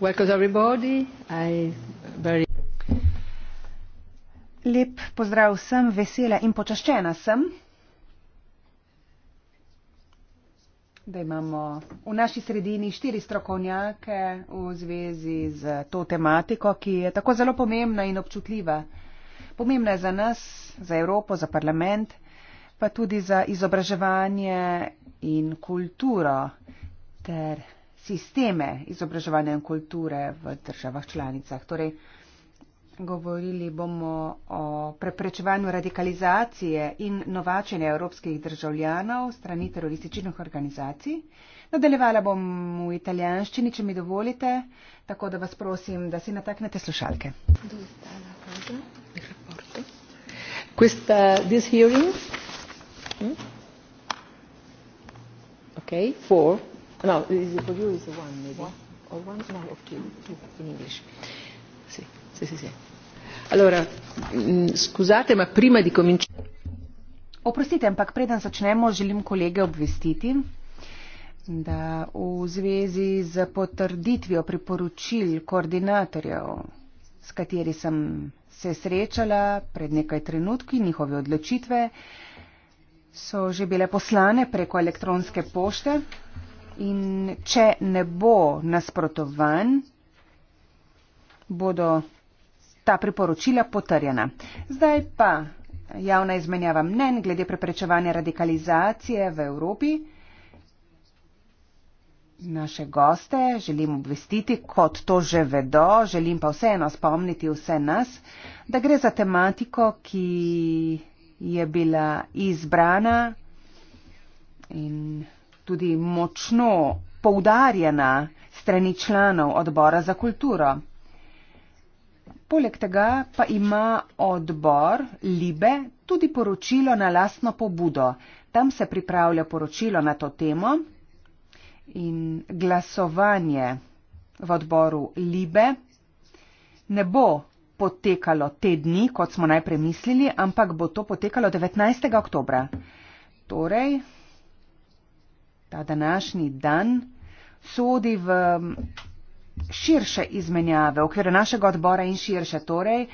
Welcome everybody. I very... Lep pozdrav vsem, vesela in počaščena sem, da imamo v naši sredini štiri strokovnjake v zvezi z to tematiko, ki je tako zelo pomembna in občutljiva. Pomembna je za nas, za Evropo, za parlament, pa tudi za izobraževanje in kulturo ter sisteme izobraževanja in kulture v državah članicah. Torej, govorili bomo o preprečevanju radikalizacije in novačenja evropskih državljanov strani terorističnih organizacij. Nadaljevala bom v italijanščini, če mi dovolite, tako da vas prosim, da si nataknete slušalke. Questa, this hearing, hmm? okay, four, No, is it for you is one maybe. One. Or oh, one? No, of two. Two in English. Sì, sì, sì. sì. Allora, mh, mm, scusate, ma prima di cominciare. Oprostite, ampak preden začnemo, želim kolege obvestiti, da v zvezi z potrditvijo priporočil koordinatorjev, s kateri sem se srečala pred nekaj trenutki, njihove odločitve so že bile poslane preko elektronske pošte. In če ne bo nasprotovan, bodo ta priporočila potrjena. Zdaj pa javna izmenjava mnen glede preprečevanja radikalizacije v Evropi. Naše goste želim obvestiti, kot to že vedo, želim pa vseeno spomniti vse nas, da gre za tematiko, ki je bila izbrana in tudi močno poudarjena strani članov odbora za kulturo. Poleg tega pa ima odbor Libe tudi poročilo na lastno pobudo. Tam se pripravlja poročilo na to temo in glasovanje v odboru Libe ne bo potekalo te dni, kot smo najprej mislili, ampak bo to potekalo 19. oktobra. Torej, ta današnji dan sodi v širše izmenjave, v okviru našega odbora in širše. Torej,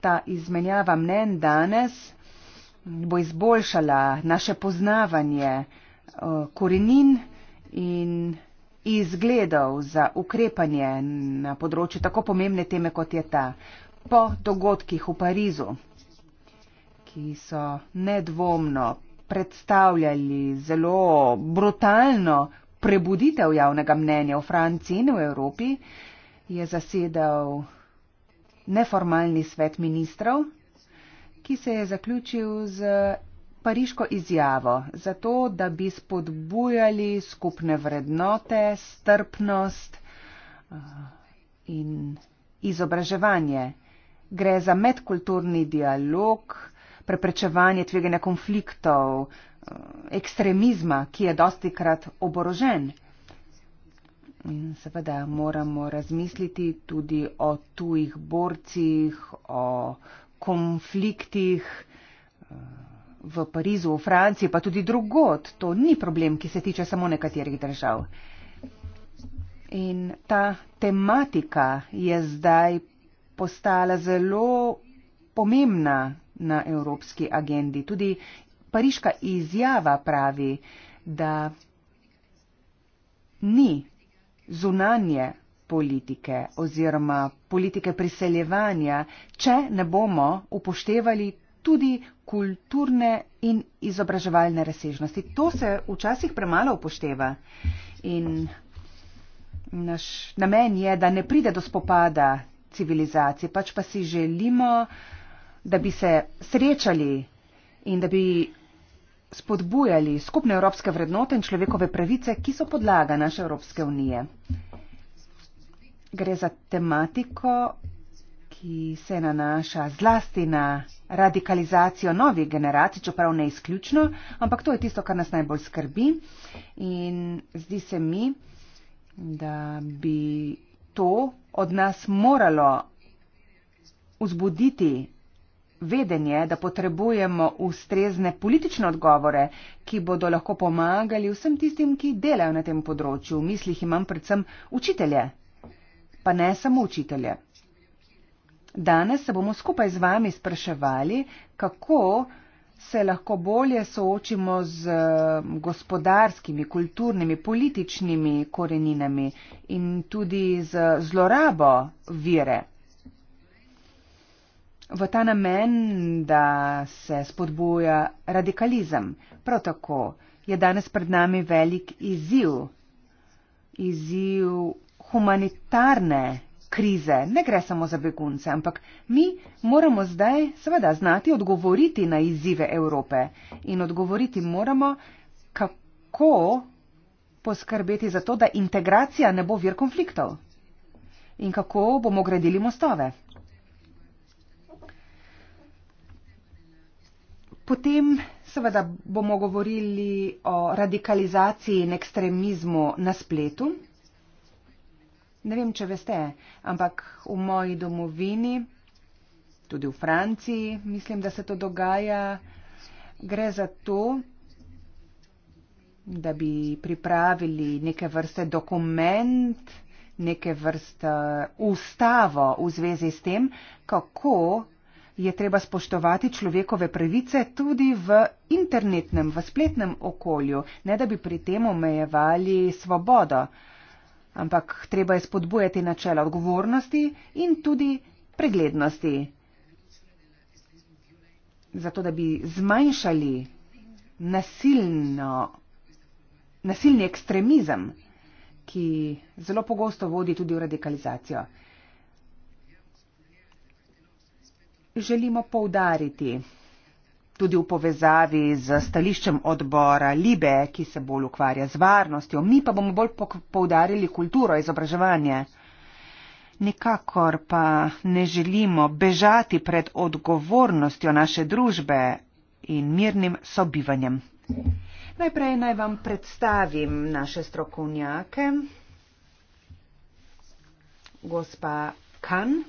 ta izmenjava mnen danes bo izboljšala naše poznavanje e, korenin in izgledov za ukrepanje na področju tako pomembne teme, kot je ta. Po dogodkih v Parizu, ki so nedvomno predstavljali zelo brutalno prebuditev javnega mnenja v Franciji in v Evropi, je zasedal neformalni svet ministrov, ki se je zaključil z pariško izjavo za to, da bi spodbujali skupne vrednote, strpnost eh, in izobraževanje. Gre za medkulturni dialog, preprečevanje tveganja konfliktov, eh, ekstremizma, ki je dosti krat oborožen. In seveda moramo razmisliti tudi o tujih borcih, o konfliktih eh, v Parizu, v Franciji, pa tudi drugod. To ni problem, ki se tiče samo nekaterih držav. In ta tematika je zdaj postala zelo pomembna na evropski agendi. Tudi pariška izjava pravi, da ni zunanje politike oziroma politike priseljevanja, če ne bomo upoštevali tudi kulturne in izobraževalne razsežnosti. To se včasih premalo upošteva. In naš namen je, da ne pride do spopada civilizacije, pač pa si želimo da bi se srečali in da bi spodbujali skupne evropske vrednote in človekove pravice, ki so podlaga naše Evropske unije. Gre za tematiko, ki se nanaša zlasti na radikalizacijo novih generacij, čeprav ne izključno, ampak to je tisto, kar nas najbolj skrbi. In zdi se mi, da bi to od nas moralo vzbuditi vedenje, da potrebujemo ustrezne politične odgovore, ki bodo lahko pomagali vsem tistim, ki delajo na tem področju. V mislih imam predvsem učitelje, pa ne samo učitelje. Danes se bomo skupaj z vami spraševali, kako se lahko bolje soočimo z mm, gospodarskimi, kulturnimi, političnimi koreninami in tudi z zlorabo vire v ta namen, da se spodboja radikalizem. Prav tako je danes pred nami velik izziv, izziv humanitarne krize. Ne gre samo za begunce, ampak mi moramo zdaj seveda znati odgovoriti na izzive Evrope in odgovoriti moramo, kako poskrbeti za to, da integracija ne bo vir konfliktov in kako bomo gradili mostove. Potem seveda bomo govorili o radikalizaciji in ekstremizmu na spletu. Ne vem, če veste, ampak v moji domovini, tudi v Franciji, mislim, da se to dogaja, gre za to, da bi pripravili neke vrste dokument, neke vrste ustavo v zvezi s tem, kako je treba spoštovati človekove pravice tudi v internetnem, v spletnem okolju, ne da bi pri tem omejevali svobodo, ampak treba je spodbujati načela odgovornosti in tudi preglednosti, zato da bi zmanjšali nasilno, nasilni ekstremizem, ki zelo pogosto vodi tudi v radikalizacijo. želimo povdariti. Tudi v povezavi z stališčem odbora Libe, ki se bolj ukvarja z varnostjo, mi pa bomo bolj povdarili kulturo izobraževanja. Nikakor pa ne želimo bežati pred odgovornostjo naše družbe in mirnim sobivanjem. Najprej naj vam predstavim naše strokovnjake. Gospa Kan,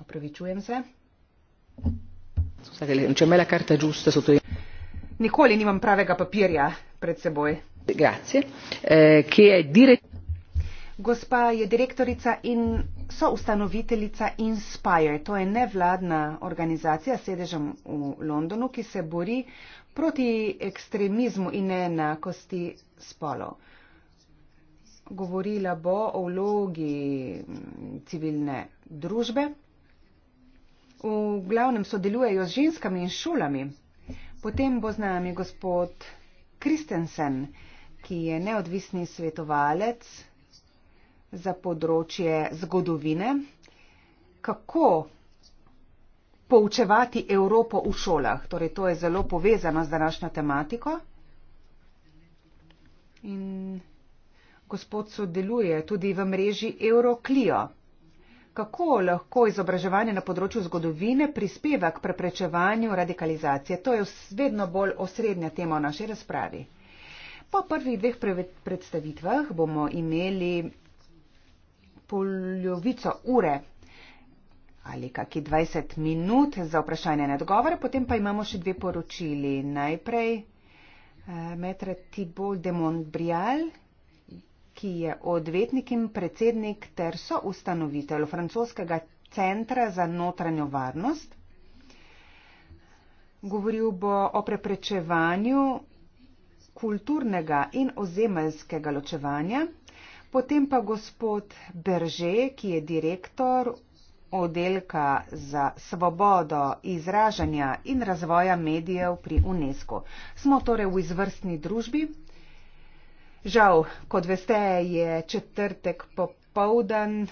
Opravičujem se. Sade, če me la karta giusta sotto i. Nikoli nimam pravega papirja pred seboj. Grazie. Eh, che è dire... Gospa je direktorica in soustanoviteljica Inspire. To je nevladna organizacija s sedežem v Londonu, ki se bori proti ekstremizmu in neenakosti spolov. Govorila bo o vlogi civilne družbe. V glavnem sodelujejo z ženskami in šolami. Potem bo z nami gospod Kristensen, ki je neodvisni svetovalec za področje zgodovine, kako poučevati Evropo v šolah. Torej, to je zelo povezano z današnjo tematiko. In gospod sodeluje tudi v mreži Euroclio kako lahko izobraževanje na področju zgodovine prispeva k preprečevanju radikalizacije. To je vedno bolj osrednja tema v naši razpravi. Po prvih dveh predstavitvah bomo imeli polovico ure ali kaki 20 minut za vprašanje in odgovore, potem pa imamo še dve poročili. Najprej eh, metra Tibo Demon Brial, ki je odvetnik in predsednik ter soustanovitelj francoskega centra za notranjo varnost. Govoril bo o preprečevanju kulturnega in ozemeljskega ločevanja, potem pa gospod Berže, ki je direktor oddelka za svobodo izražanja in razvoja medijev pri UNESCO. Smo torej v izvrstni družbi. Žal, kot veste, je četrtek popovdan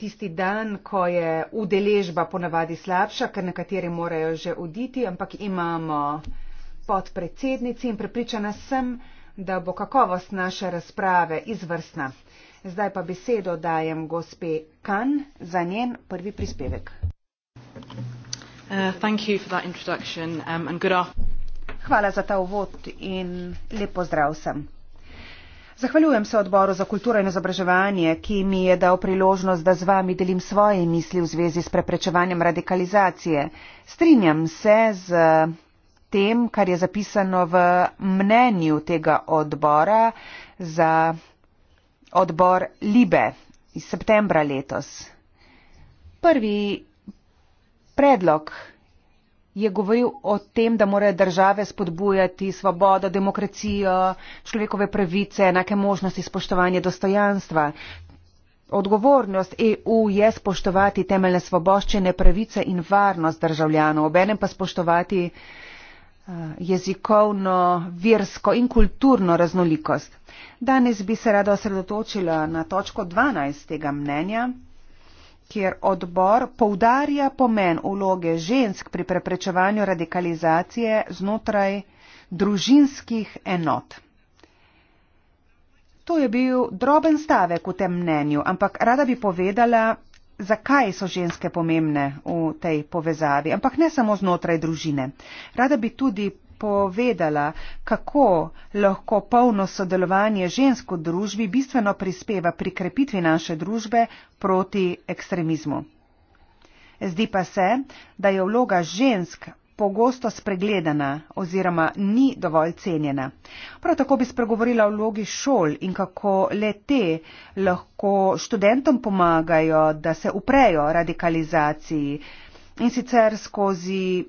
tisti dan, ko je udeležba ponavadi slabša, ker nekateri morajo že oditi, ampak imamo podpredsednici in prepričana sem, da bo kakovost naše razprave izvrstna. Zdaj pa besedo dajem gospe Kan za njen prvi prispevek. Uh, thank you for that introduction um, and good afternoon. Hvala za ta uvod in lep pozdrav sem. Zahvaljujem se odboru za kulturo in izobraževanje, ki mi je dal priložnost, da z vami delim svoje misli v zvezi s preprečevanjem radikalizacije. Strinjam se z tem, kar je zapisano v mnenju tega odbora za odbor Libe iz septembra letos. Prvi predlog je govoril o tem, da morajo države spodbujati svobodo, demokracijo, človekove pravice, enake možnosti, spoštovanje dostojanstva. Odgovornost EU je spoštovati temeljne svoboščine, pravice in varnost državljanov, obenem pa spoštovati eh, jezikovno, versko in kulturno raznolikost. Danes bi se rada osredotočila na točko 12. mnenja kjer odbor poudarja pomen vloge žensk pri preprečevanju radikalizacije znotraj družinskih enot. To je bil droben stavek v tem mnenju, ampak rada bi povedala, zakaj so ženske pomembne v tej povezavi, ampak ne samo znotraj družine. Rada bi tudi povedala, kako lahko polno sodelovanje žensko družbi bistveno prispeva pri krepitvi naše družbe proti ekstremizmu. Zdi pa se, da je vloga žensk pogosto spregledana oziroma ni dovolj cenjena. Prav tako bi spregovorila o vlogi šol in kako le te lahko študentom pomagajo, da se uprejo radikalizaciji in sicer skozi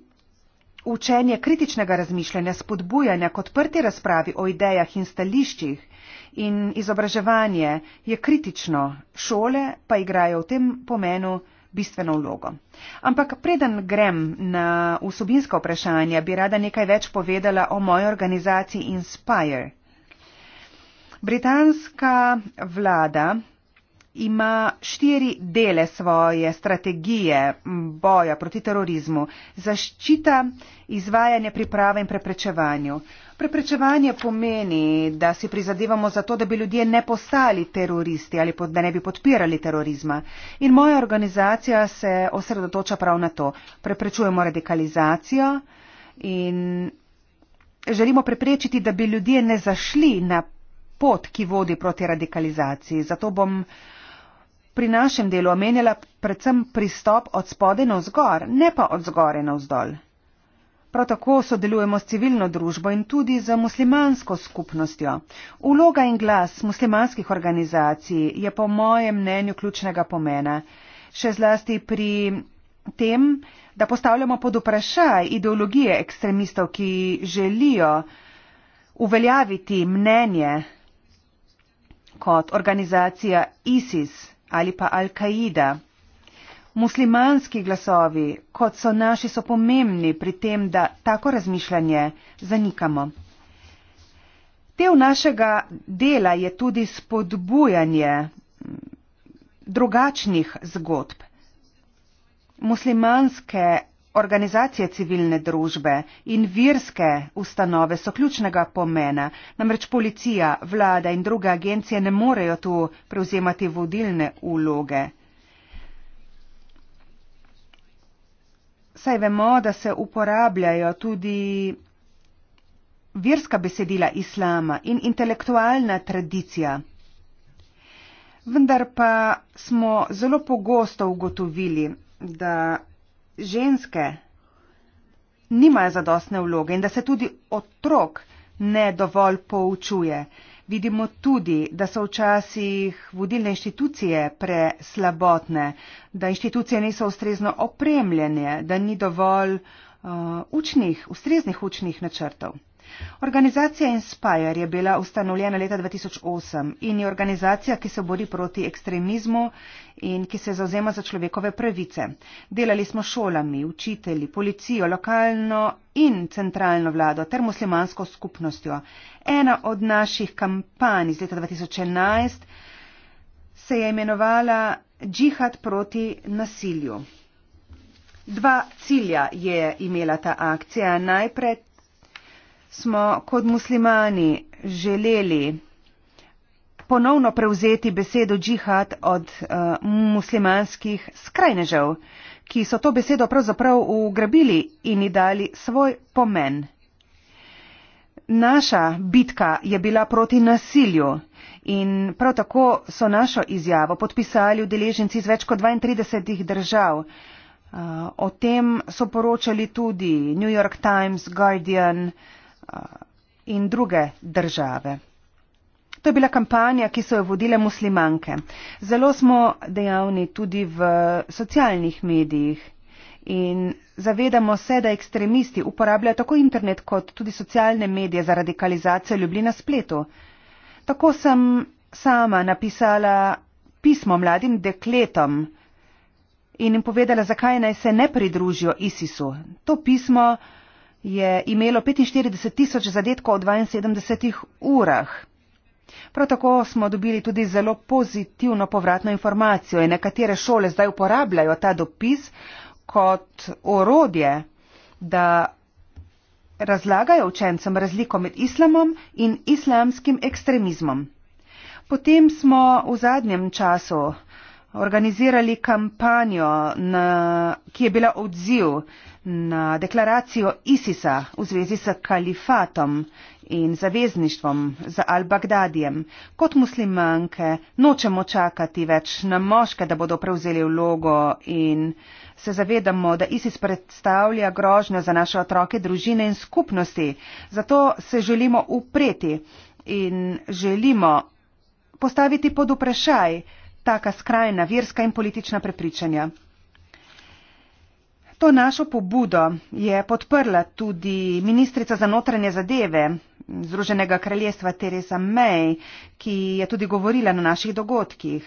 učenje kritičnega razmišljanja, spodbujanja k odprti razpravi o idejah in stališčih in izobraževanje je kritično, šole pa igrajo v tem pomenu bistveno vlogo. Ampak preden grem na vsebinska vprašanja, bi rada nekaj več povedala o moji organizaciji Inspire. Britanska vlada ima štiri dele svoje strategije boja proti terorizmu. Zaščita, izvajanje, priprava in preprečevanje. Preprečevanje pomeni, da si prizadevamo za to, da bi ljudje ne postali teroristi ali da ne bi podpirali terorizma. In moja organizacija se osredotoča prav na to. Preprečujemo radikalizacijo in želimo preprečiti, da bi ljudje ne zašli na pot, ki vodi proti radikalizaciji. Zato bom uh, pri našem delu omenjala predvsem pristop od spode na vzgor, ne pa od zgore na vzdol. Prav tako sodelujemo s civilno družbo in tudi z muslimansko skupnostjo. Uloga in glas muslimanskih organizacij je po mojem mnenju ključnega pomena, še zlasti pri tem, da postavljamo pod vprašaj ideologije ekstremistov, ki želijo uveljaviti mnenje kot organizacija ISIS ali pa Al-Kaida. Muslimanski glasovi, kot so naši, so pomembni pri tem, da tako razmišljanje zanikamo. Del našega dela je tudi spodbujanje drugačnih zgodb. Muslimanske Organizacije civilne družbe in virske ustanove so ključnega pomena, namreč policija, vlada in druge agencije ne morejo tu prevzemati vodilne uloge. Saj vemo, da se uporabljajo tudi virska besedila islama in intelektualna tradicija. Vendar pa smo zelo pogosto ugotovili, da ženske nimajo zadostne vloge in da se tudi otrok ne dovolj poučuje. Vidimo tudi, da so včasih vodilne inštitucije preslabotne, da inštitucije niso ustrezno opremljene, da ni dovolj uh, učnih, ustreznih učnih načrtov. Organizacija Inspire je bila ustanovljena leta 2008 in je organizacija, ki se bori proti ekstremizmu in ki se zauzema za človekove pravice. Delali smo šolami, učitelji, policijo, lokalno in centralno vlado ter muslimansko skupnostjo. Ena od naših kampanj iz leta 2011 se je imenovala Džihad proti nasilju. Dva cilja je imela ta akcija. Najprej smo kot muslimani želeli ponovno prevzeti besedo džihad od uh, muslimanskih skrajnežev, ki so to besedo pravzaprav ugrabili in ji dali svoj pomen. Naša bitka je bila proti nasilju in prav tako so našo izjavo podpisali udeleženci iz več kot 32 držav. Uh, o tem so poročali tudi New York Times, Guardian, uh, Eh, in druge države. To je bila kampanja, ki so jo vodile muslimanke. Zelo smo dejavni tudi v socialnih medijih in zavedamo se, da ekstremisti uporabljajo tako internet kot tudi socialne medije za radikalizacijo ljubi na spletu. Tako sem sama napisala pismo mladim dekletom in jim povedala, zakaj naj se ne pridružijo ISIS-u. To pismo je imelo 45 tisoč zadetkov v 72 urah. Prav tako smo dobili tudi zelo pozitivno povratno informacijo in nekatere šole zdaj uporabljajo ta dopis kot orodje, da razlagajo učencem razliko med islamom in islamskim ekstremizmom. Potem smo v zadnjem času organizirali kampanjo, na, ki je bila odziv na deklaracijo ISIS-a v zvezi s kalifatom in zavezništvom z Al-Bagdadijem. Kot muslimanke nočemo čakati več na moške, da bodo prevzeli vlogo in se zavedamo, da ISIS predstavlja grožnjo za naše otroke, družine in skupnosti. Zato se želimo upreti in želimo postaviti pod vprašaj, taka skrajna verska in politična prepričanja. To našo pobudo je podprla tudi ministrica za notranje zadeve Združenega kraljestva Teresa May, ki je tudi govorila na naših dogodkih.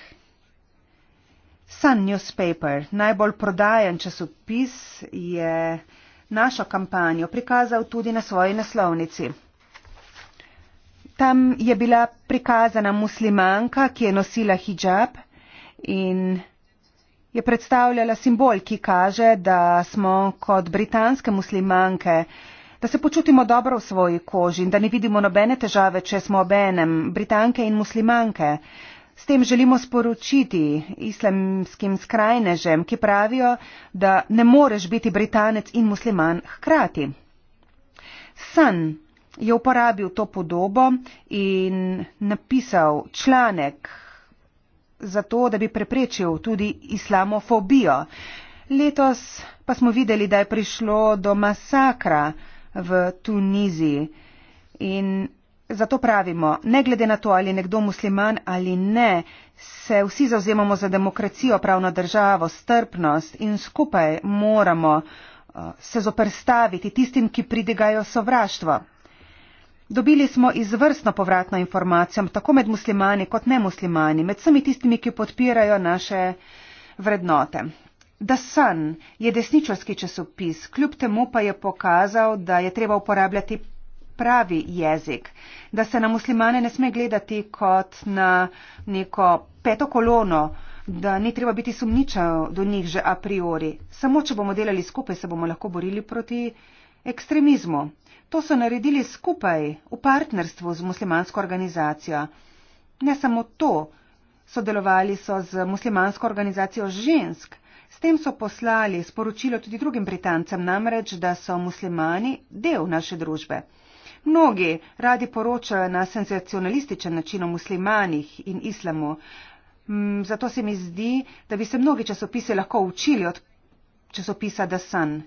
Sun Newspaper, najbolj prodajen časopis, je našo kampanjo prikazal tudi na svoji naslovnici. Tam je bila prikazana muslimanka, ki je nosila hijab, in je predstavljala simbol, ki kaže, da smo kot britanske muslimanke, da se počutimo dobro v svoji koži in da ne vidimo nobene težave, če smo obenem britanke in muslimanke. S tem želimo sporočiti islamskim skrajnežem, ki pravijo, da ne moreš biti britanec in musliman hkrati. San je uporabil to podobo in napisal članek zato, da bi preprečil tudi islamofobijo. Letos pa smo videli, da je prišlo do masakra v Tuniziji in zato pravimo, ne glede na to, ali je nekdo musliman ali ne, se vsi zauzemamo za demokracijo, pravno državo, strpnost in skupaj moramo uh, se zoprstaviti tistim, ki pridigajo sovraštvo. Dobili smo izvrstno povratno informacijo, tako med muslimani kot nemuslimani, med vsemi tistimi, ki podpirajo naše vrednote. The Sun je desničarski časopis, kljub temu pa je pokazal, da je treba uporabljati pravi jezik, da se na muslimane ne sme gledati kot na neko peto kolono, da ni treba biti sumničav do njih že a priori. Samo, če bomo delali skupaj, se bomo lahko borili proti ekstremizmu. To so naredili skupaj, v partnerstvu z muslimansko organizacijo. Ne samo to, sodelovali so z muslimansko organizacijo žensk. S tem so poslali sporočilo tudi drugim Britancem, namreč, da so muslimani del naše družbe. Mnogi radi poročajo na senzacionalističen način o muslimanih in islamu. Mm, zato se mi zdi, da bi se mnogi časopise lahko učili od časopisa Dasan.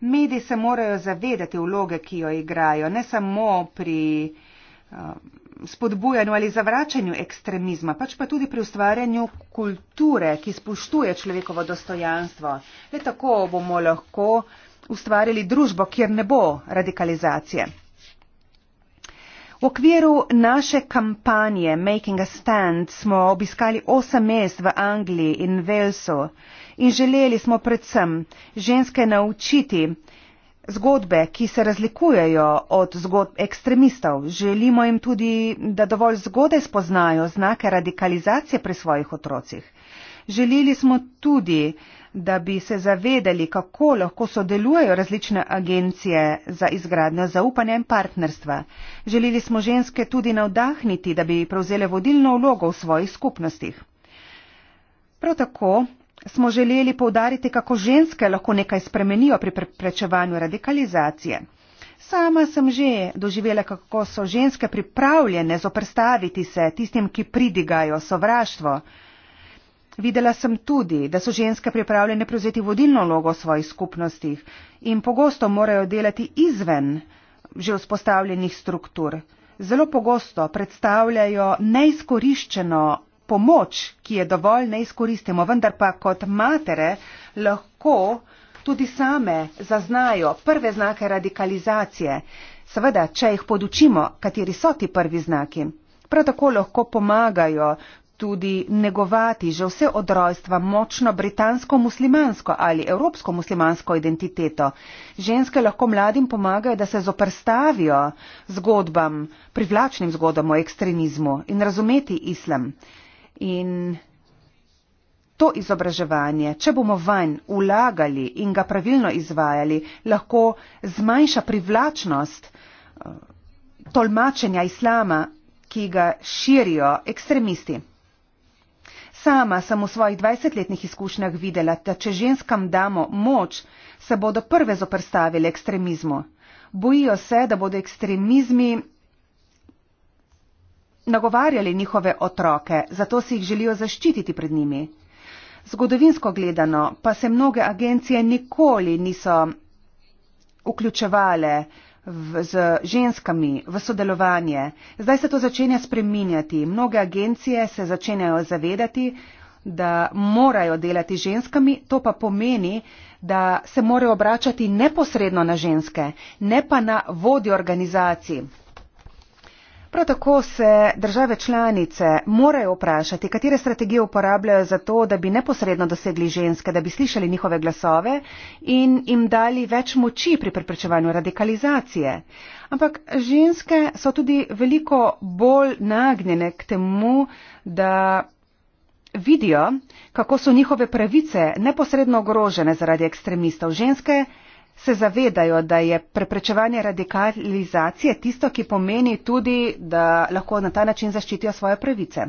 Mediji se morajo zavedati vloge, ki jo igrajo, ne samo pri eh, spodbujanju ali zavračanju ekstremizma, pač pa tudi pri ustvarjanju kulture, ki spoštuje človekovo dostojanstvo. Le tako bomo lahko ustvarili družbo, kjer ne bo radikalizacije. V okviru naše kampanje Making a Stand smo obiskali osem mest v Angliji in Walesu in želeli smo predvsem ženske naučiti zgodbe, ki se razlikujejo od zgodb ekstremistov. Želimo jim tudi, da dovolj zgodaj spoznajo znake radikalizacije pri svojih otrocih. Želeli smo tudi, da bi se zavedali, kako lahko sodelujejo različne agencije za izgradnjo zaupanja in partnerstva. Želeli smo ženske tudi navdahniti, da bi prevzele vodilno vlogo v svojih skupnostih. Prav tako smo želeli povdariti, kako ženske lahko nekaj spremenijo pri preprečevanju radikalizacije. Sama sem že doživela, kako so ženske pripravljene zoprstaviti se tistim, ki pridigajo sovraštvo. Videla sem tudi, da so ženske pripravljene prevzeti vodilno logo v svojih skupnostih in pogosto morajo delati izven že vzpostavljenih struktur. Zelo pogosto predstavljajo neizkoriščeno pomoč, ki je dovolj, ne izkoristimo, vendar pa kot matere lahko tudi same zaznajo prve znake radikalizacije. Seveda, če jih podučimo, kateri so ti prvi znaki. Prav tako lahko pomagajo tudi negovati že vse od rojstva močno britansko-muslimansko ali evropsko-muslimansko identiteto. Ženske lahko mladim pomagajo, da se zoprstavijo zgodbam, privlačnim zgodbam o ekstremizmu in razumeti islam. In to izobraževanje, če bomo vanj ulagali in ga pravilno izvajali, lahko zmanjša privlačnost eh, tolmačenja islama, ki ga širijo ekstremisti. Sama sem v svojih 20-letnih izkušnjah videla, da če ženskam damo moč, se bodo prve zoprstavile ekstremizmu. Bojijo se, da bodo ekstremizmi nagovarjali njihove otroke, zato si jih želijo zaščititi pred njimi. Zgodovinsko gledano pa se mnoge agencije nikoli niso vključevale v, z ženskami v sodelovanje. Zdaj se to začenja spreminjati. Mnoge agencije se začenjajo zavedati, da morajo delati ženskami, to pa pomeni, da se morajo obračati neposredno na ženske, ne pa na vodje organizacij. Prav tako se države članice morajo vprašati, katere strategije uporabljajo za to, da bi neposredno dosegli ženske, da bi slišali njihove glasove in jim dali več moči pri preprečevanju radikalizacije. Ampak ženske so tudi veliko bolj nagnjene k temu, da vidijo, kako so njihove pravice neposredno ogrožene zaradi ekstremistov ženske, se zavedajo, da je preprečevanje radikalizacije tisto, ki pomeni tudi, da lahko na ta način zaščitijo svoje pravice.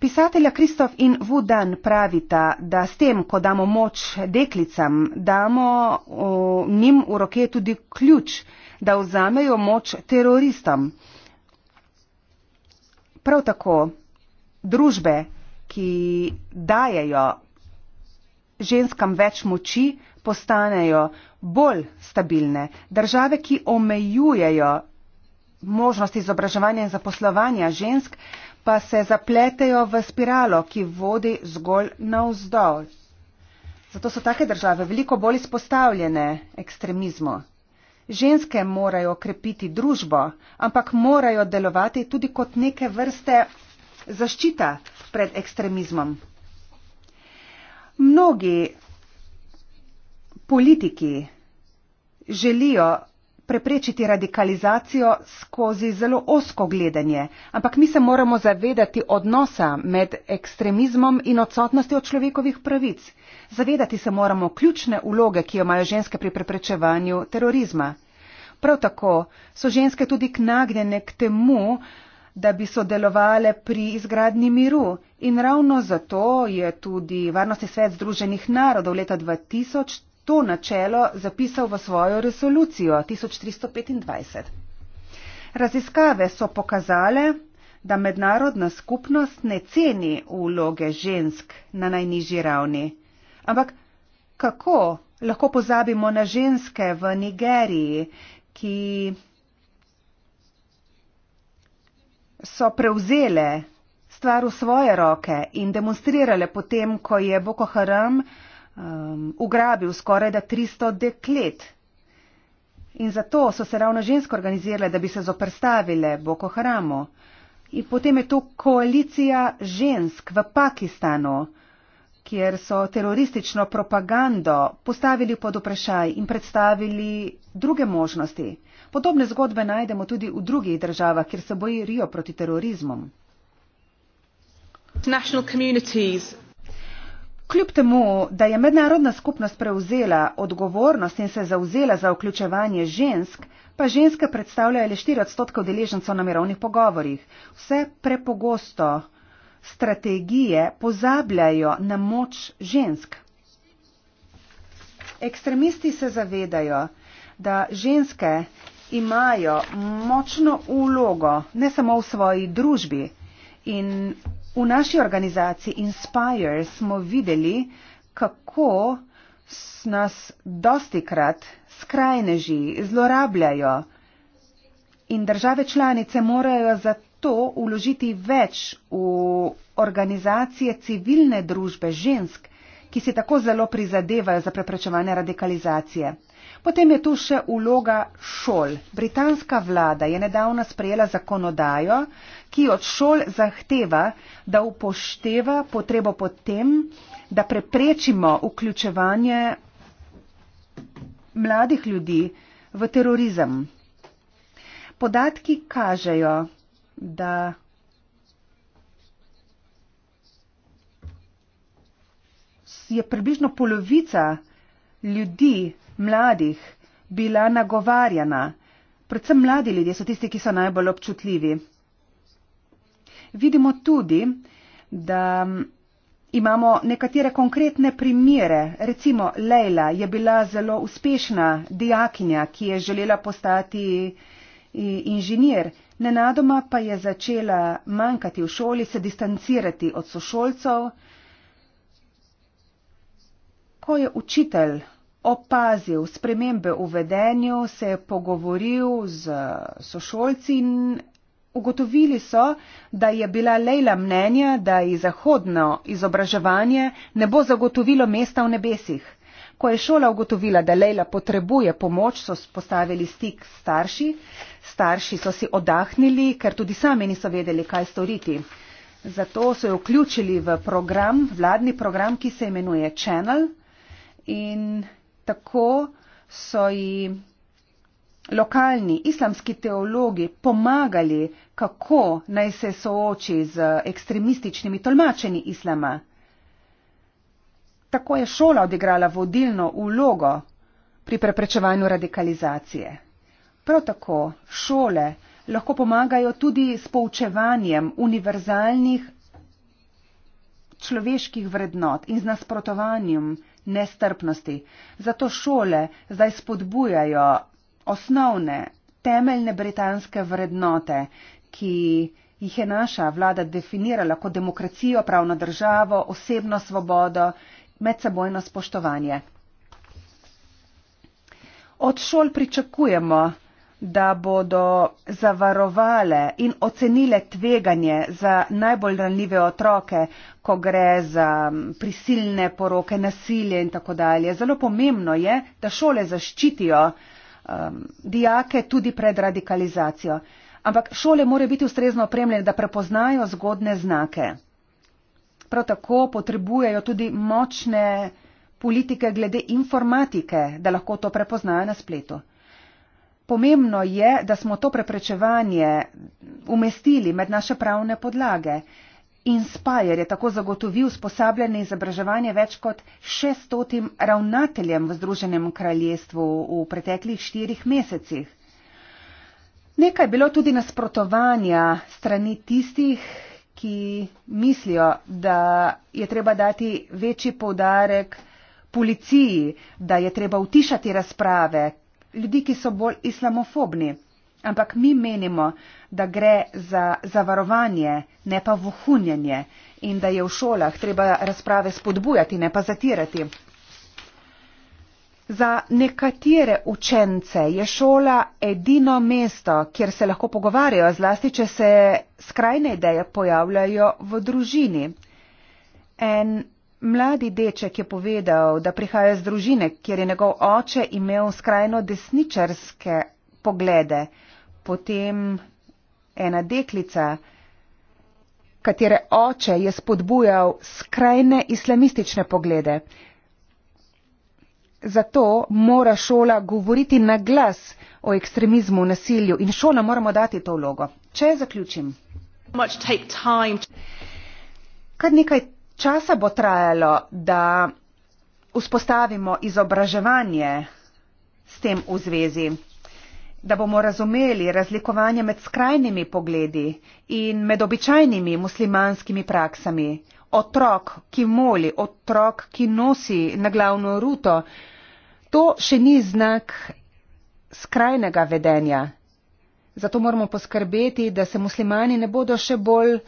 Pisatelja Kristof in Vudan pravita, da s tem, ko damo moč deklicam, damo o, njim v roke tudi ključ, da vzamejo moč teroristom. Prav tako družbe, ki dajajo ženskam več moči, postanejo bolj stabilne. Države, ki omejujejo možnosti izobraževanja in zaposlovanja žensk, pa se zapletejo v spiralo, ki vodi zgolj navzdol. Zato so take države veliko bolj izpostavljene ekstremizmu. Ženske morajo krepiti družbo, ampak morajo delovati tudi kot neke vrste zaščita pred ekstremizmom. Mnogi Politiki želijo preprečiti radikalizacijo skozi zelo osko gledanje, ampak mi se moramo zavedati odnosa med ekstremizmom in odsotnostjo človekovih pravic. Zavedati se moramo ključne uloge, ki jo imajo ženske pri preprečevanju terorizma. Prav tako so ženske tudi knagnjene k temu, da bi sodelovale pri izgradnji miru. In ravno zato je tudi Varnostni svet Združenih narodov leta 2000 to načelo zapisal v svojo resolucijo 1325. Raziskave so pokazale, da mednarodna skupnost ne ceni vloge žensk na najnižji ravni. Ampak kako lahko pozabimo na ženske v Nigeriji, ki so prevzele stvar v svoje roke in demonstrirale potem, ko je Boko Haram um, ugrabil skoraj da 300 deklet. In zato so se ravno ženske organizirale, da bi se zoprstavile Boko Haramu. In potem je tu koalicija žensk v Pakistanu, kjer so teroristično propagando postavili pod vprašaj in predstavili druge možnosti. Podobne zgodbe najdemo tudi v drugih državah, kjer se bojijo proti terorizmom. Kljub temu, da je mednarodna skupnost prevzela odgovornost in se zauzela za vključevanje žensk, pa ženske predstavljajo le 4 odstotke udeležencev na mirovnih pogovorih. Vse prepogosto strategije pozabljajo na moč žensk. Ekstremisti se zavedajo, da ženske imajo močno ulogo ne samo v svoji družbi in V naši organizaciji Inspire smo videli, kako nas dostikrat skrajneži zlorabljajo in države članice morajo zato uložiti več v organizacije civilne družbe žensk, ki si tako zelo prizadevajo za preprečevanje radikalizacije. Potem je tu še uloga šol. Britanska vlada je nedavno sprejela zakonodajo, ki od šol zahteva, da upošteva potrebo po tem, da preprečimo vključevanje mladih ljudi v terorizem. Podatki kažejo, da je približno polovica ljudi, mladih, bila nagovarjana. Predvsem mladi ljudje so tisti, ki so najbolj občutljivi vidimo tudi, da imamo nekatere konkretne primere. Recimo, Leila je bila zelo uspešna dijakinja, ki je želela postati inženir. Nenadoma pa je začela manjkati v šoli, se distancirati od sošolcev. Ko je učitelj opazil spremembe v vedenju, se je pogovoril z sošolci in Ugotovili so, da je bila Leila mnenja, da ji zahodno izobraževanje ne bo zagotovilo mesta v nebesih. Ko je šola ugotovila, da Leila potrebuje pomoč, so spostavili stik s starši. Starši so si odahnili, ker tudi sami niso vedeli, kaj storiti. Zato so jo vključili v program, vladni program, ki se imenuje Channel. In tako so ji lokalni islamski teologi pomagali, kako naj se sooči z ekstremističnimi tolmačeni islama. Tako je šola odigrala vodilno ulogo pri preprečevanju radikalizacije. Prav tako šole lahko pomagajo tudi s poučevanjem univerzalnih človeških vrednot in z nasprotovanjem nestrpnosti. Zato šole zdaj spodbujajo osnovne, temeljne britanske vrednote, ki jih je naša vlada definirala kot demokracijo, pravno državo, osebno svobodo, medsebojno spoštovanje. Od šol pričakujemo, da bodo zavarovale in ocenile tveganje za najbolj ranljive otroke, ko gre za prisilne poroke, nasilje in tako dalje. Zelo pomembno je, da šole zaščitijo uh, um, dijake tudi pred radikalizacijo. Ampak šole morajo biti ustrezno opremljene, da prepoznajo zgodne znake. Prav tako potrebujejo tudi močne politike glede informatike, da lahko to prepoznajo na spletu. Pomembno je, da smo to preprečevanje umestili med naše pravne podlage. Inspire je tako zagotovil usposabljanje in izobraževanje več kot 600 ravnateljem v Združenem kraljestvu v preteklih štirih mesecih. Nekaj je bilo tudi nasprotovanja strani tistih, ki mislijo, da je treba dati večji poudarek policiji, da je treba utišati razprave ljudi, ki so bolj islamofobni. Ampak mi menimo, da gre za zavarovanje, ne pa vohunjenje in da je v šolah treba razprave spodbujati, ne pa zatirati. Za nekatere učence je šola edino mesto, kjer se lahko pogovarjajo, zlasti, če se skrajne ideje pojavljajo v družini. En mladi deček je povedal, da prihaja iz družine, kjer je njegov oče imel skrajno desničarske poglede potem ena deklica, katere oče je spodbujal skrajne islamistične poglede. Zato mora šola govoriti na glas o ekstremizmu, nasilju in šola moramo dati to vlogo. Če zaključim. Kar nekaj časa bo trajalo, da vzpostavimo izobraževanje s tem v zvezi da bomo razumeli razlikovanje med skrajnimi pogledi in med običajnimi muslimanskimi praksami. Otrok, ki moli, otrok, ki nosi na glavno ruto, to še ni znak skrajnega vedenja. Zato moramo poskrbeti, da se muslimani ne bodo še bolj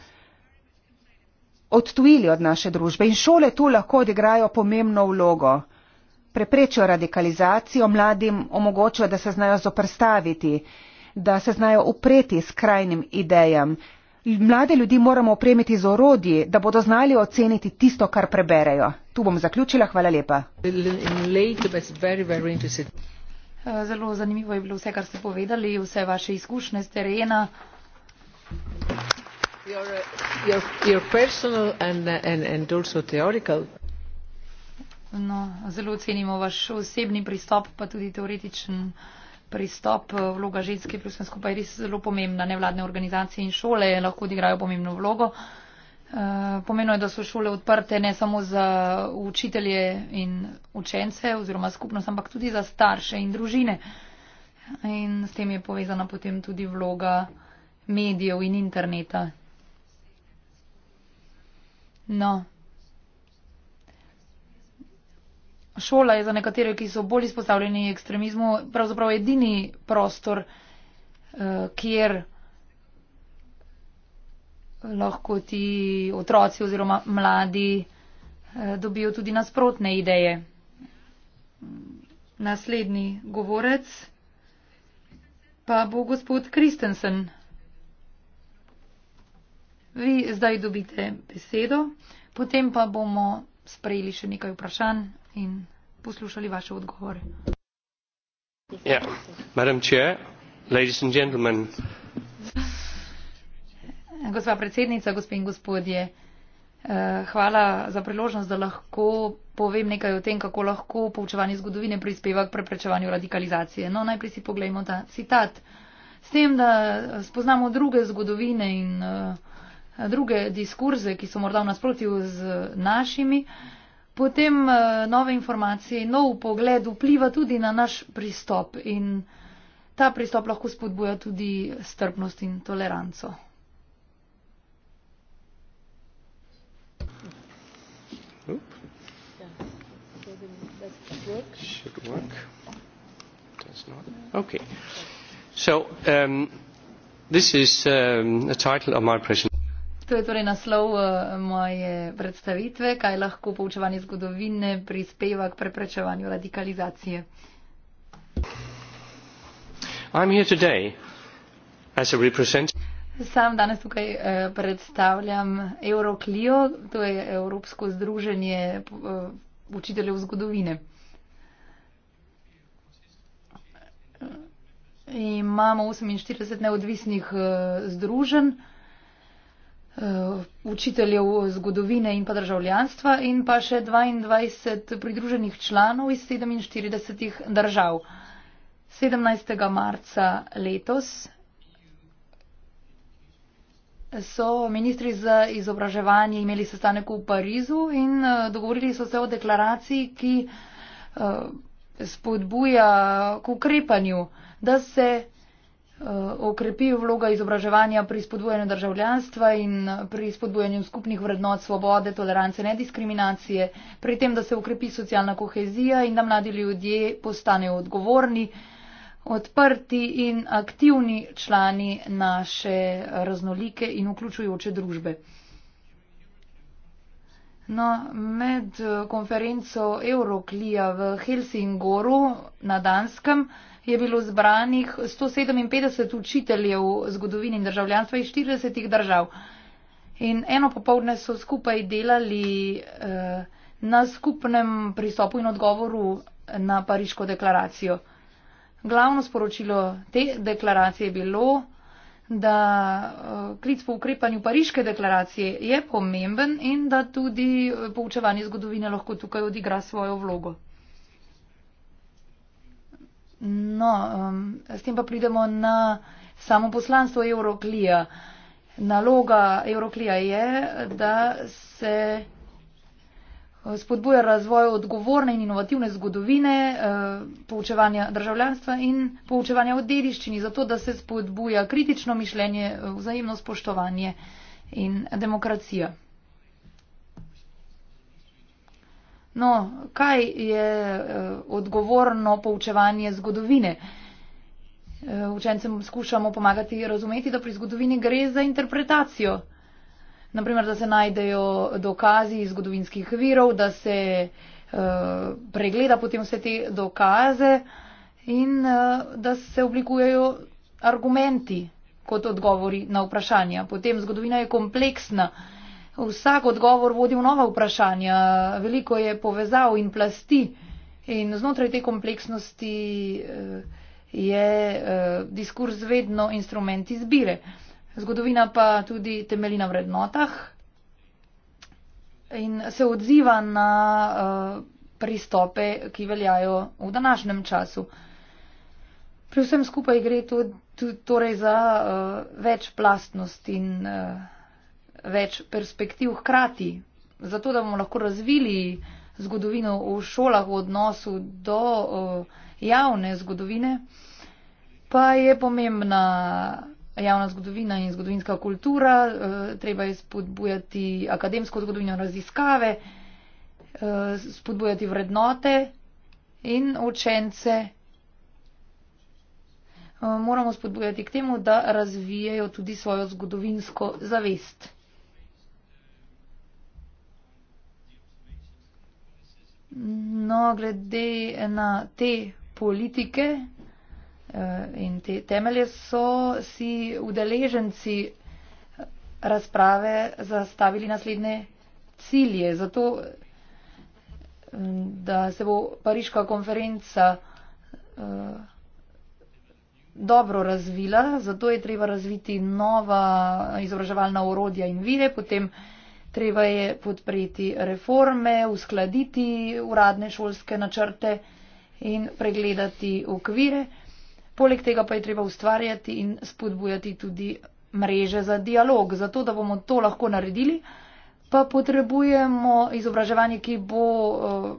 odtujili od naše družbe in šole tu lahko odigrajo pomembno vlogo preprečijo radikalizacijo mladim, omogočijo, da se znajo zoprstaviti, da se znajo upreti skrajnim idejam. Mlade ljudi moramo opremiti z orodji, da bodo znali oceniti tisto, kar preberejo. Tu bom zaključila. Hvala lepa. Zelo zanimivo je bilo vse, kar ste povedali, vse vaše izkušnje z terena. Your, uh, your, your No, zelo cenimo vaš osebni pristop, pa tudi teoretičen pristop. Vloga ženske plus vse skupaj je res zelo pomembna. Nevladne organizacije in šole lahko odigrajo pomembno vlogo. Eh, pomembno je, da so šole odprte ne samo za učitelje in učence oziroma skupnost, ampak tudi za starše in družine. In s tem je povezana potem tudi vloga medijev in interneta. No. šola je za nekatere, ki so bolj izpostavljeni ekstremizmu, pravzaprav edini prostor, eh, kjer lahko ti otroci oziroma mladi eh, dobijo tudi nasprotne ideje. Naslednji govorec pa bo gospod Kristensen. Vi zdaj dobite besedo, potem pa bomo sprejeli še nekaj vprašanj in poslušali vaše odgovore. Yeah. Ja, madam Chair, ladies and gentlemen. Gospa predsednica, gospe in gospodje, eh, hvala za priložnost, da lahko povem nekaj o tem, kako lahko poučevanje zgodovine prispeva k preprečevanju radikalizacije. No, najprej si poglejmo ta citat. S tem, da spoznamo druge zgodovine in eh, druge diskurze, ki so morda v nasprotju z našimi, potem eh, nove informacije, nov pogled vpliva tudi na naš pristop in ta pristop lahko spodbuja tudi strpnost in toleranco. Okay. So, um, this is um, the title of my presentation. To je torej naslov eh, moje predstavitve, kaj lahko poučevanje zgodovine prispeva k preprečevanju radikalizacije. Sam danes tukaj eh, predstavljam Euroclio, to je Evropsko združenje eh, učiteljev zgodovine. Imamo 48 neodvisnih združenj. Eh, učiteljev zgodovine in pa državljanstva in pa še 22 pridruženih članov iz 47 držav. 17. marca letos so ministri za izobraževanje imeli sestanek v Parizu in eh, dogovorili so se o deklaraciji, ki eh, spodbuja k ukrepanju, da se Eh, okrepi vloga izobraževanja pri spodbujanju državljanstva in pri spodbujanju skupnih vrednot svobode, tolerance, nediskriminacije, pri tem, da se okrepi socialna kohezija in da mladi ljudje postanejo odgovorni, odprti in aktivni člani naše raznolike in vključujoče družbe. No, med konferenco Euroklija v Helsingoru na Danskem je bilo zbranih 157 učiteljev zgodovine in državljanstva iz 40 držav. In eno popovdne so skupaj delali eh, na skupnem pristopu in odgovoru na Pariško deklaracijo. Glavno sporočilo te deklaracije je bilo, da eh, klic po ukrepanju Pariške deklaracije je pomemben in da tudi eh, poučevanje zgodovine lahko tukaj odigra svojo vlogo. No, um, s tem pa pridemo na samo poslanstvo Euroklija. Naloga Euroklija je, da se uh, spodbuja razvoj odgovorne in inovativne zgodovine, uh, poučevanja državljanstva in poučevanja o dediščini, zato da se spodbuja kritično mišljenje, uh, vzajemno spoštovanje in demokracija. No, kaj je uh, odgovorno poučevanje zgodovine? Uh, eh, učencem skušamo pomagati razumeti, da pri zgodovini gre za interpretacijo. Naprimer, da se najdejo dokazi iz zgodovinskih virov, da se uh, pregleda potem vse te dokaze in uh, da se oblikujejo argumenti kot odgovori na vprašanja. Potem zgodovina je kompleksna. Uh, vsak odgovor vodi v nova vprašanja, veliko je povezav in plasti in znotraj te kompleksnosti eh, je eh, diskurs vedno instrument izbire. Zgodovina pa tudi temelji na vrednotah in se odziva na eh, pristope, ki veljajo v današnjem času. Pri vsem skupaj gre to, to, torej za uh, več plastnost in uh, več perspektiv hkrati, zato da bomo lahko razvili zgodovino v šolah v odnosu do eh, javne zgodovine, pa je pomembna javna zgodovina in zgodovinska kultura, eh, treba je spodbujati akademsko zgodovino raziskave, eh, spodbujati vrednote in učence. Moramo spodbujati k temu, da razvijajo tudi svojo zgodovinsko zavest. No, glede na te politike eh, in te temelje so si udeleženci razprave zastavili naslednje cilje. Zato, eh, da se bo pariška konferenca eh, dobro razvila, zato je treba razviti nova izobraževalna urodja in vire, potem treba je podpreti reforme, uskladiti uradne šolske načrte in pregledati okvire. Poleg tega pa je treba ustvarjati in spodbujati tudi mreže za dialog. Zato, da bomo to lahko naredili, pa potrebujemo izobraževanje, ki bo eh,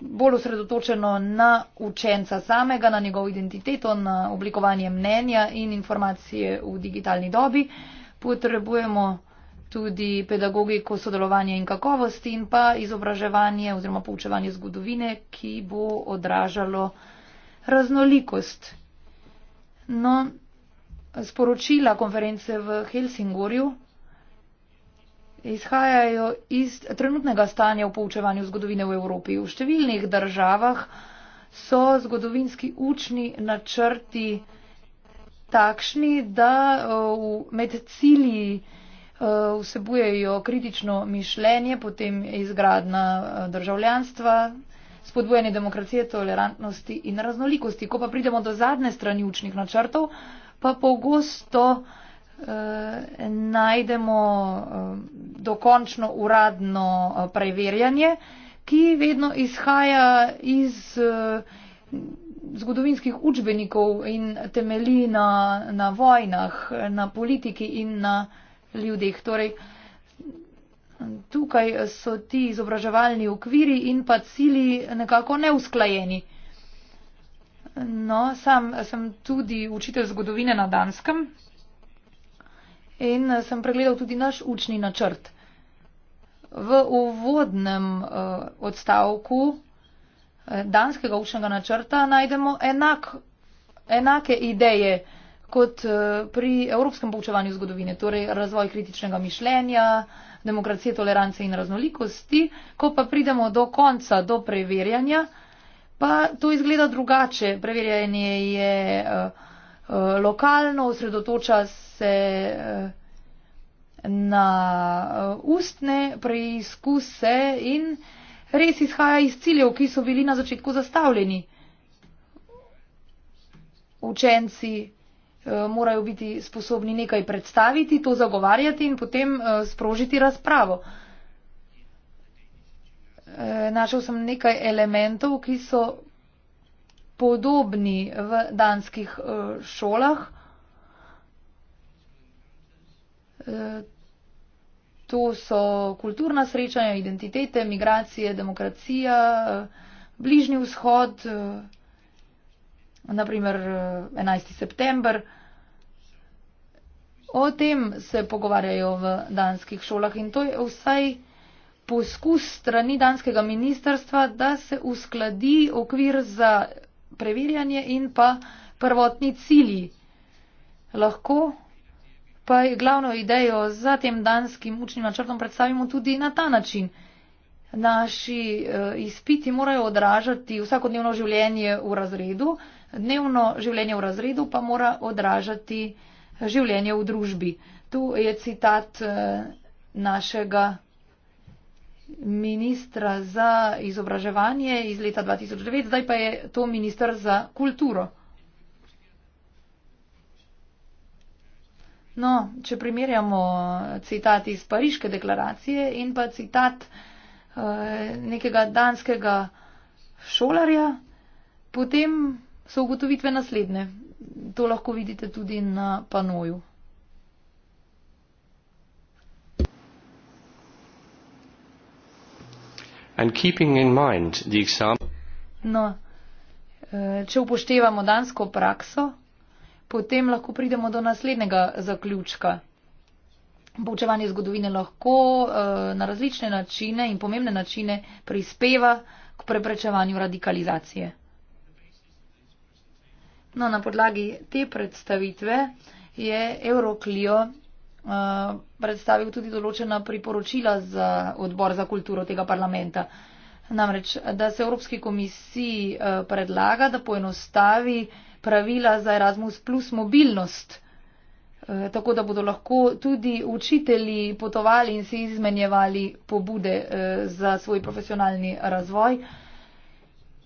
bolj osredotočeno na učenca samega, na njegovo identiteto, na oblikovanje mnenja in informacije v digitalni dobi. Potrebujemo tudi pedagogiko sodelovanja in kakovosti in pa izobraževanje oziroma poučevanje zgodovine, ki bo odražalo raznolikost. No, sporočila konference v Helsingorju izhajajo iz trenutnega stanja v poučevanju zgodovine v Evropi. V številnih državah so zgodovinski učni načrti takšni, da eh, med cilji Eh, vsebujejo kritično mišljenje, potem izgradna eh, državljanstva, spodbujanje demokracije, tolerantnosti in raznolikosti. Ko pa pridemo do zadnje strani učnih načrtov, pa pogosto eh, najdemo eh, dokončno uradno eh, preverjanje, ki vedno izhaja iz. Eh, zgodovinskih učbenikov in temelji na, na vojnah, na politiki in na ljudeh. Torej, tukaj so ti izobraževalni okviri in pa cili nekako neusklajeni. No, sam sem tudi učitelj zgodovine na Danskem in sem pregledal tudi naš učni načrt. V uvodnem uh, odstavku eh, danskega učnega načrta najdemo enak, enake ideje uh, kot eh, pri evropskem poučevanju zgodovine, torej razvoj kritičnega mišljenja, demokracije, tolerance in raznolikosti. Ko pa pridemo do konca, do preverjanja, pa to izgleda drugače. Preverjanje je eh, eh, lokalno, osredotoča se na ustne preizkuse in res izhaja iz ciljev, ki so bili na začetku zastavljeni. Učenci Eh, morajo biti sposobni nekaj predstaviti, to zagovarjati in potem eh, sprožiti razpravo. Eh, našel sem nekaj elementov, ki so podobni v danskih šolah. To so kulturna srečanja, identitete, migracije, demokracija, bližnji vzhod, naprimer 11. september. O tem se pogovarjajo v danskih šolah in to je vsaj poskus strani danskega ministerstva, da se uskladi okvir za preverjanje in pa prvotni cilji. Lahko pa je glavno idejo za tem danskim učnim načrtom predstavimo tudi na ta način. Naši eh, izpiti morajo odražati vsakodnevno življenje v razredu, dnevno življenje v razredu pa mora odražati življenje v družbi. Tu je citat eh, našega ministra za izobraževanje iz leta 2009, zdaj pa je to minister za kulturo. No, če primerjamo eh, citat iz Pariške deklaracije in pa citat eh, nekega danskega šolarja, potem so ugotovitve naslednje. To lahko vidite tudi na panoju. No, eh, če upoštevamo dansko prakso, potem lahko pridemo do naslednjega zaključka. Poučevanje zgodovine lahko eh, na različne načine in pomembne načine prispeva k preprečevanju radikalizacije. No, na podlagi te predstavitve je Euroklio uh, predstavil tudi določena priporočila za odbor za kulturo tega parlamenta. Namreč, da se Evropski komisiji uh, predlaga, da poenostavi pravila za Erasmus plus mobilnost, eh, tako da bodo lahko tudi učitelji potovali in se izmenjevali pobude za svoj profesionalni razvoj.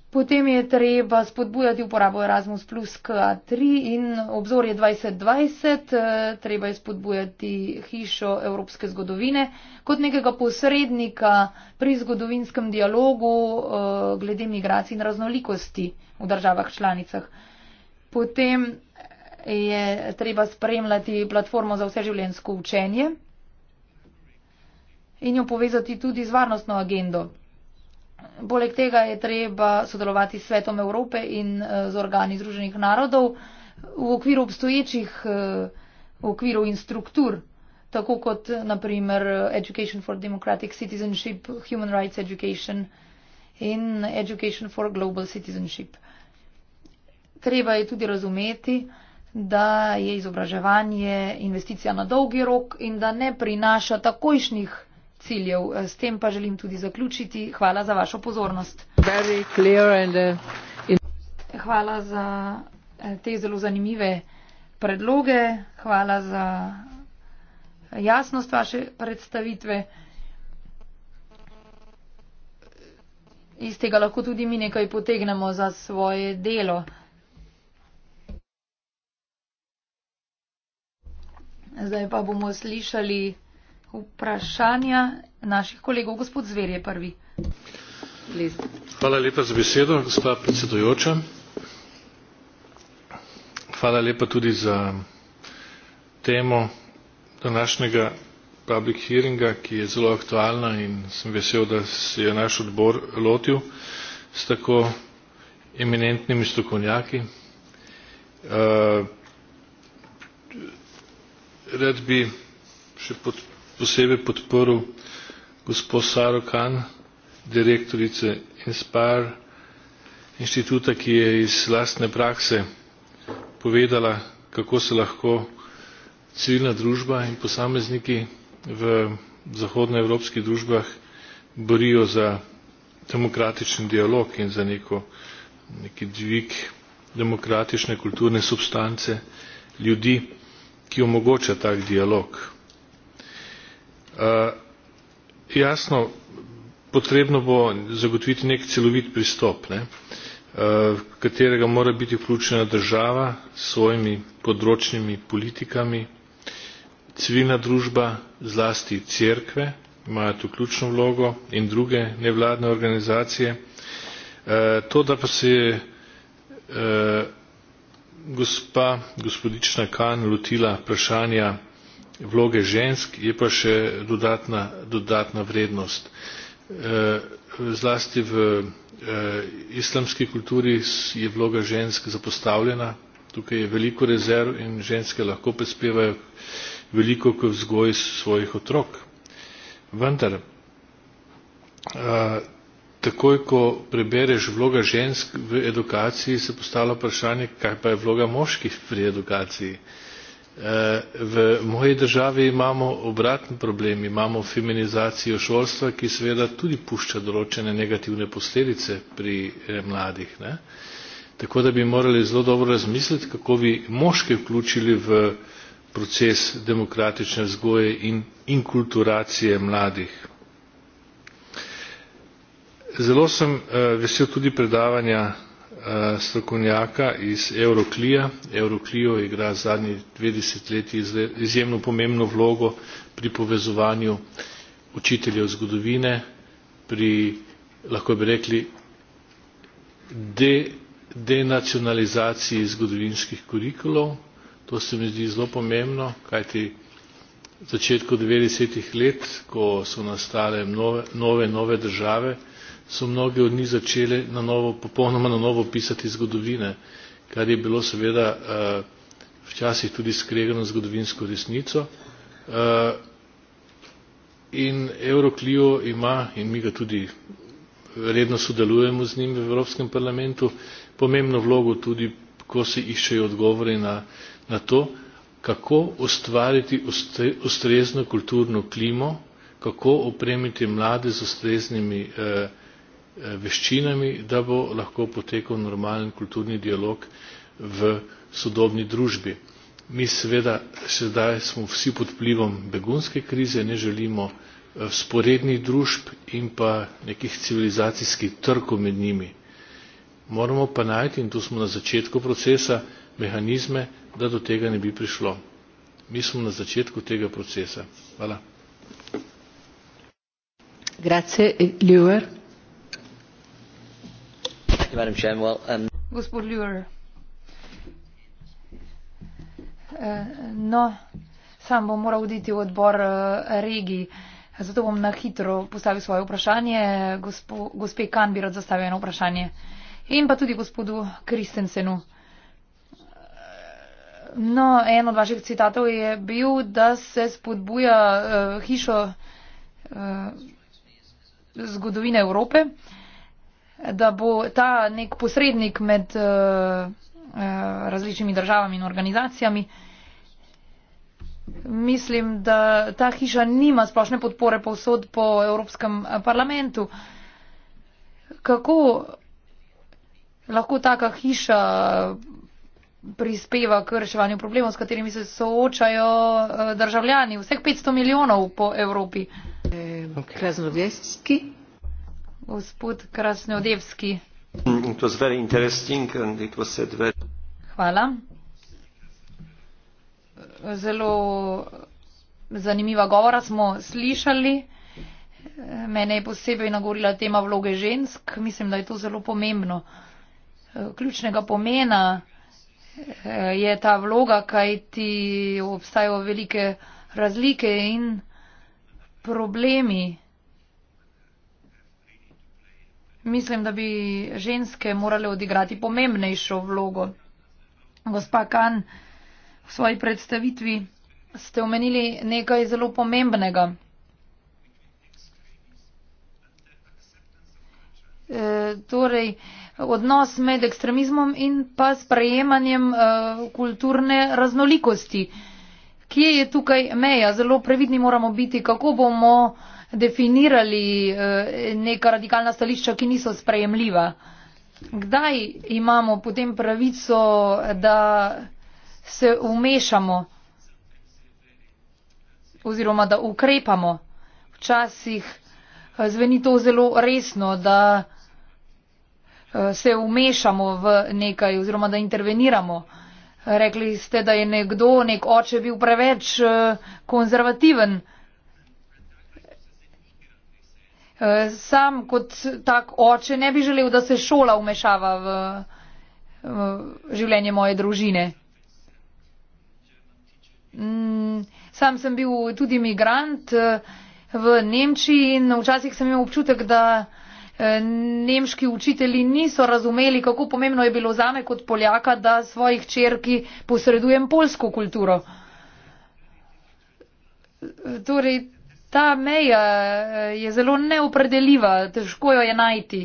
Potem je treba spodbujati uporabo Erasmus plus KA3 in obzorje 2020, eh, treba je spodbujati hišo evropske zgodovine kot nekega posrednika pri zgodovinskem dialogu eh, glede migracij in raznolikosti v državah članicah. Potem eh, je treba spremljati platformo za vseživljensko učenje in jo povezati tudi z varnostno agendo. Poleg tega je treba sodelovati s Svetom Evrope in eh, z organi Združenih narodov v okviru obstoječih eh, okvirov in struktur, tako kot eh, naprimer Education for Democratic Citizenship, Human Rights Education in Education for Global Citizenship. Treba je tudi razumeti, da je izobraževanje investicija na dolgi rok in da ne prinaša takojšnjih ciljev. Eh, s tem pa želim tudi zaključiti. Hvala za vašo pozornost. And, uh, in... Hvala za eh, te zelo zanimive predloge. Hvala za jasnost vaše predstavitve. Iz tega lahko tudi mi nekaj potegnemo za svoje delo. Zdaj pa bomo slišali vprašanja naših kolegov. Gospod Zver je prvi. Les. Hvala lepa za besedo, gospa predsedujoča. Hvala lepa tudi za temo današnjega public hearinga, ki je zelo aktualna in sem vesel, da se je naš odbor lotil s tako eminentnimi strokovnjaki. Uh, rad bi še pod, posebej podprl gospo saro kan direktorico inspire inštituta ki je iz lastne prakse povedala kako se lahko civilna družba in posamezniki v zahodnoevropskih družbah borijo za demokratični dialog in za neko, neki dvig demokratične kulturne substance ljudi ki omogoča tak dialog. Eh, jasno potrebno bo zagotoviti nek celovit pristop v eh, katerega mora biti vključena država s svojimi področnimi politikami civilna družba zlasti cerkve imajo tu ključno vlogo in druge nevladne organizacije eh, to da pa se je gospa gospodična kan lotila vprašanja vloge žensk je pa še dodatna vrednost. E, zlasti v e, islamski kulturi je vloga žensk zapostavljena tukaj je veliko rezerv in ženske lahko prispevajo veliko k vzgoji svojih otrok. vendar e, takoj ko prebereš vloga žensk v edukaciji se postavlja vprašanje kaj pa je vloga moških pri edukaciji v moji državi imamo obraten problem imamo feminizacijo šolstva ki seveda tudi pušča določene negativne posledice pri eh, mladih ne tako da bi morali zelo dobro razmisliti kako bi moške vključili v proces demokratične vzgoje in inkulturacije mladih zelo sem eh, vesel tudi predavanja Eh, strokovnjaka iz euroclija euroclio igra zadnji dve desetletji izjemno pomembno vlogo pri povezovanju učiteljev zgodovine pri lahko bi rekli de, denacionalizaciji zgodovinskih kurikulov to se mi zdi zelo pomembno kajti v začetku devetdesetih let ko so nastale nove nove, nove države so mnoge od njih začele na novo, popolnoma na novo pisati zgodovine, kar je bilo seveda eh, včasih tudi skregano zgodovinsko resnico. Eh, in Euroclio ima, in mi ga tudi redno sodelujemo z njim v Evropskem parlamentu, pomembno vlogo tudi, ko se iščejo odgovore na, na to, kako ustvariti ustre, ustrezno kulturno klimo, kako opremiti mlade z ustreznimi eh, Eh, veščinami da bo lahko potekal normalen kulturni dialog v sodobni družbi. Mi seveda sedaj smo vsi pod vplivom begunske krize, ne želimo eh, sporednih družb in pa nekih civilizacijskih trkov med njimi. Moramo pa najti, in tu smo na začetku procesa, mehanizme, da do tega ne bi prišlo. Mi smo na začetku tega procesa. Hvala. Grazie, eh, Madam Chair, well, um... Gospod Ljur. Eh, no, sam bom moral oditi v odbor eh, regij, zato bom na hitro postavil svoje vprašanje. Gospo, gospe Kan bi rad zastavil eno vprašanje. In pa tudi gospodu Kristensenu. Eh, no, en od vaših citatov je bil, da se spodbuja uh, hišo uh, zgodovine Evrope. Uh, da bo ta nek posrednik med uh, različnimi državami in organizacijami. Mislim, da ta hiša nima splošne podpore povsod po Evropskem eh, parlamentu. Kako lahko taka hiša prispeva k reševanju problemov, s katerimi se soočajo državljani vseh 500 milijonov po Evropi? Okay gospod Krasnodevski. Mm, Hvala. Zelo zanimiva govora smo slišali. Mene je posebej nagovorila tema vloge žensk. Mislim, da je to zelo pomembno. Ključnega pomena eh, je ta vloga, kaj ti obstajajo velike razlike in problemi mislim, da bi ženske morale odigrati pomembnejšo vlogo. Gospa Kan, v svoji predstavitvi ste omenili nekaj zelo pomembnega. E, torej, odnos med ekstremizmom in pa sprejemanjem e, kulturne raznolikosti. Kje je tukaj meja? Zelo previdni moramo biti, kako bomo definirali eh, neka radikalna stališča, ki niso sprejemljiva. Kdaj imamo potem pravico, da se umešamo oziroma da ukrepamo? Včasih eh, zveni to zelo resno, da eh, se umešamo v nekaj oziroma da interveniramo. Rekli ste, da je nekdo, nek oče bil preveč konzervativen. Eh, sam kot tak oče ne bi želel, da se šola umešava v, v življenje moje družine. Mm, sam sem bil tudi imigrant eh, v Nemčiji in včasih sem imel občutek, da eh, nemški učitelji niso razumeli, kako pomembno je bilo zame kot Poljaka, da svojih črki posredujem polsko kulturo. Torej, ta meja eh, je zelo neopredeljiva, težko jo je najti.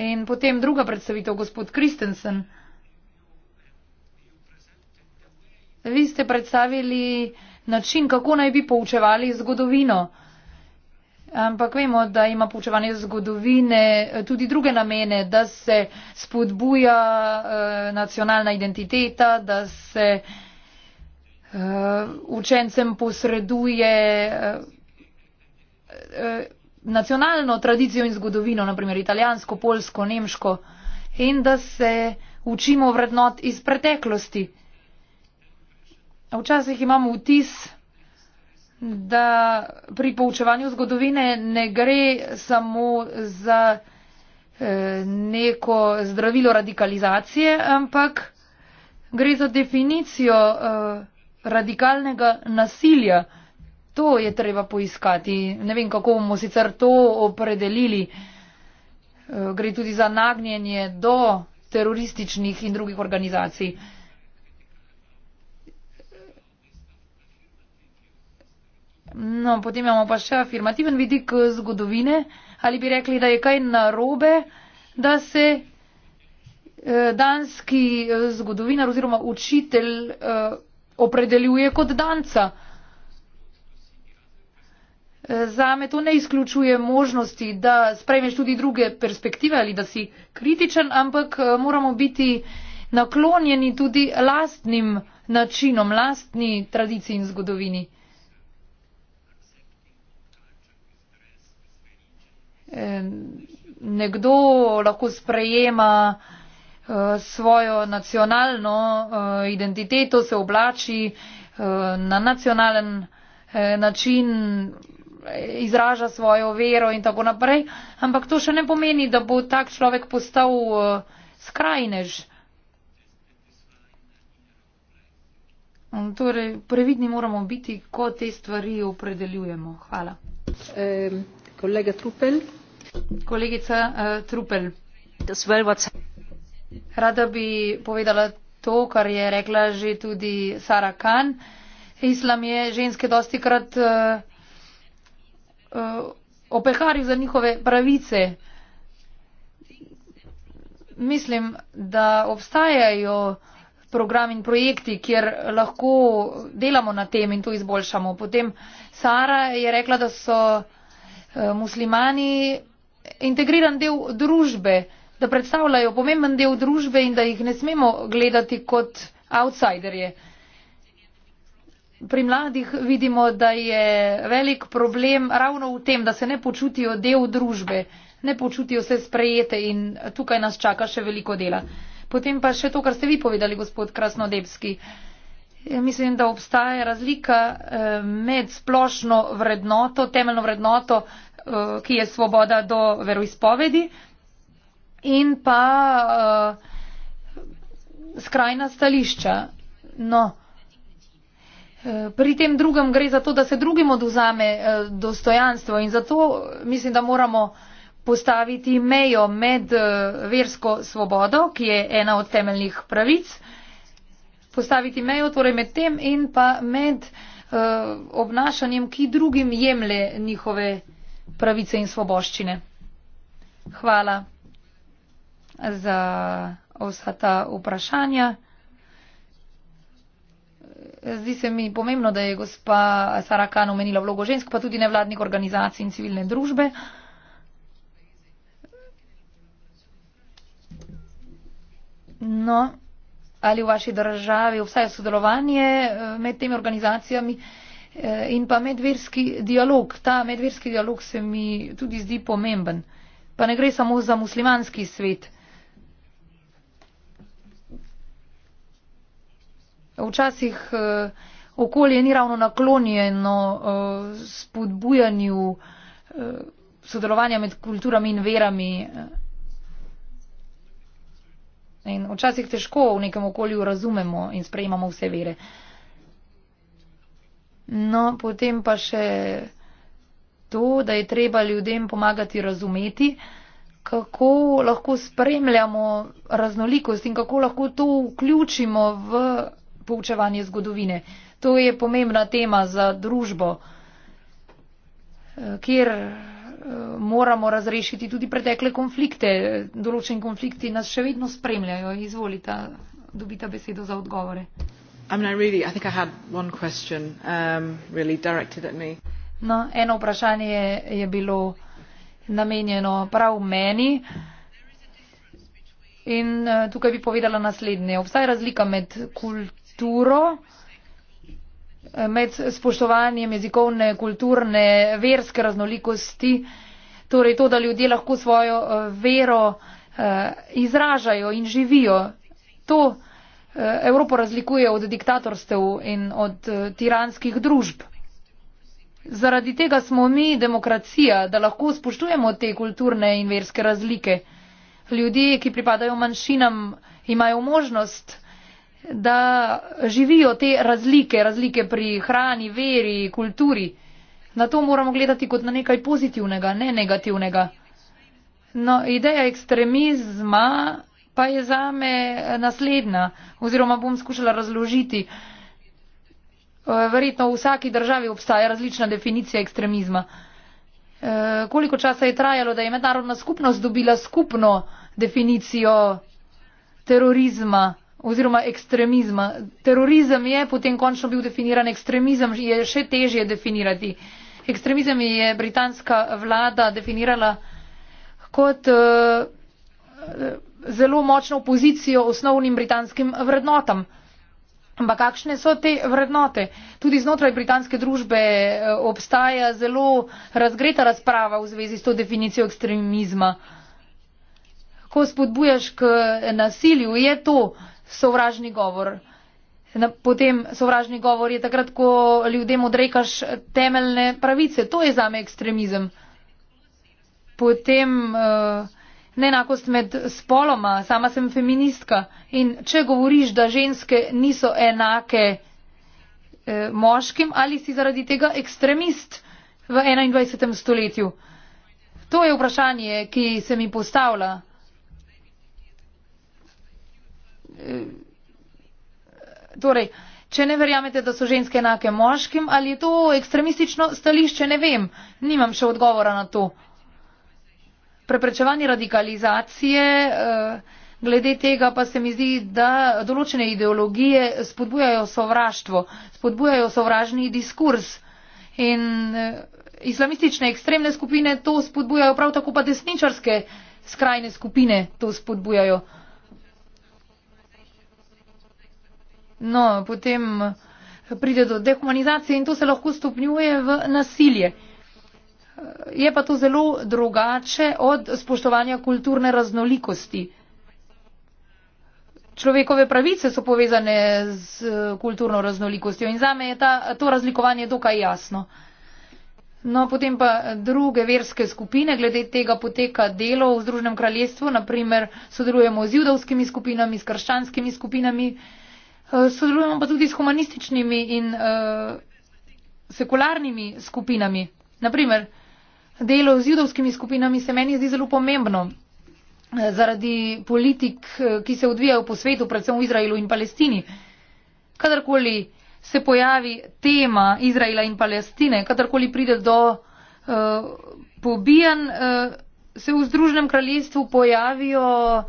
In potem druga predstavitev, gospod Kristensen. Vi ste predstavili način, kako naj bi poučevali zgodovino. Ampak vemo, da ima poučevanje zgodovine eh, tudi druge namene, da se spodbuja eh, nacionalna identiteta, da se uh, učencem posreduje uh, uh, nacionalno tradicijo in zgodovino, naprimer italijansko, polsko, nemško, in da se učimo vrednot iz preteklosti. Včasih imamo vtis, da pri poučevanju zgodovine ne gre samo za neko zdravilo radikalizacije, ampak gre za definicijo radikalnega nasilja. To je treba poiskati. Ne vem, kako bomo sicer to opredelili. Eh, gre tudi za nagnjenje do terorističnih in drugih organizacij. No, potem imamo pa še afirmativen vidik eh, zgodovine. Ali bi rekli, da je kaj narobe, da se eh, danski zgodovinar oziroma učitelj opredeljuje kot danca. Zame to ne izključuje možnosti, da sprejmeš tudi druge perspektive ali da si kritičen, ampak eh, moramo biti naklonjeni tudi lastnim načinom, lastni tradiciji in zgodovini. Nekdo lahko sprejema Eh, svojo nacionalno eh, identiteto, se oblači eh, na nacionalen način, izraža svojo vero in tako naprej. Ampak to še ne pomeni, da bo tak človek postal skrajnež. Mm, torej, previdni moramo biti, ko te stvari opredeljujemo. Hvala. E, kolega Trupel. Kolegica uh, Trupel. Das well, Rada bi povedala to, kar je rekla že tudi Sara Khan. Islam je ženske dosti krat uh, eh, eh, opeharil za njihove pravice. Mislim, da obstajajo program in projekti, kjer lahko delamo na tem in to izboljšamo. Potem Sara je rekla, da so eh, muslimani integriran del družbe. Uh, da predstavljajo pomemben del družbe in da jih ne smemo gledati kot outsiderje. Pri mladih vidimo, da je velik problem ravno v tem, da se ne počutijo del družbe, ne počutijo se sprejete in tukaj nas čaka še veliko dela. Potem pa še to, kar ste vi povedali, gospod Krasnodebski. E, mislim, da obstaja razlika e, med splošno vrednoto, temeljno vrednoto, e, ki je svoboda do veroizpovedi in pa uh, skrajna stališča. No. Eh, pri tem drugem gre za to, da se drugim oduzame eh, dostojanstvo in zato mislim, da moramo postaviti mejo med versko svobodo, ki je ena od temeljnih pravic, postaviti mejo torej med tem in pa med obnašanjem, ki drugim jemle njihove pravice in svoboščine. Hvala za vsa ta vprašanja. Zdi se mi pomembno, da je gospa Sara Khan omenila vlogo žensk, pa tudi nevladnih organizacij in civilne družbe. No, ali v vaši državi obstaja sodelovanje eh, med temi organizacijami eh, in pa medverski dialog. Ta medverski dialog se mi tudi zdi pomemben. Pa ne gre samo za muslimanski svet. včasih eh, okolje ni ravno naklonjeno eh, spodbujanju eh, sodelovanja med kulturami in verami. In včasih težko v nekem okolju razumemo in sprejemamo vse vere. No, potem pa še to, da je treba ljudem pomagati razumeti, kako lahko spremljamo raznolikost in kako lahko to vključimo v poučevanje zgodovine. To je pomembna tema za družbo, eh, kjer eh, moramo razrešiti tudi pretekle konflikte. Določeni konflikti nas še vedno spremljajo. Izvolite, dobite besedo za odgovore. Um, no, eno vprašanje je bilo namenjeno prav meni. In eh, tukaj bi povedala naslednje. Obstaja razlika med kulturo kulturo eh, med spoštovanjem jezikovne, kulturne, verske raznolikosti, torej to, da ljudje lahko svojo eh, vero eh, izražajo in živijo. To Evropo razlikuje od diktatorstev in od tiranskih družb. Zaradi tega smo mi demokracija, da lahko spoštujemo te kulturne in verske razlike. Ljudje, ki pripadajo manjšinam, imajo možnost da živijo te razlike, razlike pri hrani, veri, kulturi. Na to moramo gledati kot na nekaj pozitivnega, ne negativnega. No, ideja ekstremizma pa je zame naslednja, oziroma bom skušala razložiti. E, verjetno v vsaki državi obstaja različna definicija ekstremizma. E, koliko časa je trajalo, da je mednarodna skupnost dobila skupno definicijo terorizma? oziroma ekstremizma. Terorizem je potem končno bil definiran, ekstremizem je še težje definirati. Ekstremizem je britanska vlada definirala kot uh, zelo močno opozicijo osnovnim britanskim vrednotam. Ampak kakšne so te vrednote? Tudi znotraj britanske družbe eh, obstaja zelo razgreta razprava v zvezi s to definicijo ekstremizma. Ko spodbujaš k nasilju, je to sovražni govor. Potem sovražni govor je takrat, ko ljudem odrekaš temeljne pravice. To je zame ekstremizem. Potem uh, neenakost med spoloma. Sama sem feministka in če govoriš, da ženske niso enake uh, moškim, ali si zaradi tega ekstremist v 21. stoletju? To je vprašanje, ki se mi postavlja. torej, če ne verjamete, da so ženske enake moškim, ali je to ekstremistično stališče, ne vem, nimam še odgovora na to. Preprečevanje radikalizacije, eh, glede tega pa se mi zdi, da določene ideologije spodbujajo sovraštvo, spodbujajo sovražni diskurs in eh, islamistične ekstremne skupine to spodbujajo, prav tako pa desničarske skrajne skupine to spodbujajo. No, potem pride do dehumanizacije in to se lahko stopnjuje v nasilje. Je pa to zelo drugače od spoštovanja kulturne raznolikosti. Človekove pravice so povezane z kulturno raznolikostjo in zame je ta, to razlikovanje dokaj jasno. No, potem pa druge verske skupine, glede tega poteka delo v Združenem kraljestvu, naprimer sodelujemo z judovskimi skupinami, s krščanskimi skupinami, Eh, sodelujemo pa tudi s humanističnimi in uh, sekularnimi skupinami. Naprimer, delo z judovskimi skupinami se meni zdi zelo pomembno eh, zaradi politik, ki se odvijajo po svetu, predvsem v Izraelu in Palestini. Kadarkoli se pojavi tema Izraela in Palestine, kadarkoli pride do uh, pobijan, uh, se v Združenem kraljestvu pojavijo uh,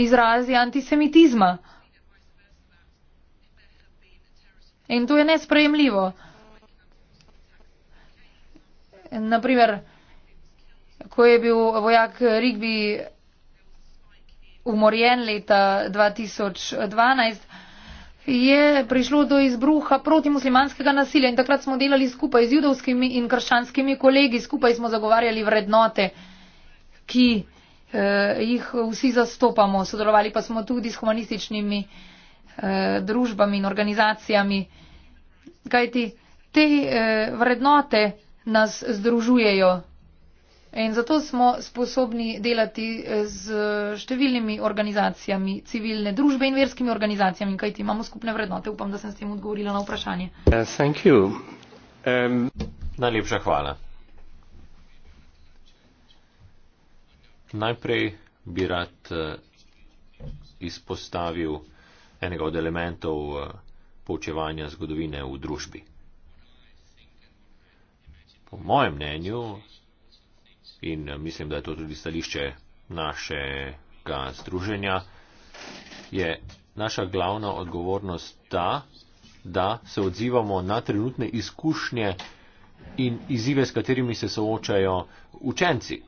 izrazi antisemitizma. Uh, In to je nesprejemljivo. Naprimer, ko je bil vojak Rigby umorjen leta 2012, je prišlo do izbruha protimuslimanskega nasilja in takrat smo delali skupaj z judovskimi in krščanskimi kolegi, skupaj smo zagovarjali vrednote, ki eh, jih vsi zastopamo, sodelovali pa smo tudi s humanističnimi eh, družbami in organizacijami. Eh, Kajti te eh, vrednote nas združujejo in zato smo sposobni delati eh, z številnimi organizacijami, civilne družbe in verskimi organizacijami, kajti imamo skupne vrednote. Upam, da sem s tem odgovorila na vprašanje. Yeah, uh, um... Najlepša hvala. Najprej bi rad uh, izpostavil enega od elementov. Uh, poučevanja zgodovine v družbi. Po mojem mnenju, in mislim, da je to tudi stališče našega združenja, je naša glavna odgovornost ta, da se odzivamo na trenutne izkušnje in izzive, s katerimi se soočajo učenci.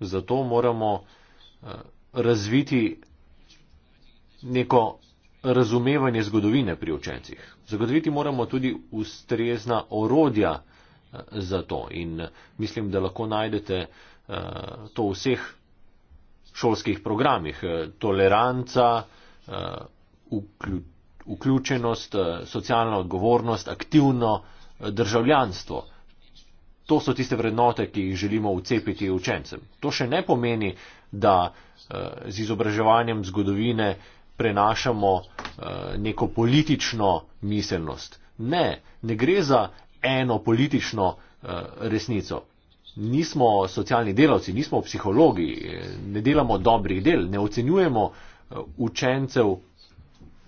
Zato moramo eh, razviti neko razumevanje zgodovine pri učencih. Zagotoviti moramo tudi ustrezna orodja eh, za to in eh, mislim, da lahko najdete eh, to v vseh šolskih programih. Toleranca, vključenost, socialna odgovornost, aktivno državljanstvo. To so tiste vrednote, ki jih želimo ucepiti učencem. To še ne pomeni, da z izobraževanjem zgodovine prenašamo eh, neko politično miselnost. Ne, ne gre za eno politično eh, resnico. Nismo socialni delavci, nismo psihologi, eh, ne delamo dobrih del, ne ocenjujemo učencev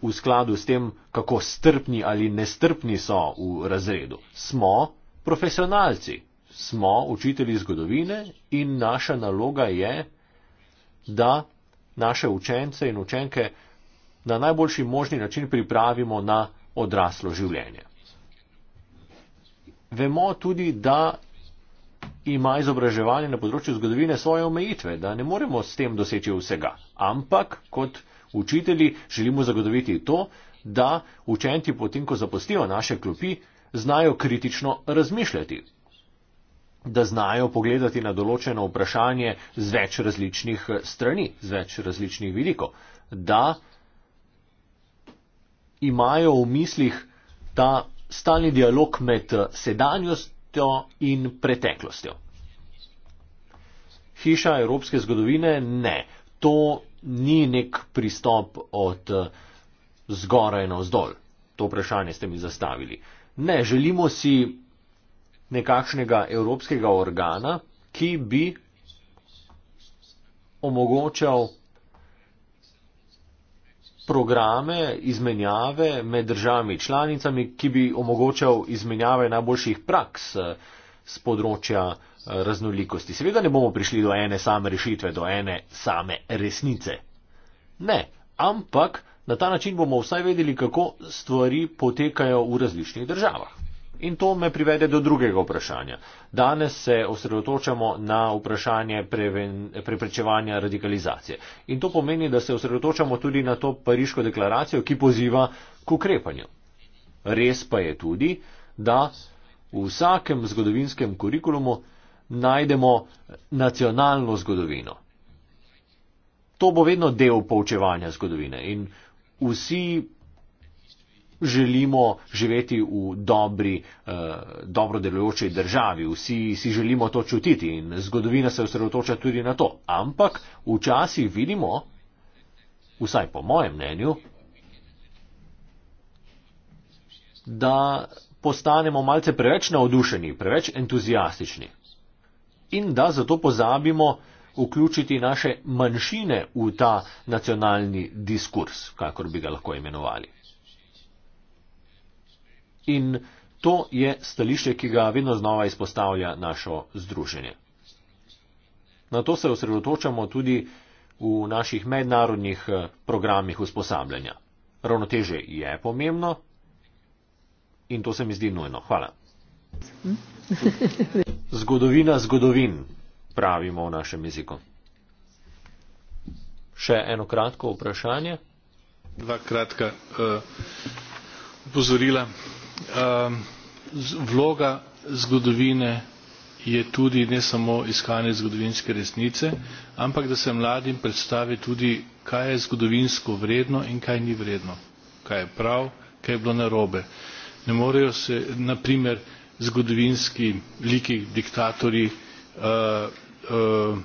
v skladu s tem, kako strpni ali nestrpni so v razredu. Smo profesionalci, smo učitelji zgodovine in naša naloga je, da naše učence in učenke uh, na najboljši možni način pripravimo na odraslo življenje. Vemo tudi, da ima izobraževanje na področju zgodovine svoje omejitve, da ne moremo s tem doseči vsega. Ampak kot učitelji želimo zagotoviti to, da učenci potem, ko zapustijo naše klopi, znajo kritično razmišljati, da znajo pogledati na določeno vprašanje z več različnih strani, z več različnih vidikov, da imajo v mislih ta stalni dialog med eh, sedanjostjo in preteklostjo. Hiša evropske zgodovine ne. To ni nek pristop od eh, zgoraj na vzdolj. To vprašanje ste mi zastavili. Ne, želimo si nekakšnega evropskega organa, ki bi omogočal programe izmenjave med državami članicami, ki bi omogočal izmenjave najboljših praks z eh, področja eh, raznolikosti. Seveda ne bomo prišli do ene same rešitve, do ene same resnice. Ne, ampak na ta način bomo vsaj vedeli, kako stvari potekajo v različnih državah. In to me privede do drugega vprašanja. Danes se osredotočamo na vprašanje preven, preprečevanja radikalizacije. In to pomeni, da se osredotočamo tudi na to pariško deklaracijo, ki poziva k ukrepanju. Res pa je tudi, da v vsakem zgodovinskem kurikulumu najdemo nacionalno zgodovino. To bo vedno del poučevanja zgodovine in vsi želimo živeti v dobri, eh, dobro delujočej državi. Vsi si želimo to čutiti in zgodovina se osredotoča tudi na to. Ampak včasih vidimo, vsaj po mojem mnenju, da postanemo malce preveč navdušeni, preveč entuzijastični in da zato pozabimo vključiti naše manjšine v ta nacionalni diskurs, kakor bi ga lahko imenovali. In to je stališče, ki ga vedno znova izpostavlja našo združenje. Na to se osredotočamo tudi v naših mednarodnih eh, programih usposabljanja. Ravnoteže je pomembno in to se mi zdi nujno. Hvala. Zgodovina zgodovin, pravimo v našem jeziku. Še eno kratko vprašanje. Dva kratka uh, eh, upozorila. Ehm, vloga zgodovine je tudi ne samo iskanje zgodovinske resnice ampak da se mladim predstavi tudi kaj je zgodovinsko vredno in kaj ni vredno kaj je prav kaj je bilo narobe. ne morejo se na primer zgodovinski liki diktatorji eh, eh,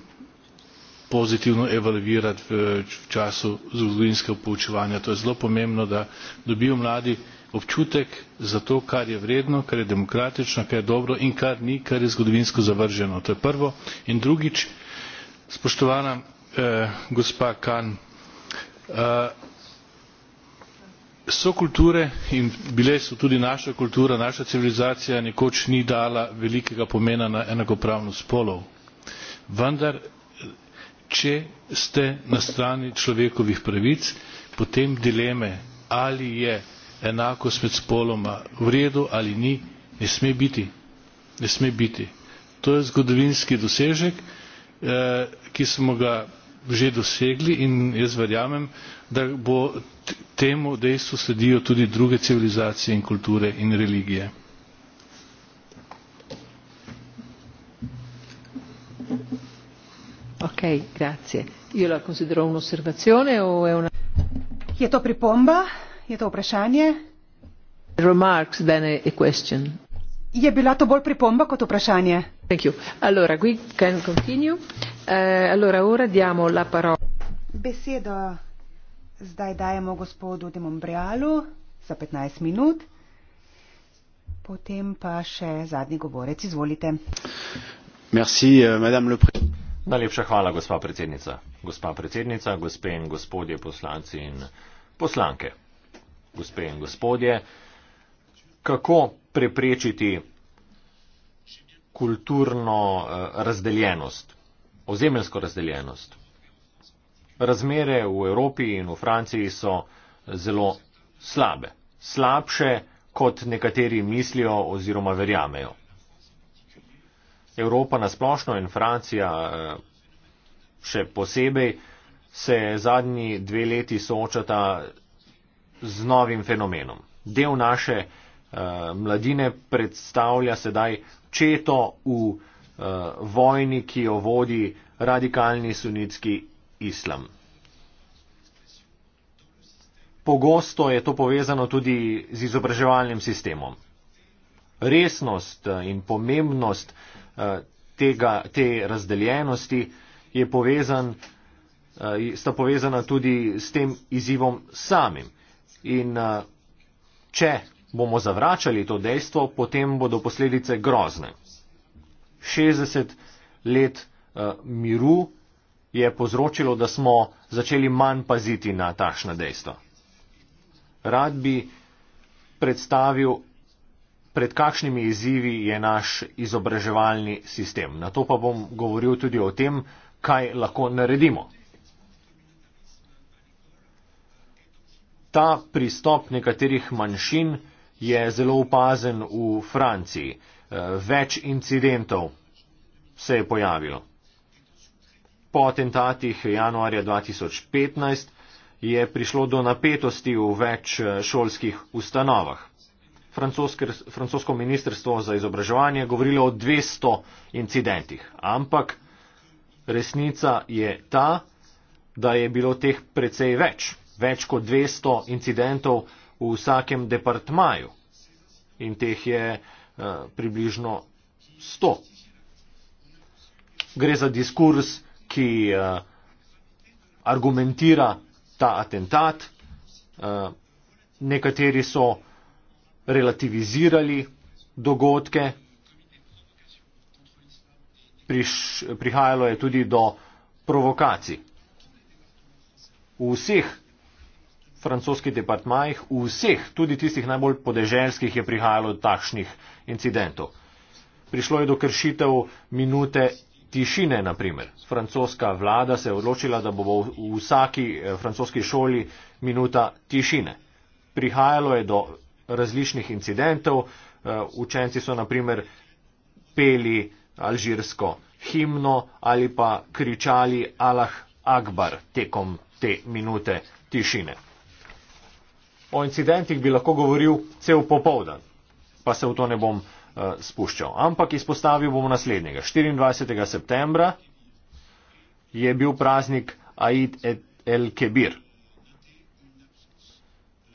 pozitivno evalvirati v času zgodovinskega poučevanja. to je zelo pomembno da dobijo mladi občutek za to kar je vredno kar je demokratično kar je dobro in kar ni kar je zgodovinsko zavrženo to je prvo in drugič spoštovana eh, gospa kan eh, so kulture in bile so tudi naša kultura naša civilizacija nekoč ni dala velikega pomena na enakopravnost spolov vendar če ste na strani človekovih pravic potem dileme ali je enakost med spoloma v redu ali ni, ne sme biti. Ne sme biti. To je zgodovinski dosežek, eh, ki smo ga že dosegli in jaz verjamem, da bo temu dejstvu sledijo tudi druge civilizacije in kulture in religije. Ok, grazie. Io la considero un'osservazione o è una... Chieto pripomba? je to vprašanje? Remarks, je bila to bolj pripomba kot vprašanje? Allora, uh, allora, ora diamo la Besedo zdaj dajemo gospodu Demombrialu za 15 minut, potem pa še zadnji govorec. Izvolite. Merci, eh, Najlepša hvala, gospa predsednica. Gospa predsednica, gospe in gospodje poslanci in poslanke gospe in gospodje, kako preprečiti kulturno eh, razdeljenost, ozemelsko razdeljenost. Razmere v Evropi in v Franciji so zelo slabe, slabše, kot nekateri mislijo oziroma verjamejo. Evropa nasplošno in Francija eh, še posebej se zadnji dve leti soočata z novim fenomenom. Del naše uh, mladine predstavlja sedaj četo v uh, vojni, ki jo vodi radikalni sunitski islam. Pogosto je to povezano tudi z izobraževalnim sistemom. Resnost eh, in pomembnost tega, te razdeljenosti je povezan, sta povezana tudi s tem izzivom samim. In če bomo zavračali to dejstvo, potem bodo posledice grozne. 60 let miru je povzročilo, da smo začeli manj paziti na takšna dejstva. Rad bi predstavil, pred kakšnimi izzivi je naš izobraževalni sistem. Na to pa bom govoril tudi o tem, kaj lahko naredimo. ta pristop nekaterih manjšin je zelo opazen v Franciji. Eh, več incidentov se je pojavilo. Po atentatih januarja 2015 je prišlo do napetosti v več eh, šolskih ustanovah. Francosko ministrstvo za izobraževanje je govorilo o 200 incidentih, ampak resnica je ta, da je bilo teh precej več več kot 200 incidentov v vsakem departmaju in teh je eh, približno 100. Gre za diskurs, ki eh, argumentira ta atentat. Eh, nekateri so relativizirali dogodke. Priš, prihajalo je tudi do provokacij. V vseh francoskih departmajih, v vseh, tudi tistih najbolj podeželskih, je prihajalo do takšnih incidentov. Prišlo je do kršitev minute tišine, naprimer. Francoska vlada se je odločila, da bo v vsaki eh, francoski šoli minuta tišine. Prihajalo je do različnih incidentov, eh, učenci so naprimer peli alžirsko himno ali pa kričali Allah Akbar tekom te minute tišine. O incidentih bi lahko govoril cel popovdan, pa se v to ne bom uh, spuščal. Ampak izpostavil bom naslednjega. 24. septembra je bil praznik Aid el Kebir.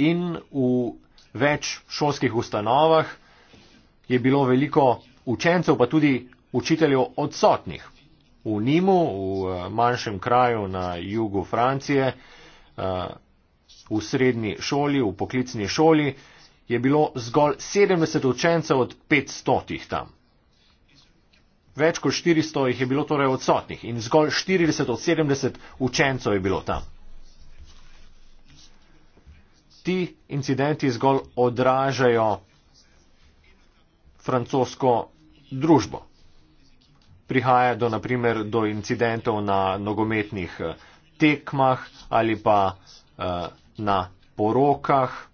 In v več šolskih ustanovah je bilo veliko učencev, pa tudi učiteljev odsotnih. V Nimu, v eh, manjšem kraju na jugu Francije, uh, v srednji šoli, v poklicni šoli, je bilo zgolj 70 učencev od 500 tam. Več kot 400 jih je bilo torej odsotnih in zgolj 40 od 70 učencev je bilo tam. Ti incidenti zgolj odražajo francosko družbo. Prihaja do, naprimer, do incidentov na nogometnih eh, tekmah ali pa eh, na porokah,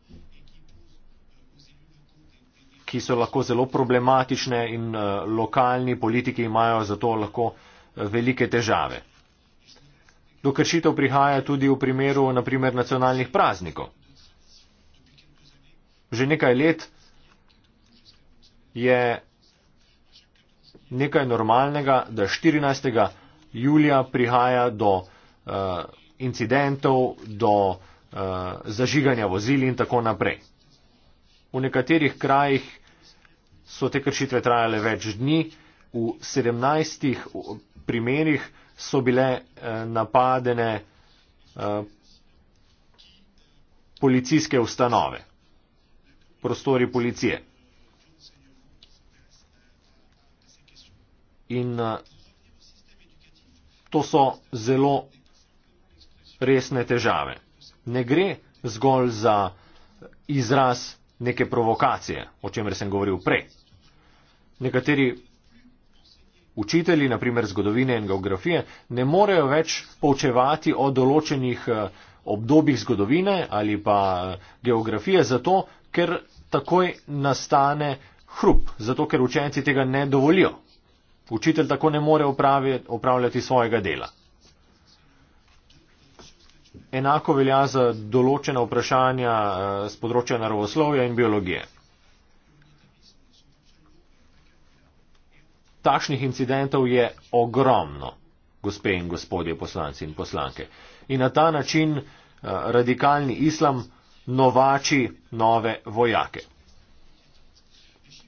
ki so lahko zelo problematične in eh, lokalni politiki imajo zato lahko eh, velike težave. Do kršitev prihaja tudi v primeru, naprimer, nacionalnih praznikov. Že nekaj let je nekaj normalnega, da 14. julija prihaja do uh, incidentov, do uh, Eh, zažiganja vozil in tako naprej. V nekaterih krajih so te kršitve trajale več dni, v 17 primerjih so bile eh, napadene eh, policijske ustanove, prostori policije. In to so zelo resne težave ne gre zgolj za izraz neke provokacije, o čemer sem govoril prej. Nekateri učitelji, naprimer zgodovine in geografije, ne morejo več poučevati o določenih eh, obdobjih zgodovine ali pa eh, geografije zato, ker takoj nastane hrup, zato ker učenci tega ne dovolijo. Učitelj tako ne more upravljati svojega dela enako velja za določena vprašanja z eh, področja naravoslovja in biologije. Takšnih incidentov je ogromno, gospe in gospodje poslanci in poslanke. In na ta način eh, radikalni islam novači nove vojake.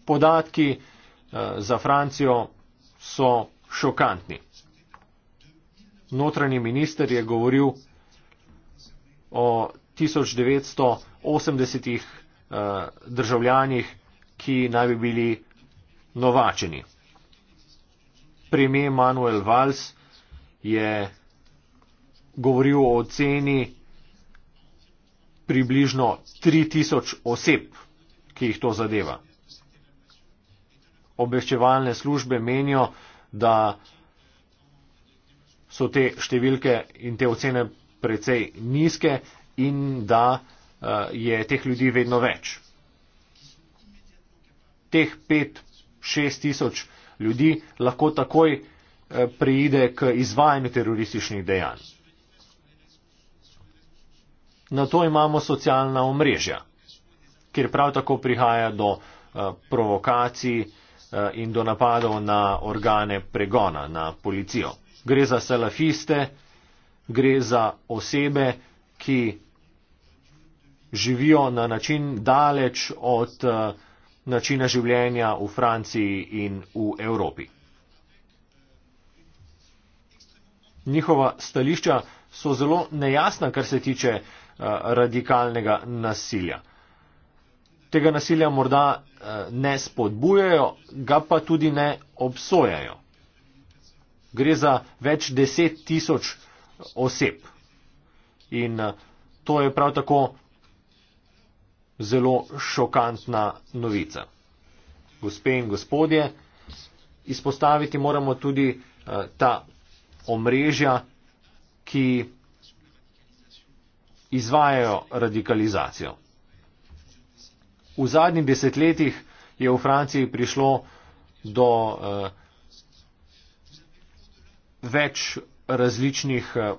Podatki eh, za Francijo so šokantni. Notranji minister je govoril o 1980 uh, eh, državljanih, ki naj bi bili novačeni. Premijer Manuel Valls je govoril o ceni približno 3000 oseb, ki jih to zadeva. Obveščevalne službe menijo, da so te številke in te ocene precej nizke in da eh, je teh ljudi vedno več. Teh pet, šest tisoč ljudi lahko takoj eh, prijide k izvajanju terorističnih dejanj. Na to imamo socialna omrežja, kjer prav tako prihaja do eh, provokacij in do napadov na organe pregona, na policijo. Gre za salafiste, gre za osebe, ki živijo na način daleč od eh, načina življenja v Franciji in v Evropi. Njihova stališča so zelo nejasna, kar se tiče eh, radikalnega nasilja. Tega nasilja morda eh, ne spodbujajo, ga pa tudi ne obsojajo. Gre za več deset tisoč oseb. In eh, to je prav tako zelo šokantna novica. Gospe in gospodje, izpostaviti moramo tudi eh, ta omrežja, ki izvajajo radikalizacijo. V zadnjih desetletjih je v Franciji prišlo do uh, več različnih eh,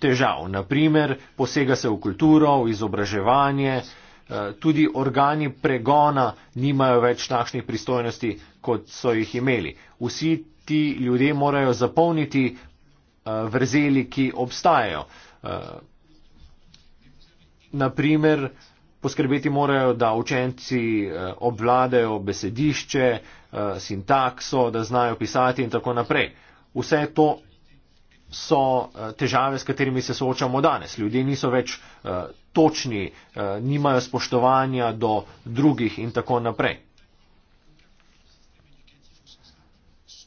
težav. Naprimer, posega se v kulturo, v izobraževanje, eh, tudi organi pregona nimajo več takšnih pristojnosti, kot so jih imeli. Vsi ti ljudje morajo zapolniti eh, vrzeli, ki obstajajo. Naprimer, poskrbeti morajo, da učenci obvladajo besedišče, sintakso, da znajo pisati in tako naprej. Vse to so eh, težave, s katerimi se soočamo danes. Ljudje niso več eh, točni, eh, nimajo spoštovanja do drugih in tako naprej.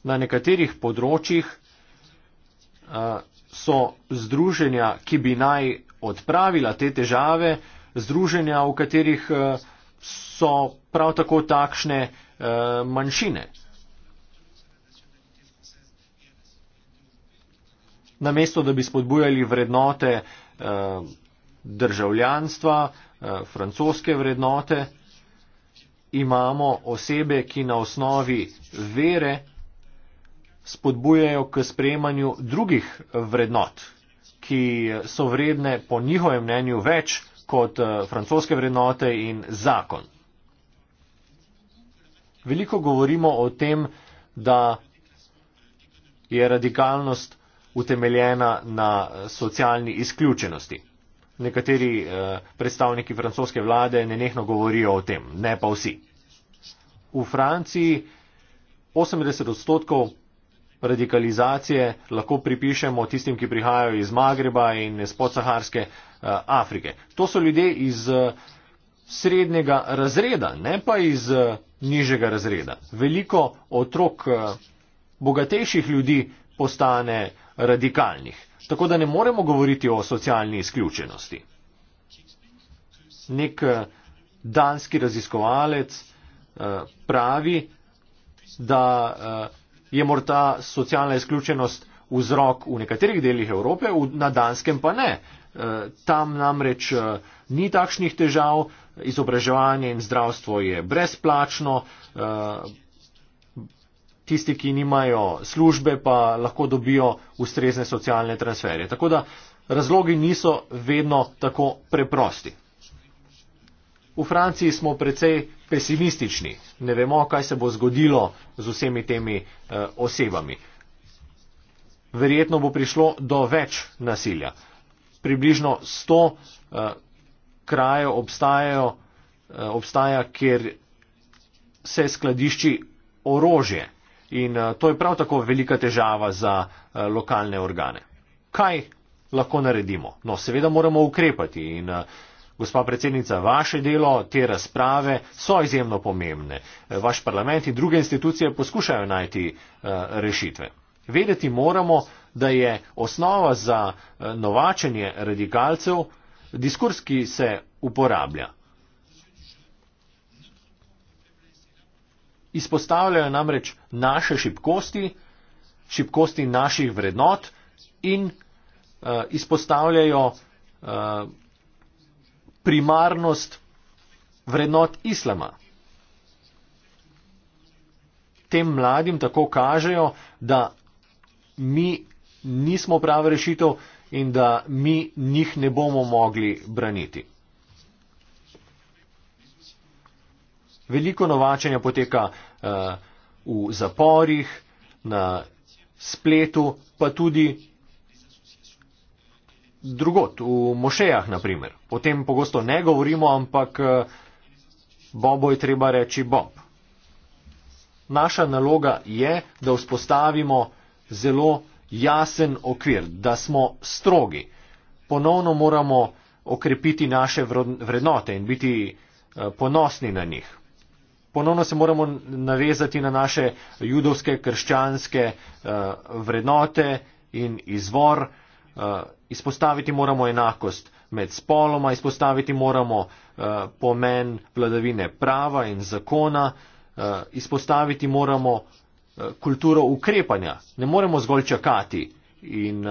Na nekaterih področjih so združenja, ki bi naj odpravila te težave, združenja, v katerih so prav tako takšne manjšine. namesto da bi spodbujali vrednote eh, državljanstva, eh, francoske vrednote, imamo osebe, ki na osnovi vere spodbujajo k sprejemanju drugih vrednot, ki so vredne po njihovem mnenju več kot eh, francoske vrednote in zakon. Veliko govorimo o tem, da je radikalnost utemeljena na socialni izključenosti. Nekateri eh, predstavniki francoske vlade nenehno govorijo o tem, ne pa vsi. V Franciji 80 odstotkov radikalizacije lahko pripišemo tistim, ki prihajajo iz Magreba in iz podsaharske eh, Afrike. To so ljudje iz eh, srednjega razreda, ne pa iz nižjega razreda. Veliko otrok bogatejših ljudi postane radikalnih. Tako da ne moremo govoriti o socialni izključenosti. Nek eh, danski raziskovalec eh, pravi, da eh, je morda socialna izključenost vzrok v nekaterih delih Evrope, na danskem pa ne. Tam namreč ni takšnih težav, izobraževanje in zdravstvo je brezplačno, tisti, ki nimajo službe, pa lahko dobijo ustrezne socialne transferje. Tako da razlogi niso vedno tako preprosti. V Franciji smo precej pesimistični. Ne vemo, kaj se bo zgodilo z vsemi temi eh, osebami. Verjetno bo prišlo do več nasilja. Približno 100 eh, krajev obstajajo, eh, obstaja, kjer se skladišči orožje in eh, to je prav tako velika težava za eh, lokalne organe. Kaj lahko naredimo? No, seveda moramo ukrepati in eh, gospa predsednica, vaše delo, te razprave so izjemno pomembne. Vaš parlament in druge institucije poskušajo najti rešitve. Vedeti moramo, da je osnova za novačenje radikalcev diskurs, ki se uporablja. Izpostavljajo namreč naše šibkosti, šibkosti naših vrednot in uh, izpostavljajo uh, primarnost vrednot islama. Tem mladim tako kažejo, da mi nismo prava rešitev in da mi njih ne bomo mogli braniti. Veliko novačenja poteka eh, v zaporih, na spletu, pa tudi drugot, v mošejah naprimer. O tem pogosto ne govorimo, ampak eh, Bobo je treba reči Bob. Naša naloga je, da vzpostavimo zelo jasen okvir, da smo strogi. Ponovno moramo okrepiti naše vrednote in biti eh, ponosni na njih ponovno se moramo navezati na naše judovske, krščanske eh, vrednote in izvor. Eh, izpostaviti moramo enakost med spoloma, izpostaviti moramo eh, pomen vladavine prava in zakona, izpostaviti moramo kulturo ukrepanja. Ne moremo zgolj čakati in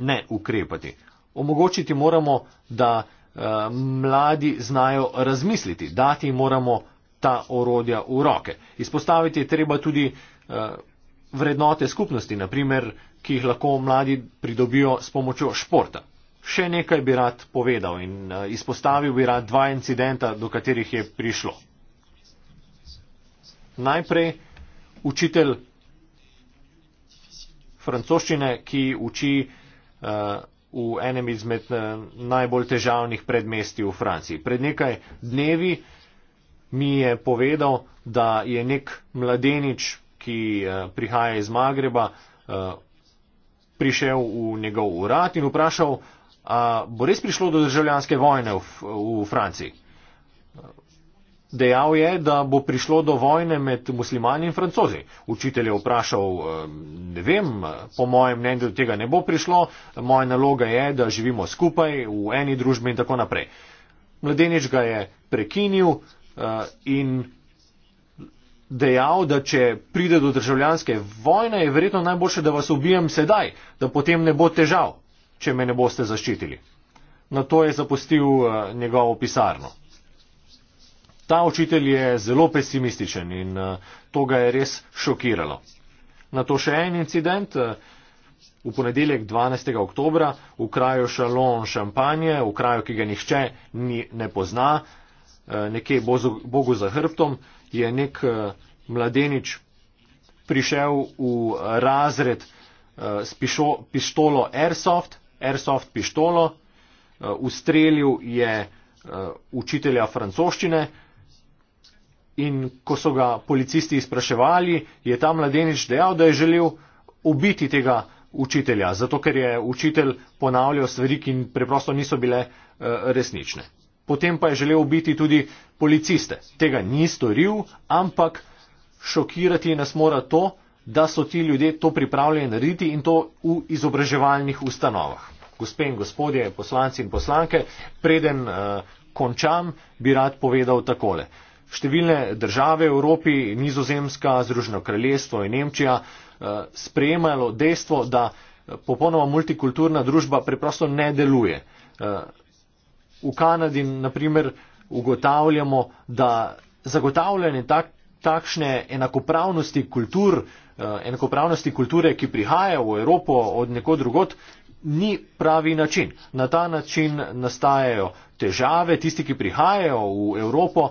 ne ukrepati. Omogočiti moramo, da Eh, mladi znajo razmisliti, dati moramo ta orodja v roke. Izpostaviti je treba tudi eh, vrednote skupnosti, naprimer, ki jih lahko mladi pridobijo s pomočjo športa. Še nekaj bi rad povedal in eh, izpostavil bi rad dva incidenta, do katerih je prišlo. Najprej učitelj francoščine, ki uči v enem izmed eh, najbolj težavnih predmesti v Franciji. Pred nekaj dnevi mi je povedal, da je nek mladenič, ki eh, prihaja iz Magreba, eh, prišel v njegov urad in vprašal, a bo res prišlo do državljanske vojne v, v Franciji. Dejal je, da bo prišlo do vojne med muslimani in francozi. Učitelj je vprašal, ne vem, po mojem mnenju do tega ne bo prišlo, moja naloga je, da živimo skupaj v eni družbi in tako naprej. Mladenič ga je prekinil eh, in dejal, da če pride do državljanske vojne, je verjetno najboljše, da vas ubijem sedaj, da potem ne bo težav, če me ne boste zaščitili. Na to je zapustil eh, njegovo pisarno. Ta učitelj je zelo pesimističen in eh, to ga je res šokiralo. Na to še en incident. Eh, v ponedeljek 12. oktober v kraju Šalon Šampanje, v kraju, ki ga nihče ni, ne pozna, eh, nekje Bogu za hrbtom, je nek mladenič prišel v razred s pišo, pištolo Airsoft, Airsoft pištolo, ustrelil je učitelja francoščine, In ko so ga policisti izpraševali, je ta mladenič dejal, da je želel ubiti tega učitelja, zato ker je učitelj ponavljal stvari, ki preprosto niso bile eh, resnične. Potem pa je želel ubiti tudi policiste. Tega ni storil, ampak šokirati nas mora to, da so ti ljudje to pripravljeni narediti in to v izobraževalnih ustanovah. Gospe in gospodje, poslanci in poslanke, preden uh, končam, bi rad povedal takole. Uh, Številne države v Evropi, Nizozemska, Združeno kraljestvo in Nemčija, eh, sprejemajo dejstvo, da eh, popolnoma multikulturna družba preprosto ne deluje. Eh, v Kanadi, naprimer, ugotavljamo, da zagotavljanje tak, takšne enakopravnosti kultur, enakopravnosti kulture, ki prihaja v Evropo od neko drugot, ni pravi način. Na ta način nastajajo težave, tisti, ki prihajajo v Evropo,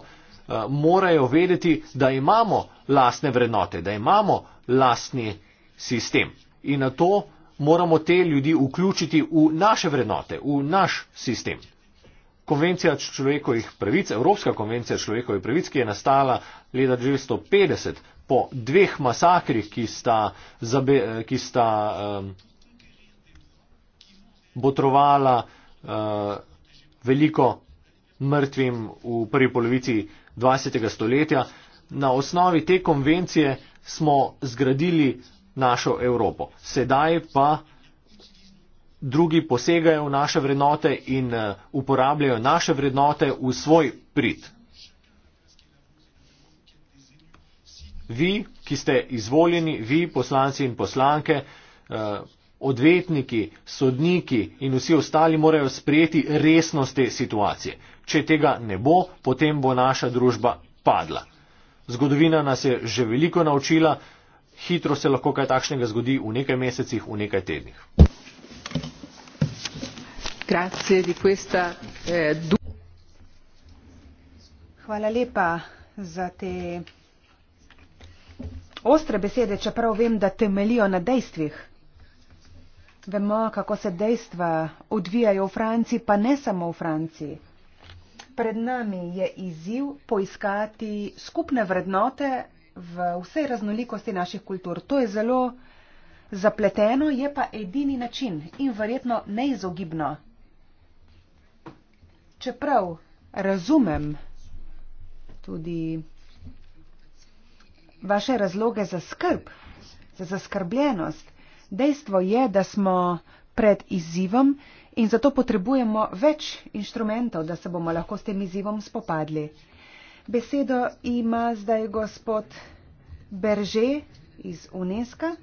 Eh, morajo vedeti, da imamo lastne vrednote, da imamo lastni sistem. In na to moramo te ljudi vključiti v naše vrednote, v naš sistem. Konvencija človekovih pravic, Evropska konvencija človekovih pravic, ki je nastala leta 1950 po dveh masakrih, ki sta, zabe, ki sta um, botrovala uh, veliko mrtvim v prvi polovici 20. stoletja. Na osnovi te konvencije smo zgradili našo Evropo. Sedaj pa drugi posegajo v naše vrednote in eh, uporabljajo naše vrednote v svoj prid. Vi, ki ste izvoljeni, vi, poslanci in poslanke, eh, odvetniki, sodniki in vsi ostali morajo sprejeti resnost te situacije. Če tega ne bo, potem bo naša družba padla. Zgodovina nas je že veliko naučila, hitro se lahko kaj takšnega zgodi v nekaj mesecih, v nekaj tednih. Eh, Hvala lepa za te ostre besede, čeprav vem, da temelijo na dejstvih. Vemo, kako se dejstva odvijajo v Franciji, pa ne samo v Franciji pred nami je izziv poiskati skupne vrednote v vsej raznolikosti naših kultur. To je zelo zapleteno, je pa edini način in verjetno neizogibno. Čeprav razumem tudi vaše razloge za skrb, za zaskrbljenost, dejstvo je, da smo pred izzivom in zato potrebujemo več inštrumentov, da se bomo lahko s tem izzivom spopadli. Besedo ima zdaj gospod Berže iz UNESCO.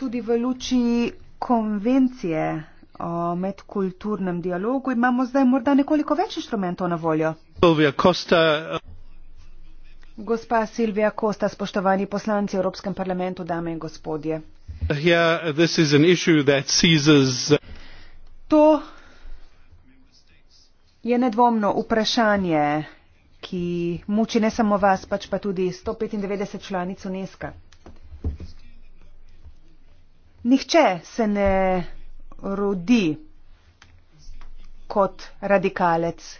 Tudi v luči konvencije o medkulturnem dialogu imamo zdaj morda nekoliko več inštrumentov na voljo. Uh, Gospa Silvija Kosta, spoštovani poslanci Evropskem parlamentu, dame in gospodje. Uh, to je nedvomno vprašanje, ki muči ne samo vas, pač pa tudi 195 članic UNESCO. Nihče se ne rodi kot radikalec,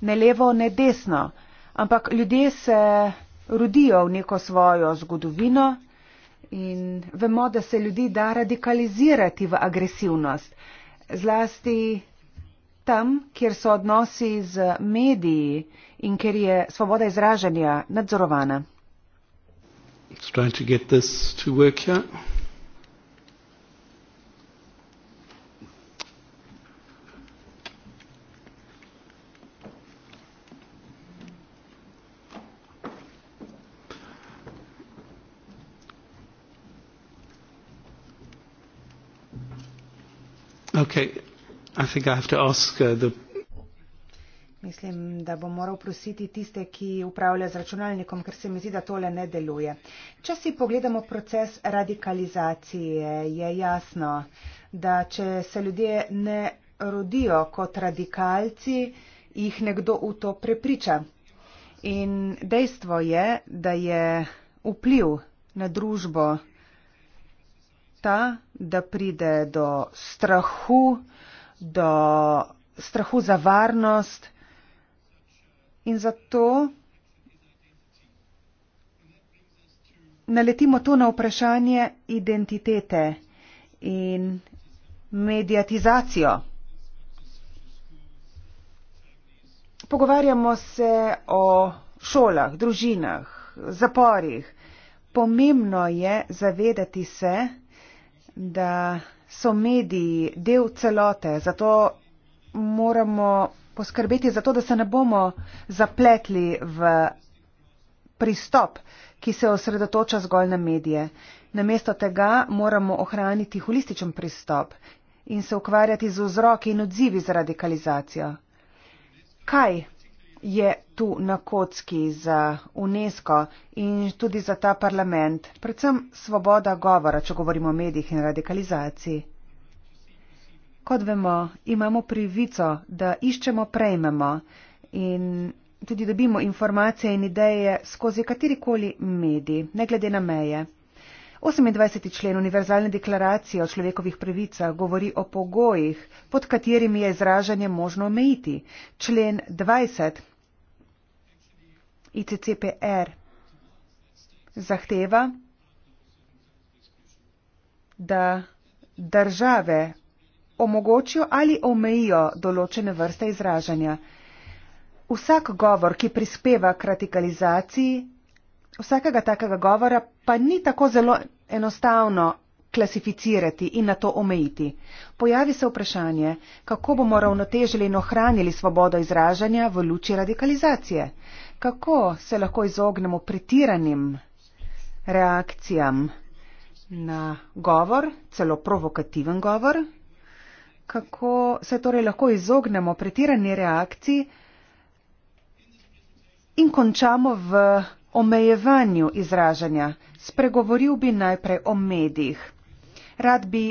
ne levo, ne desno, ampak ljudje se rodijo v neko svojo zgodovino, in vemo, da se ljudi da radikalizirati v agresivnost. Zlasti tam, kjer so odnosi z mediji in kjer je svoboda izražanja nadzorovana. Let's try to get this to work here. Uh, Mislim, da bom moral prositi tiste, ki upravlja z računalnikom, ker se mi zdi, da tole ne deluje. Če si pogledamo proces radikalizacije, je jasno, da če se ljudje ne rodijo kot radikalci, jih nekdo v to prepriča. In dejstvo je, da je vpliv na družbo ta, da pride do strahu, do strahu za varnost in zato naletimo tu na vprašanje identitete in mediatizacijo. Pogovarjamo se o šolah, družinah, zaporih. Pomembno je zavedati se, da so mediji del celote, zato moramo poskrbeti za to, da se ne bomo zapletli v pristop, ki se osredotoča zgolj na medije. Namesto tega moramo ohraniti holističen pristop in se ukvarjati z vzroki in odzivi za radikalizacijo. Kaj je tu na kocki za UNESCO in tudi za ta parlament, predvsem svoboda govora, če govorimo o medijih in radikalizaciji. Kot vemo, imamo privico, da iščemo, prejmemo in tudi dobimo informacije in ideje skozi katerikoli mediji, ne glede na meje. 28. člen Univerzalne deklaracije o človekovih pravicah govori o pogojih, pod katerimi je izražanje možno omejiti. Člen 20. ICCPR zahteva, da države omogočijo ali omejijo določene vrste izražanja. Vsak govor, ki prispeva k radikalizaciji, vsakega takega govora pa ni tako zelo enostavno klasificirati in na to omejiti. Pojavi se vprašanje, kako bomo ravnotežili in ohranili svobodo izražanja v luči radikalizacije kako se lahko izognemo pretiranim reakcijam na govor, celo provokativen govor, kako se torej lahko izognemo pretirani reakciji in končamo v omejevanju izražanja. Spregovoril bi najprej o medijih. Rad bi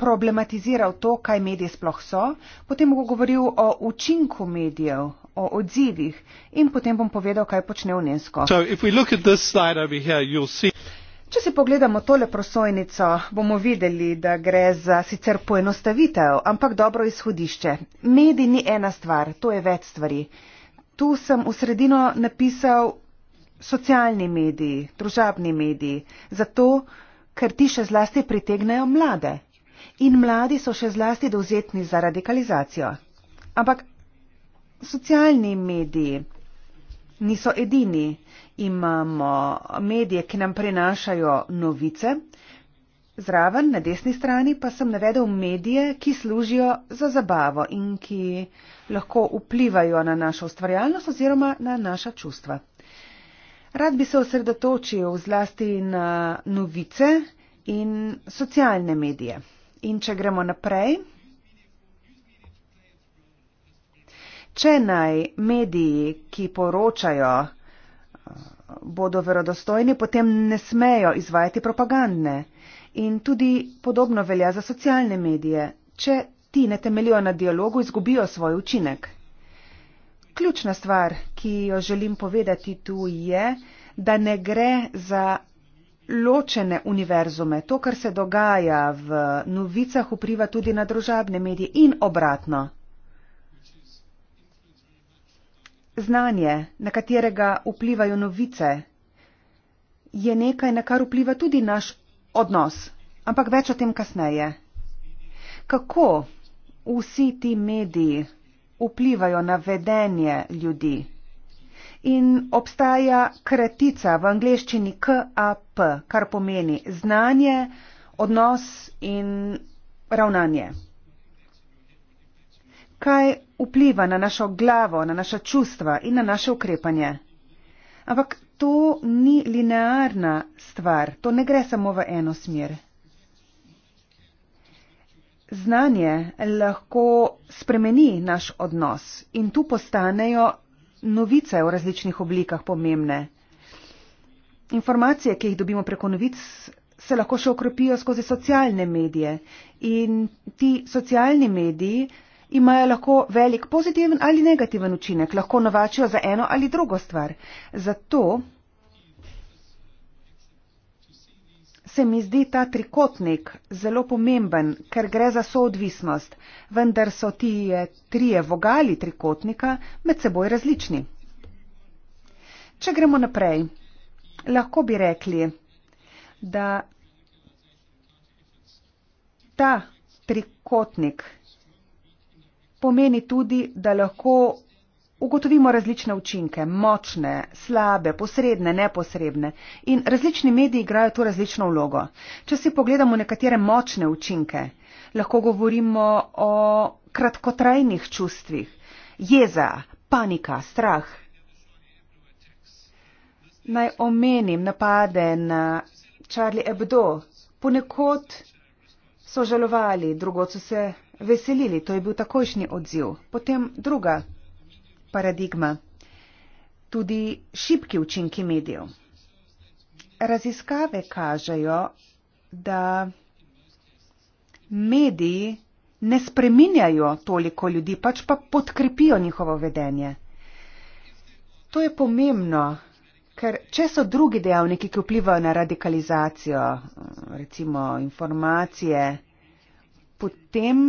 problematiziral to, kaj mediji sploh so, potem bom govoril o učinku medijev, o odzivih in potem bom povedal, kaj počne UNESCO. So Če si pogledamo tole prosojnico, bomo videli, da gre za sicer poenostavitev, ampak dobro izhodišče. Medij ni ena stvar, to je več stvari. Tu sem v sredino napisal socialni mediji, družabni mediji, zato, ker ti še zlasti pritegnejo mlade in mladi so še zlasti dovzetni za radikalizacijo. Ampak socialni mediji niso edini. Imamo medije, ki nam prenašajo novice, zraven na desni strani pa sem navedel medije, ki služijo za zabavo in ki lahko vplivajo na našo ustvarjalnost oziroma na naša čustva. Rad bi se osredotočil zlasti na novice in socialne medije. In če gremo naprej. Če naj mediji, ki poročajo, bodo verodostojni, potem ne smejo izvajati propagandne. In tudi podobno velja za socialne medije. Če ti ne temeljijo na dialogu, izgubijo svoj učinek. Ključna stvar, ki jo želim povedati tu, je, da ne gre za ločene univerzume. To, kar se dogaja v novicah, vpliva tudi na družabne medije in obratno. Znanje, na katerega vplivajo novice, je nekaj, na kar vpliva tudi naš odnos. Ampak več o tem kasneje. Kako vsi ti mediji vplivajo na vedenje ljudi? in obstaja kratica v angleščini KAP, kar pomeni znanje, odnos in ravnanje. Kaj vpliva na našo glavo, na naša čustva in na naše ukrepanje? Ampak to ni linearna stvar, to ne gre samo v eno smer. Znanje lahko spremeni naš odnos in tu postanejo novice v različnih oblikah pomembne. Informacije, ki jih dobimo preko novic, se lahko še okropijo skozi socialne medije in ti socialni mediji imajo lahko velik pozitiven ali negativen učinek, lahko novačijo za eno ali drugo stvar. Zato se mi zdi ta trikotnik zelo pomemben, ker gre za soodvisnost, vendar so ti eh, trije vogali trikotnika med seboj različni. Če gremo naprej, lahko bi rekli, da ta trikotnik pomeni tudi, da lahko Ugotovimo različne učinke, močne, slabe, posredne, neposredne in različni mediji igrajo tu različno vlogo. Če si pogledamo nekatere močne učinke, lahko govorimo o kratkotrajnih čustvih, jeza, panika, strah. Naj omenim napade na Charlie Hebdo. Ponekod so žalovali, drugo so se veselili, to je bil takojšnji odziv. Potem druga paradigma. Tudi šibki učinki medijev. Raziskave kažejo, da mediji ne spreminjajo toliko ljudi, pač pa podkrepijo njihovo vedenje. To je pomembno, ker če so drugi dejavniki, ki vplivajo na radikalizacijo, recimo informacije, potem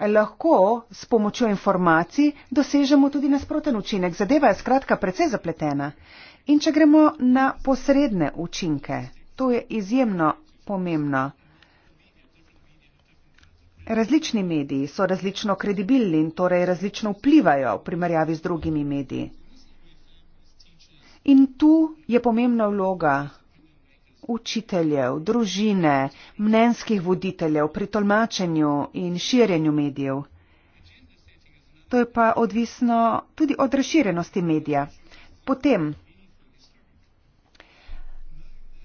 lahko s pomočjo informacij dosežemo tudi nasproten učinek. Zadeva je skratka precej zapletena. In če gremo na posredne učinke, to je izjemno pomembno. Različni mediji so različno kredibilni in torej različno vplivajo v primerjavi z drugimi mediji. In tu je pomembna vloga učiteljev, družine, mnenskih voditeljev pri tolmačenju in širjenju medijev. To je pa odvisno tudi od razširjenosti medija. Potem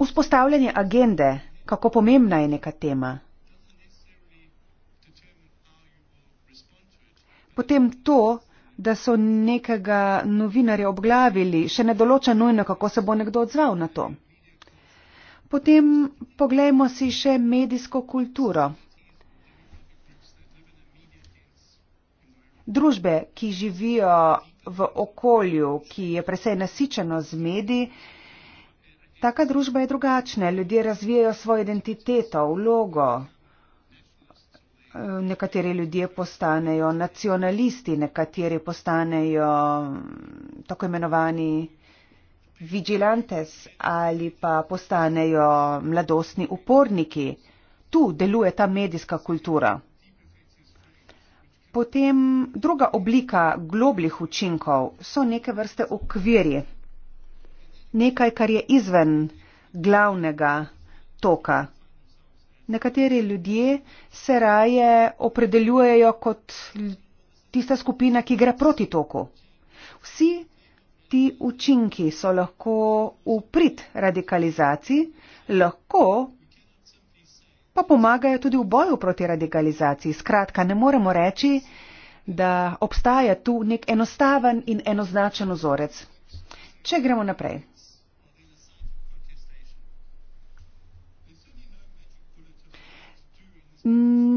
vzpostavljanje agende, kako pomembna je neka tema. Potem to, da so nekega novinarja obglavili, še ne določa nujno, kako se bo nekdo odzval na to. Potem pogledajmo si še medijsko kulturo. Družbe, ki živijo v okolju, ki je presej nasičeno z mediji, taka družba je drugačna. Ljudje razvijajo svojo identiteto, vlogo. Nekateri ljudje postanejo nacionalisti, nekateri postanejo tako imenovani vigilantes ali pa postanejo mladostni uporniki. Tu deluje ta medijska kultura. Potem druga oblika globlih učinkov so neke vrste okviri. Nekaj, kar je izven glavnega toka. Nekateri ljudje se raje opredeljujejo kot tista skupina, ki gre proti toku. Vsi ti učinki so lahko uprit radikalizaciji, lahko pa pomagajo tudi v boju proti radikalizaciji. Skratka, ne moremo reči, da obstaja tu nek enostaven in enoznačen ozorec. Če gremo naprej.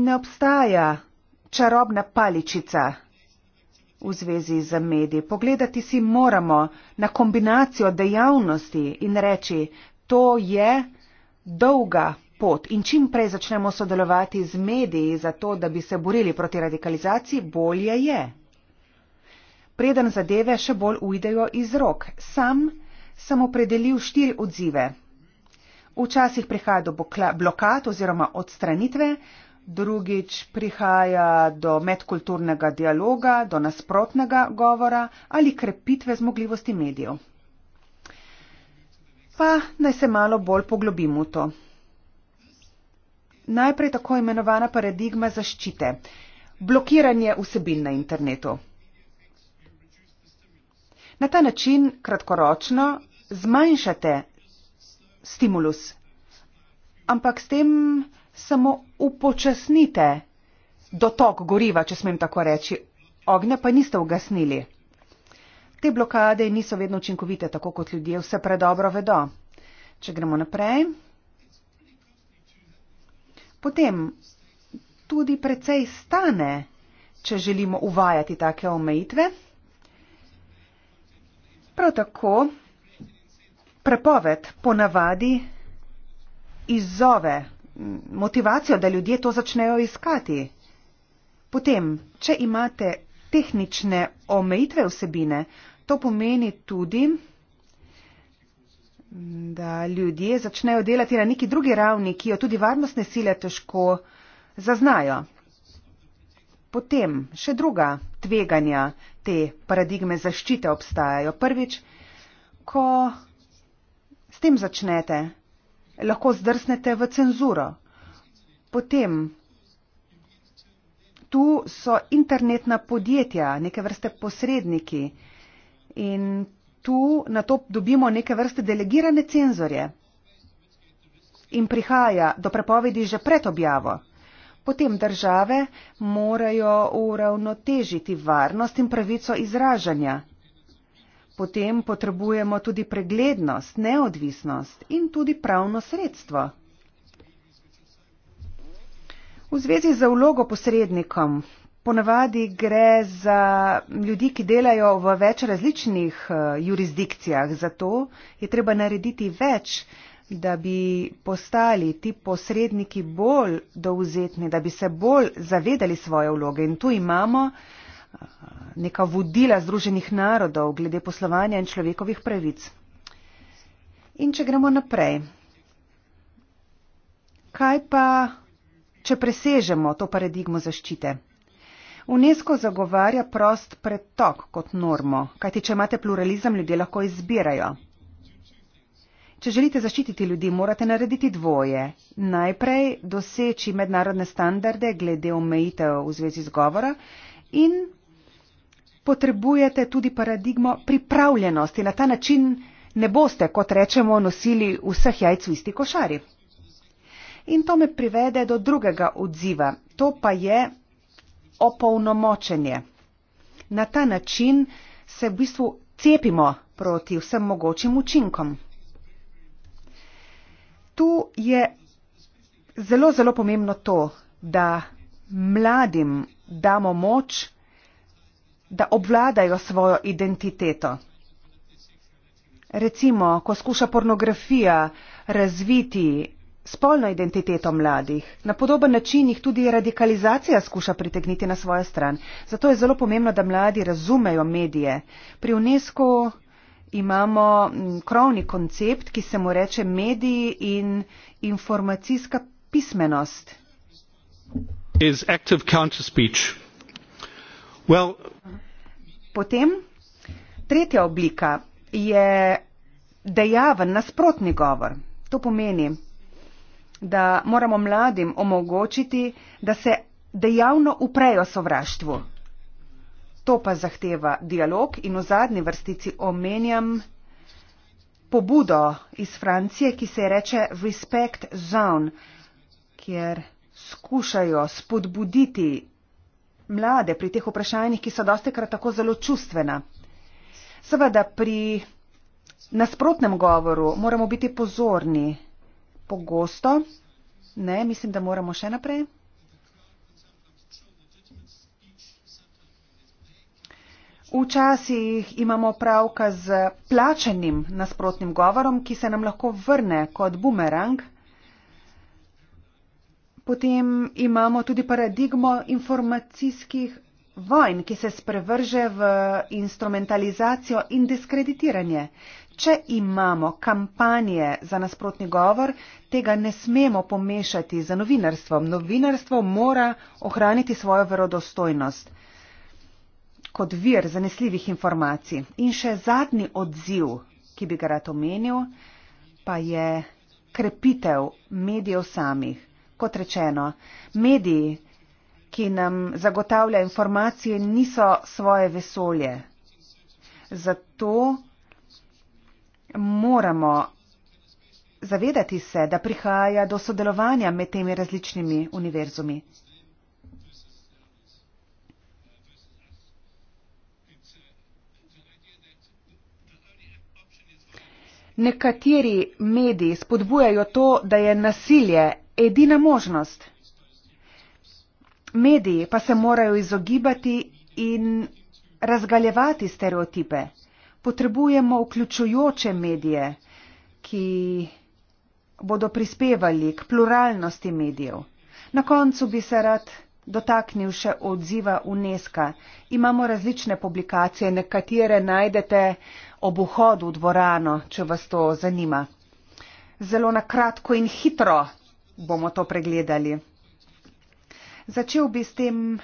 Ne obstaja čarobna paličica, v zvezi z mediji. Pogledati si moramo na kombinacijo dejavnosti in reči, to je dolga pot in čim prej začnemo sodelovati z mediji za to, da bi se borili proti radikalizaciji, bolje je. Preden zadeve še bolj ujdejo iz rok. Sam sem opredelil štiri odzive. Včasih prihaja do blokad oziroma odstranitve, drugič prihaja do medkulturnega dialoga, do nasprotnega govora ali krepitve zmogljivosti medijev. Pa naj se malo bolj poglobim v to. Najprej tako imenovana paradigma zaščite. Blokiranje vsebin na internetu. Na ta način kratkoročno zmanjšate stimulus, ampak s tem samo upočasnite dotok goriva, če smem tako reči. Ognja pa niste ugasnili. Te blokade niso vedno učinkovite, tako kot ljudje vse predobro vedo. Če gremo naprej. Potem tudi precej stane, če želimo uvajati take omejitve. Prav tako prepoved ponavadi izzove motivacijo, da ljudje to začnejo iskati. Potem, če imate tehnične omejitve vsebine, to pomeni tudi, da ljudje začnejo delati na neki drugi ravni, ki jo tudi varnostne sile težko zaznajo. Potem še druga tveganja te paradigme zaščite obstajajo. Prvič, ko s tem začnete, lahko zdrsnete v cenzuro. Potem, tu so internetna podjetja, neke vrste posredniki in tu na to dobimo neke vrste delegirane cenzorje in prihaja do prepovedi že pred objavo. Potem države morajo uravnotežiti varnost in pravico izražanja potem potrebujemo tudi preglednost, neodvisnost in tudi pravno sredstvo. V zvezi z vlogo posrednikom, ponavadi gre za ljudi, ki delajo v več različnih eh, jurisdikcijah, zato je treba narediti več, da bi postali ti posredniki bolj dovzetni, da bi se bolj zavedali svoje vloge. In tu imamo neka vodila Združenih narodov glede poslovanja in človekovih pravic. In če gremo naprej, kaj pa, če presežemo to paradigmo zaščite? UNESCO zagovarja prost pretok kot normo, kajti če imate pluralizem, ljudje lahko izbirajo. Če želite zaščititi ljudi, morate narediti dvoje. Najprej doseči mednarodne standarde glede omejitev v zvezi z govora in potrebujete tudi paradigmo pripravljenosti. Na ta način ne boste, kot rečemo, nosili vseh jajc v isti košari. In to me privede do drugega odziva, to pa je opolnomočenje. Na ta način se v bistvu cepimo proti vsem mogočim učinkom. Tu je zelo, zelo pomembno to, da mladim damo moč, da obvladajo svojo identiteto. Recimo, ko skuša pornografija razviti spolno identiteto mladih, na podoben način jih tudi radikalizacija skuša pritegniti na svojo stran. Zato je zelo pomembno, da mladi razumejo medije. Pri UNESCO imamo krovni koncept, ki se mu reče mediji in informacijska pismenost. Well, Potem, tretja oblika je dejaven nasprotni govor. To pomeni, da moramo mladim omogočiti, da se dejavno uprejo sovraštvu. To pa zahteva dialog in v zadnji vrstici omenjam pobudo iz Francije, ki se reče Respect Zone, kjer skušajo spodbuditi mlade pri teh vprašanjih, ki so dosti krat tako zelo čustvena. Seveda pri nasprotnem govoru moramo biti pozorni. Pogosto. Ne, mislim, da moramo še naprej. Včasih imamo pravka z plačenim nasprotnim govorom, ki se nam lahko vrne kot bumerang potem imamo tudi paradigmo informacijskih vojn, ki se sprevrže v instrumentalizacijo in diskreditiranje. Če imamo kampanje za nasprotni govor, tega ne smemo pomešati z novinarstvom. Novinarstvo mora ohraniti svojo verodostojnost kot vir zanesljivih informacij. In še zadnji odziv, ki bi ga rad omenil, pa je krepitev medijev samih kot rečeno, mediji, ki nam zagotavlja informacije, niso svoje vesolje. Zato moramo zavedati se, da prihaja do sodelovanja med temi različnimi univerzumi. Nekateri mediji spodbujajo to, da je nasilje edina možnost. Mediji pa se morajo izogibati in razgaljevati stereotipe. Potrebujemo vključujoče medije, ki bodo prispevali k pluralnosti medijev. Na koncu bi se rad dotaknil še odziva UNESCO. Imamo različne publikacije, nekatere najdete ob vhodu v dvorano, če vas to zanima. Zelo na kratko in hitro bomo to pregledali. Začel bi s tem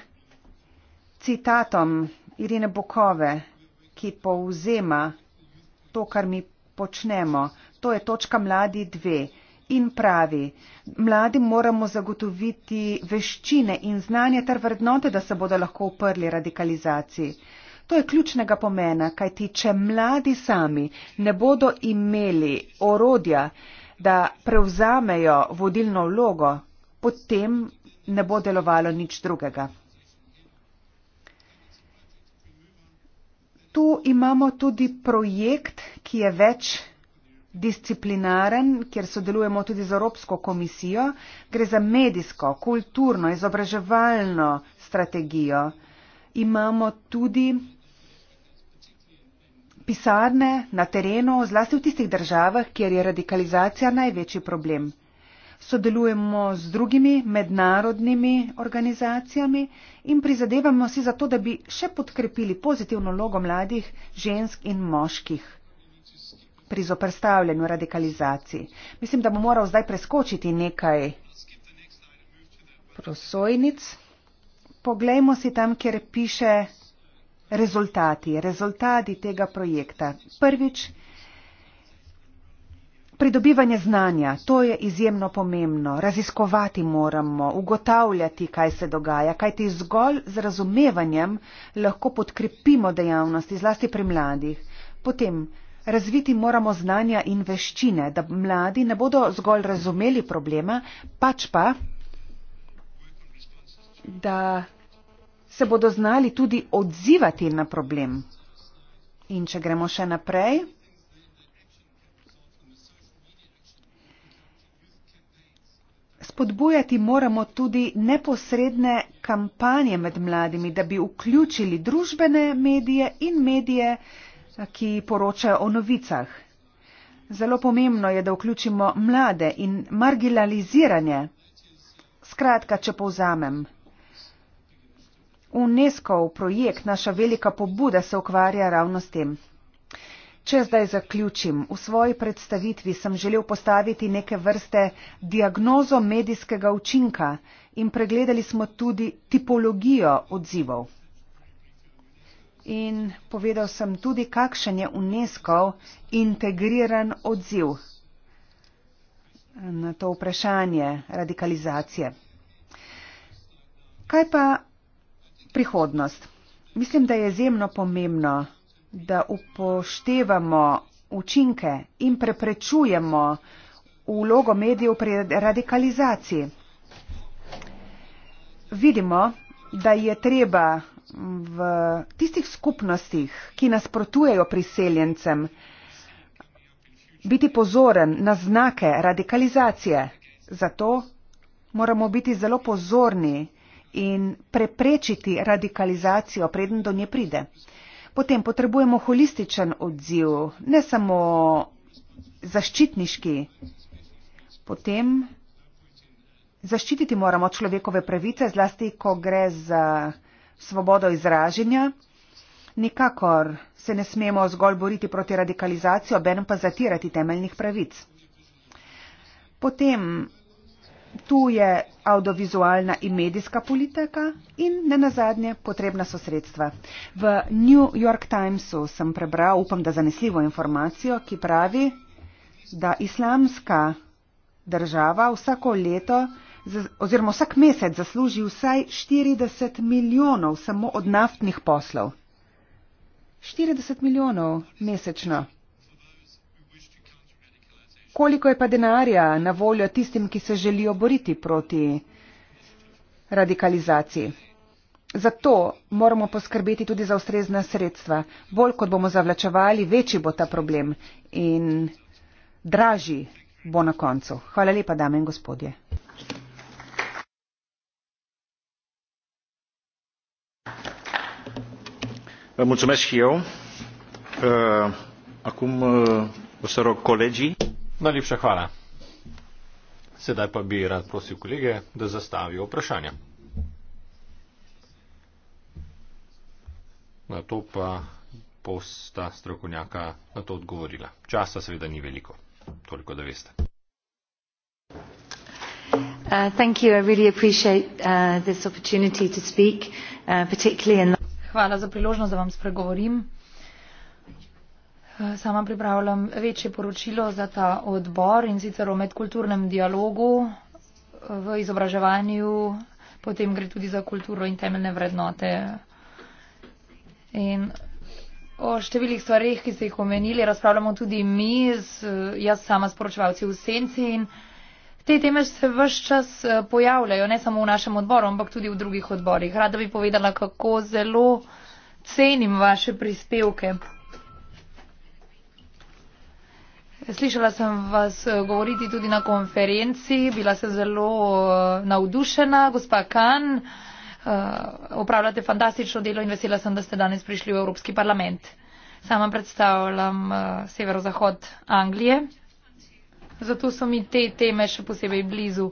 citatom Irine Bokove, ki povzema to, kar mi počnemo. To je točka mladi dve. In pravi, mladim moramo zagotoviti veščine in znanje ter vrednote, da se bodo lahko uprli radikalizaciji. To je ključnega pomena, kajti če mladi sami ne bodo imeli orodja, da prevzamejo vodilno vlogo, potem ne bo delovalo nič drugega. Tu imamo tudi projekt, ki je več disciplinaren, kjer sodelujemo tudi z Evropsko komisijo. Gre za medijsko, kulturno, izobraževalno strategijo. Imamo tudi pisarne na terenu, zlasti v tistih državah, kjer je radikalizacija največji problem. Sodelujemo z drugimi mednarodnimi organizacijami in prizadevamo si za to, da bi še podkrepili pozitivno logo mladih, žensk in moških pri zoprstavljanju radikalizaciji. Mislim, da bo moral zdaj preskočiti nekaj prosojnic. Poglejmo si tam, kjer piše rezultati, rezultati tega projekta. Prvič, pridobivanje znanja, to je izjemno pomembno. Raziskovati moramo, ugotavljati, kaj se dogaja, kajti zgolj z razumevanjem lahko podkrepimo dejavnosti, zlasti pri mladih. Potem, Razviti moramo znanja in veščine, da mladi ne bodo zgolj razumeli problema, pač pa, da se bodo znali tudi odzivati na problem. In če gremo še naprej. Spodbujati moramo tudi neposredne kampanje med mladimi, da bi vključili družbene medije in medije, ki poročajo o novicah. Zelo pomembno je, da vključimo mlade in marginaliziranje. Skratka, če povzamem, UNESCO projekt, naša velika pobuda se ukvarja ravno s tem. Če zdaj zaključim, v svoji predstavitvi sem želel postaviti neke vrste diagnozo medijskega učinka in pregledali smo tudi tipologijo odzivov. In povedal sem tudi, kakšen je UNESCO integriran odziv na to vprašanje radikalizacije. Kaj pa prihodnost. Mislim, da je izjemno pomembno, da upoštevamo učinke in preprečujemo vlogo medijev pri radikalizaciji. Vidimo, da je treba v tistih skupnostih, ki nasprotujejo priseljencem, biti pozoren na znake radikalizacije. Zato moramo biti zelo pozorni in preprečiti radikalizacijo, preden do nje pride. Potem potrebujemo holističen odziv, ne samo zaščitniški. Potem zaščititi moramo človekove pravice, zlasti, ko gre za svobodo izraženja. Nikakor se ne smemo zgolj boriti proti radikalizacijo, benem pa zatirati temeljnih pravic. Potem tu je audiovizualna in medijska politika in ne nazadnje potrebna so sredstva. V New York Timesu sem prebral, upam, da zanesljivo informacijo, ki pravi, da islamska država vsako leto oziroma vsak mesec zasluži vsaj 40 milijonov samo od naftnih poslov. 40 milijonov mesečno. Koliko je pa denarja na voljo tistim, ki se želijo boriti proti radikalizaciji? Zato moramo poskrbeti tudi za ustrezna sredstva. Bolj kot bomo zavlačevali, večji bo ta problem in dražji bo na koncu. Hvala lepa, dame in gospodje. Mulțumesc și eu. Acum uh, o să rog colegii. Najlepša hvala. Sedaj pa bi rad prosil kolege, da zastavijo vprašanja. Na to pa posta strokovnjaka na to odgovorila. Časa seveda ni veliko, toliko da veste. Uh, uh, uh, hvala za priložnost, da vam spregovorim. Sama pripravljam večje poročilo za ta odbor in sicer o medkulturnem dialogu v izobraževanju, potem gre tudi za kulturo in temeljne vrednote. In o številnih stvarih, ki ste jih omenili, razpravljamo tudi mi, z, jaz sama s poročevalci v senci in te teme se vse čas eh, pojavljajo, ne samo v našem odboru, ampak tudi v drugih odborih. Rada bi povedala, kako zelo cenim vaše prispevke. Slišala sem vas eh, govoriti tudi na konferenci, bila sem zelo eh, navdušena, gospa Kan, upravljate eh, fantastično delo in vesela sem, da ste danes prišli v Evropski parlament. Sama predstavljam severozahod Anglije, zato so mi te teme še posebej blizu.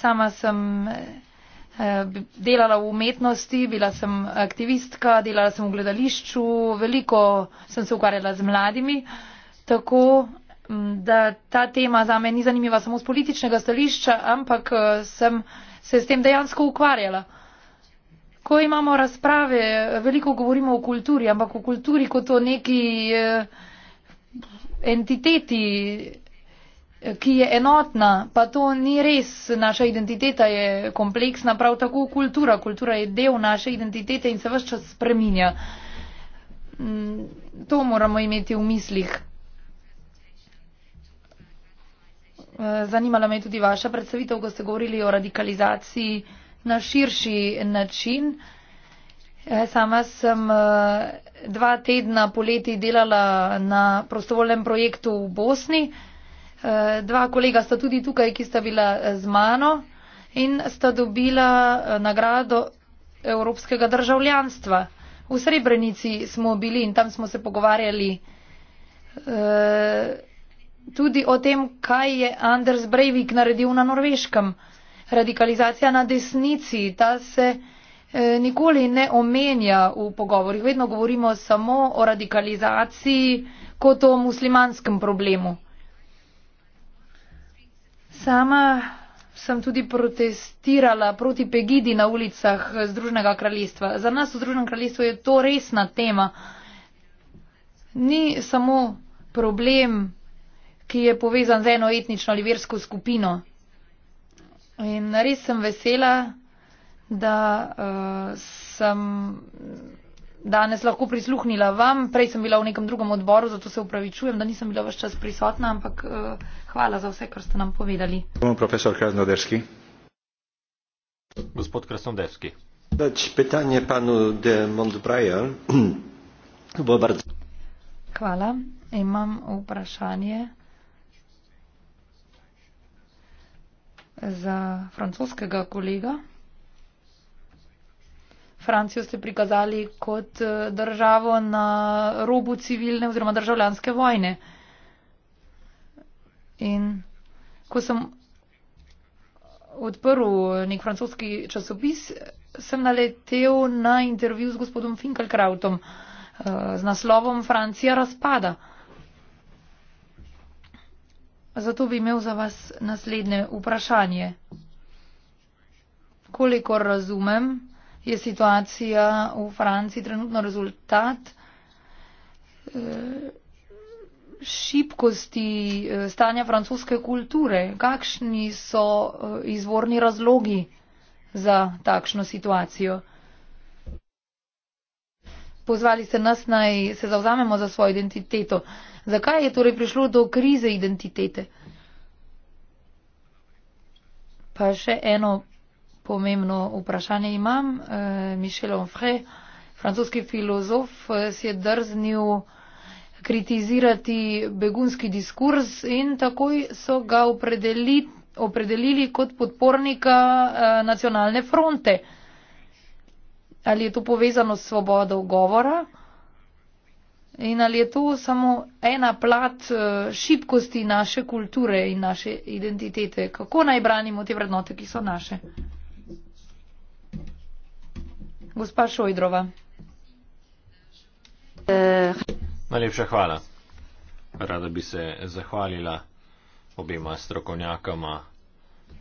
Sama sem Eh, delala v umetnosti, bila sem aktivistka, delala sem v gledališču, veliko sem se ukvarjala z mladimi, tako da ta tema za me ni zanimiva samo z političnega stališča, ampak eh, sem se s tem dejansko ukvarjala. Ko imamo razprave, veliko govorimo o kulturi, ampak o kulturi kot o neki eh, entiteti, ki je enotna, pa to ni res. Naša identiteta je kompleksna, prav tako kultura. Kultura je del naše identitete in se vse čas spreminja. Mm, to moramo imeti v mislih. Zanimala me je tudi vaša predstavitev, ko ste govorili o radikalizaciji na širši način. Sama sem eh, dva tedna poleti delala na prostovoljnem projektu v Bosni. Eh, dva kolega sta tudi tukaj, ki sta bila eh, z mano in sta dobila eh, nagrado evropskega državljanstva. V Srebrenici smo bili in tam smo se pogovarjali tudi o tem, kaj je Anders Breivik naredil na norveškem. Radikalizacija na desnici, ta se nikoli ne omenja v pogovorih, vedno govorimo samo o radikalizaciji kot o muslimanskem problemu. Sama sem tudi protestirala proti Pegidi na ulicah Združnega kraljestva. Za nas v Združnem kraljestvu je to resna tema. Ni samo problem, ki je povezan z eno etnično ali versko skupino. In res sem vesela, da uh, sem danes lahko prisluhnila vam. Prej sem bila v nekem drugem odboru, zato se upravičujem, da nisem bila vse čas prisotna, ampak uh, hvala za vse, kar ste nam povedali. Gospod Krasnodevski. Pitanje panu de Montbraja. Hvala. Imam vprašanje za francoskega kolega. Francijo ste prikazali kot eh, državo na robu civilne oziroma državljanske vojne. In ko sem odprl nek francoski časopis, sem naletel na intervju z gospodom Finkelkrautom eh, z naslovom Francija razpada. Zato bi imel za vas naslednje vprašanje. Kolikor razumem, je situacija v Franciji trenutno rezultat eh, šibkosti eh, stanja francoske kulture. Kakšni so eh, izvorni razlogi za takšno situacijo? Pozvali ste nas naj se zavzamemo za svojo identiteto. Zakaj je torej prišlo do krize identitete? Pa še eno pomembno vprašanje imam. Eh, Michel Onfray, francoski filozof, eh, si je drznil kritizirati begunski diskurs in takoj so ga opredelili, opredelili kot podpornika eh, nacionalne fronte. Ali je to povezano s svobodo govora? In ali je to samo ena plat šibkosti naše kulture in naše identitete? Kako naj branimo te vrednote, ki so naše? Najlepša hvala. Rada bi se zahvalila obima strokovnjakama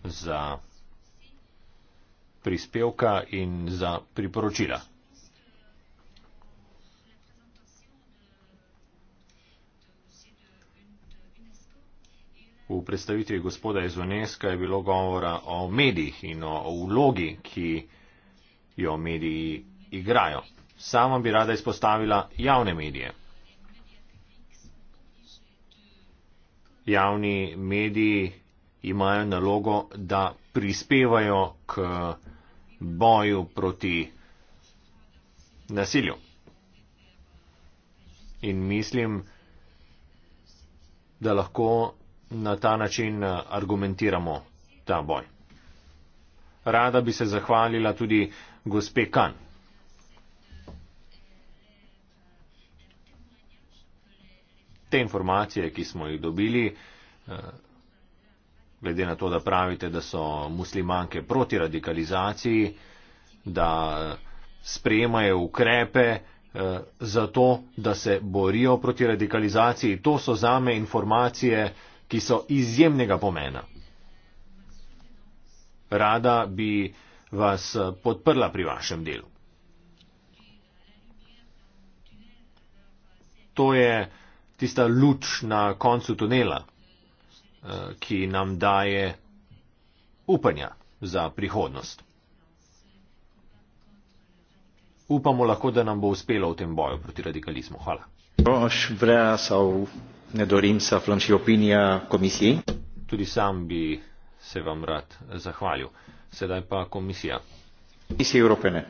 za prispevka in za priporočila. V predstavitvi gospoda iz UNESCO je bilo govora o medijih in o vlogi, ki jo mediji igrajo. Sama bi rada izpostavila javne medije. Javni mediji imajo nalogo, da prispevajo k boju proti nasilju. In mislim, da lahko na ta način eh, argumentiramo ta boj. Rada bi se zahvalila tudi gospe Kan. Te informacije, ki smo jih dobili, eh, glede na to, da pravite, da so muslimanke proti radikalizaciji, da sprejemajo ukrepe eh, za to, da se borijo proti radikalizaciji, to so zame informacije, ki so izjemnega pomena. Rada bi vas eh, podprla pri vašem delu. To je tista luč na koncu tunela, eh, ki nam daje upanja za prihodnost. Upamo lahko, da nam bo uspelo v tem boju proti radikalizmu. Hvala. Tudi sam bi se vam rad zahvalil. Sedaj pa komisija. Komisija Evropene.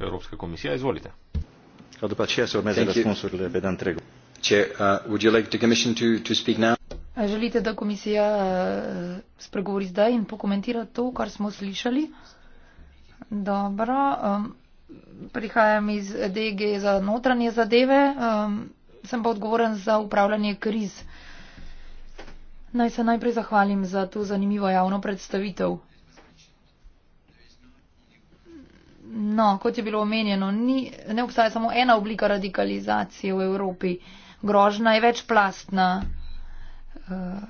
Evropska komisija, izvolite. Uh, želite, da komisija uh, spregovori zdaj in pokomentira to, kar smo slišali? Dobro. Um, prihajam iz DG za notranje zadeve, um, sem pa odgovoren za upravljanje kriz. Naj se najprej zahvalim za to zanimivo javno predstavitev. No, kot je bilo omenjeno, ni, ne obstaja samo ena oblika radikalizacije v Evropi. Grožna je večplastna. Eh,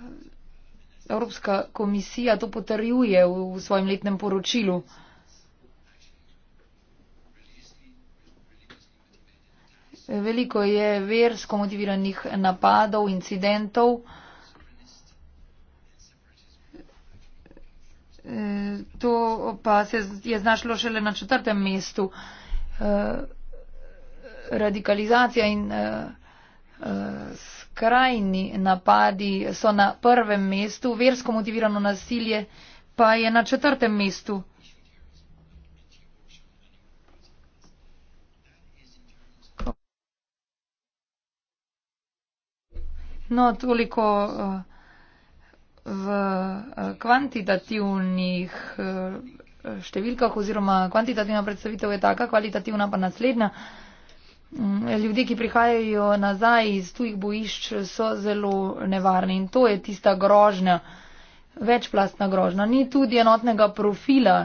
Evropska komisija to potrjuje v svojem letnem poročilu. Veliko je versko motiviranih napadov, incidentov. Eh, to pa se je znašlo šele na četrtem mestu. Eh, radikalizacija in eh, skrajni napadi so na prvem mestu, versko motivirano nasilje pa je na četrtem mestu. No, toliko uh, v eh, kvantitativnih eh, številkah oziroma kvantitativna predstavitev je taka, kvalitativna pa naslednja. Mm, ljudje, ki prihajajo nazaj iz tujih bojišč, so zelo nevarni in to je tista grožnja, večplastna grožnja. Ni tudi enotnega profila.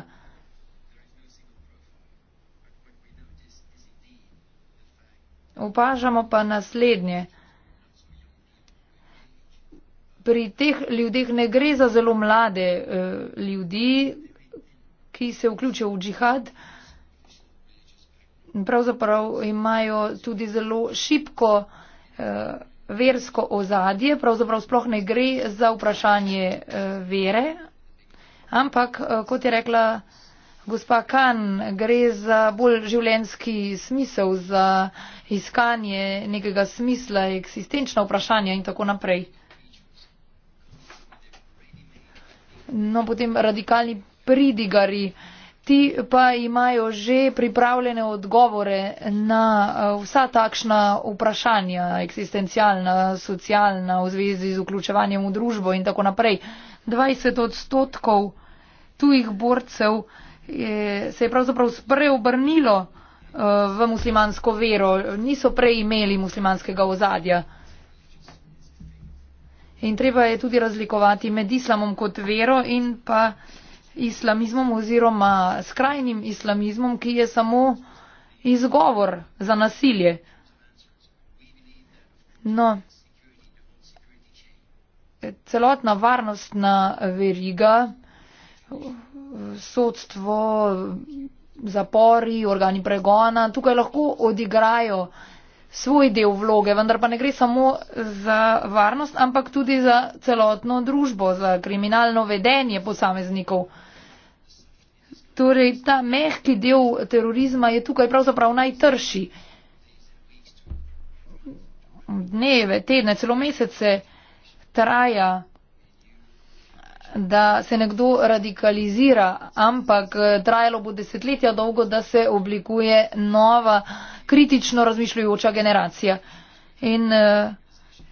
Opažamo pa naslednje pri teh ljudeh ne gre za zelo mlade eh, ljudi, ki se vključijo v džihad. Pravzaprav imajo tudi zelo šipko eh, versko ozadje, pravzaprav sploh ne gre za vprašanje eh, vere. Ampak, eh, kot je rekla gospa Kan, gre za bolj življenski smisel, za iskanje nekega smisla, eksistenčna vprašanja in tako naprej. no potem radikalni pridigari. Ti pa imajo že pripravljene odgovore na eh, vsa takšna vprašanja, eksistencialna, socialna, v zvezi z vključevanjem v družbo in tako naprej. 20 odstotkov tujih borcev je, eh, se je pravzaprav spreobrnilo eh, v muslimansko vero, niso prej imeli muslimanskega ozadja. In treba je tudi razlikovati med islamom kot vero in pa islamizmom oziroma skrajnim islamizmom, ki je samo izgovor za nasilje. No, celotna varnostna veriga, sodstvo, zapori, organi pregona, tukaj lahko odigrajo svoj del vloge, vendar pa ne gre samo za varnost, ampak tudi za celotno družbo, za kriminalno vedenje posameznikov. Torej, ta mehki del terorizma je tukaj pravzaprav najtrši. Dneve, tedne, celo mesece traja da se nekdo radikalizira, ampak eh, trajalo bo desetletja dolgo, da se oblikuje nova kritično razmišljujoča generacija. In e,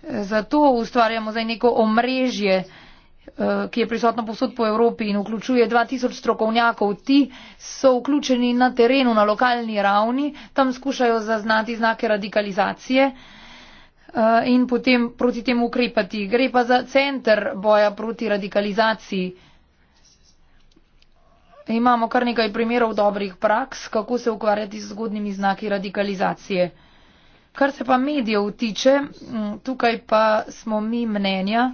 zato ustvarjamo zdaj neko omrežje, e, ki je prisotno posod po Evropi in vključuje 2000 strokovnjakov. Ti so vključeni na terenu, na lokalni ravni, tam skušajo zaznati znake radikalizacije. Eh, in potem proti tem ukrepati. Gre pa za center boja proti radikalizaciji. Imamo kar nekaj primerov dobrih praks, kako se ukvarjati z zgodnimi znaki radikalizacije. Kar se pa medijev tiče, tukaj pa smo mi mnenja,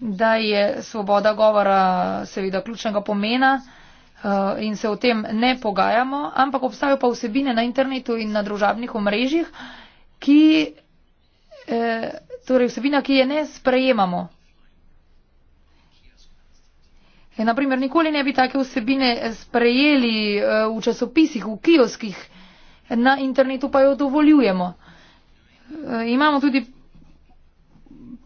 da je svoboda govora seveda ključnega pomena eh, in se o tem ne pogajamo, ampak obstajajo pa vsebine na internetu in na družabnih omrežjih, ki E, torej vsebina, ki je ne sprejemamo. E, naprimer, nikoli ne bi take vsebine sprejeli e, v časopisih, v kioskih, na internetu pa jo dovoljujemo. E, imamo tudi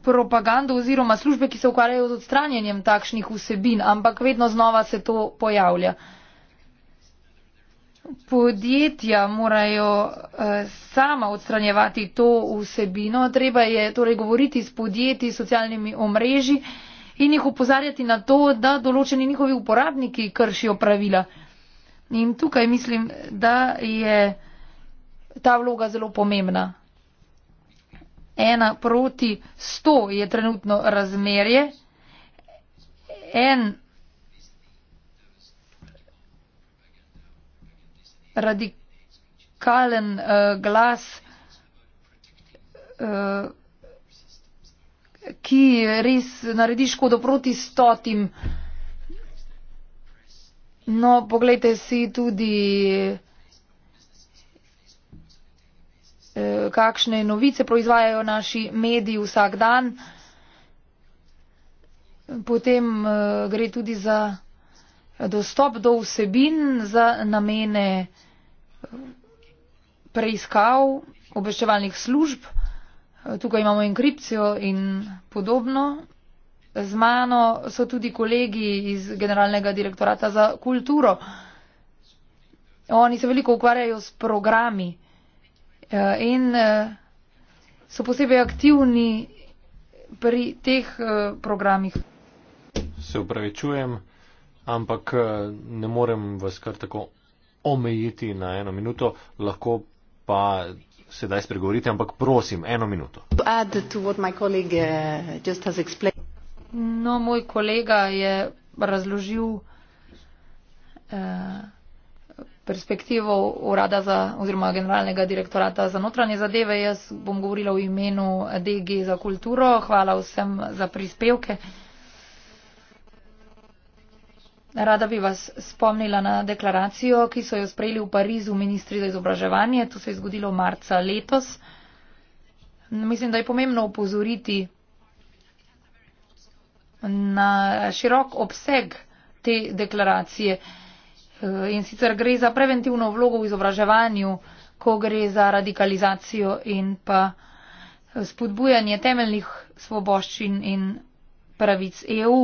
propagando oziroma službe, ki se ukvarjajo z odstranjenjem takšnih vsebin, ampak vedno znova se to pojavlja. E, Podjetja morajo uh, sama odstranjevati to vsebino, treba je torej govoriti s podjetji, socialnimi omrežji in jih upozarjati na to, da določeni njihovi uporabniki kršijo pravila. In tukaj mislim, da je ta vloga zelo pomembna. Ena proti sto je trenutno razmerje. En radikalen uh, glas, uh, ki res naredi škodo proti stotim. No, pogledajte si tudi, uh, kakšne novice proizvajajo naši mediji vsak dan. Potem uh, gre tudi za dostop do vsebin za namene uh, preiskav obveščevalnih služb tukaj imamo enkripcijo in podobno z mano so tudi kolegi iz generalnega direktorata za kulturo oni se veliko ukvarjajo s programi eh, in eh, so posebej aktivni pri teh eh, programih. Se upravičujem, ampak ne morem vas kar tako omejiti na eno minuto, lahko pa sedaj spregovorite, ampak prosim, eno minuto. Uh, no, moj kolega je razložil eh, perspektivo urada za, oziroma generalnega direktorata za notranje zadeve. Jaz bom govorila v imenu DG za kulturo. Hvala vsem za prispevke. Rada bi vas spomnila na deklaracijo, ki so jo sprejeli v Parizu ministri za izobraževanje. To se je zgodilo marca letos. Mislim, da je pomembno upozoriti na širok obseg te deklaracije. In sicer gre za preventivno vlogo v izobraževanju, ko gre za radikalizacijo in pa spodbujanje temeljnih svoboščin in pravic EU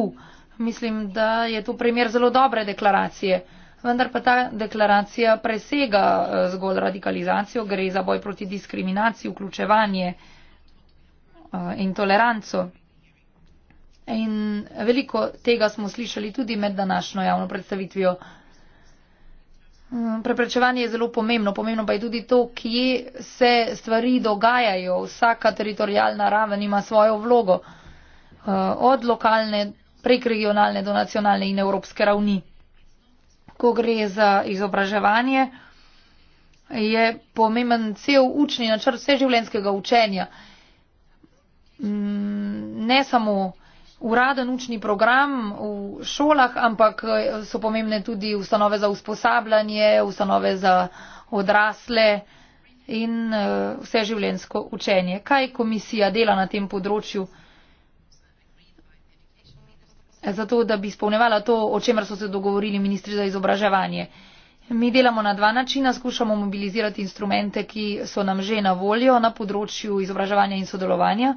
mislim, da je to primer zelo dobre deklaracije. Vendar pa ta deklaracija presega eh, zgolj radikalizacijo, gre za boj proti diskriminaciji, vključevanje eh, in toleranco. In veliko tega smo slišali tudi med današnjo javno predstavitvijo. Mm, preprečevanje je zelo pomembno, pomembno pa je tudi to, kje se stvari dogajajo. Vsaka teritorijalna raven ima svojo vlogo. Eh, od lokalne prek regionalne do nacionalne in evropske ravni. Ko gre za izobraževanje, je pomemben cel učni načrt vseživljenjskega učenja. Mm, ne samo uraden učni program v šolah, ampak eh, so pomembne tudi ustanove za usposabljanje, ustanove za odrasle in eh, vseživljenjsko učenje. Kaj komisija dela na tem področju? zato da bi spolnevala to, o čemer so se dogovorili ministri za izobraževanje. Mi delamo na dva načina, skušamo mobilizirati instrumente, ki so nam že na voljo na področju izobraževanja in sodelovanja.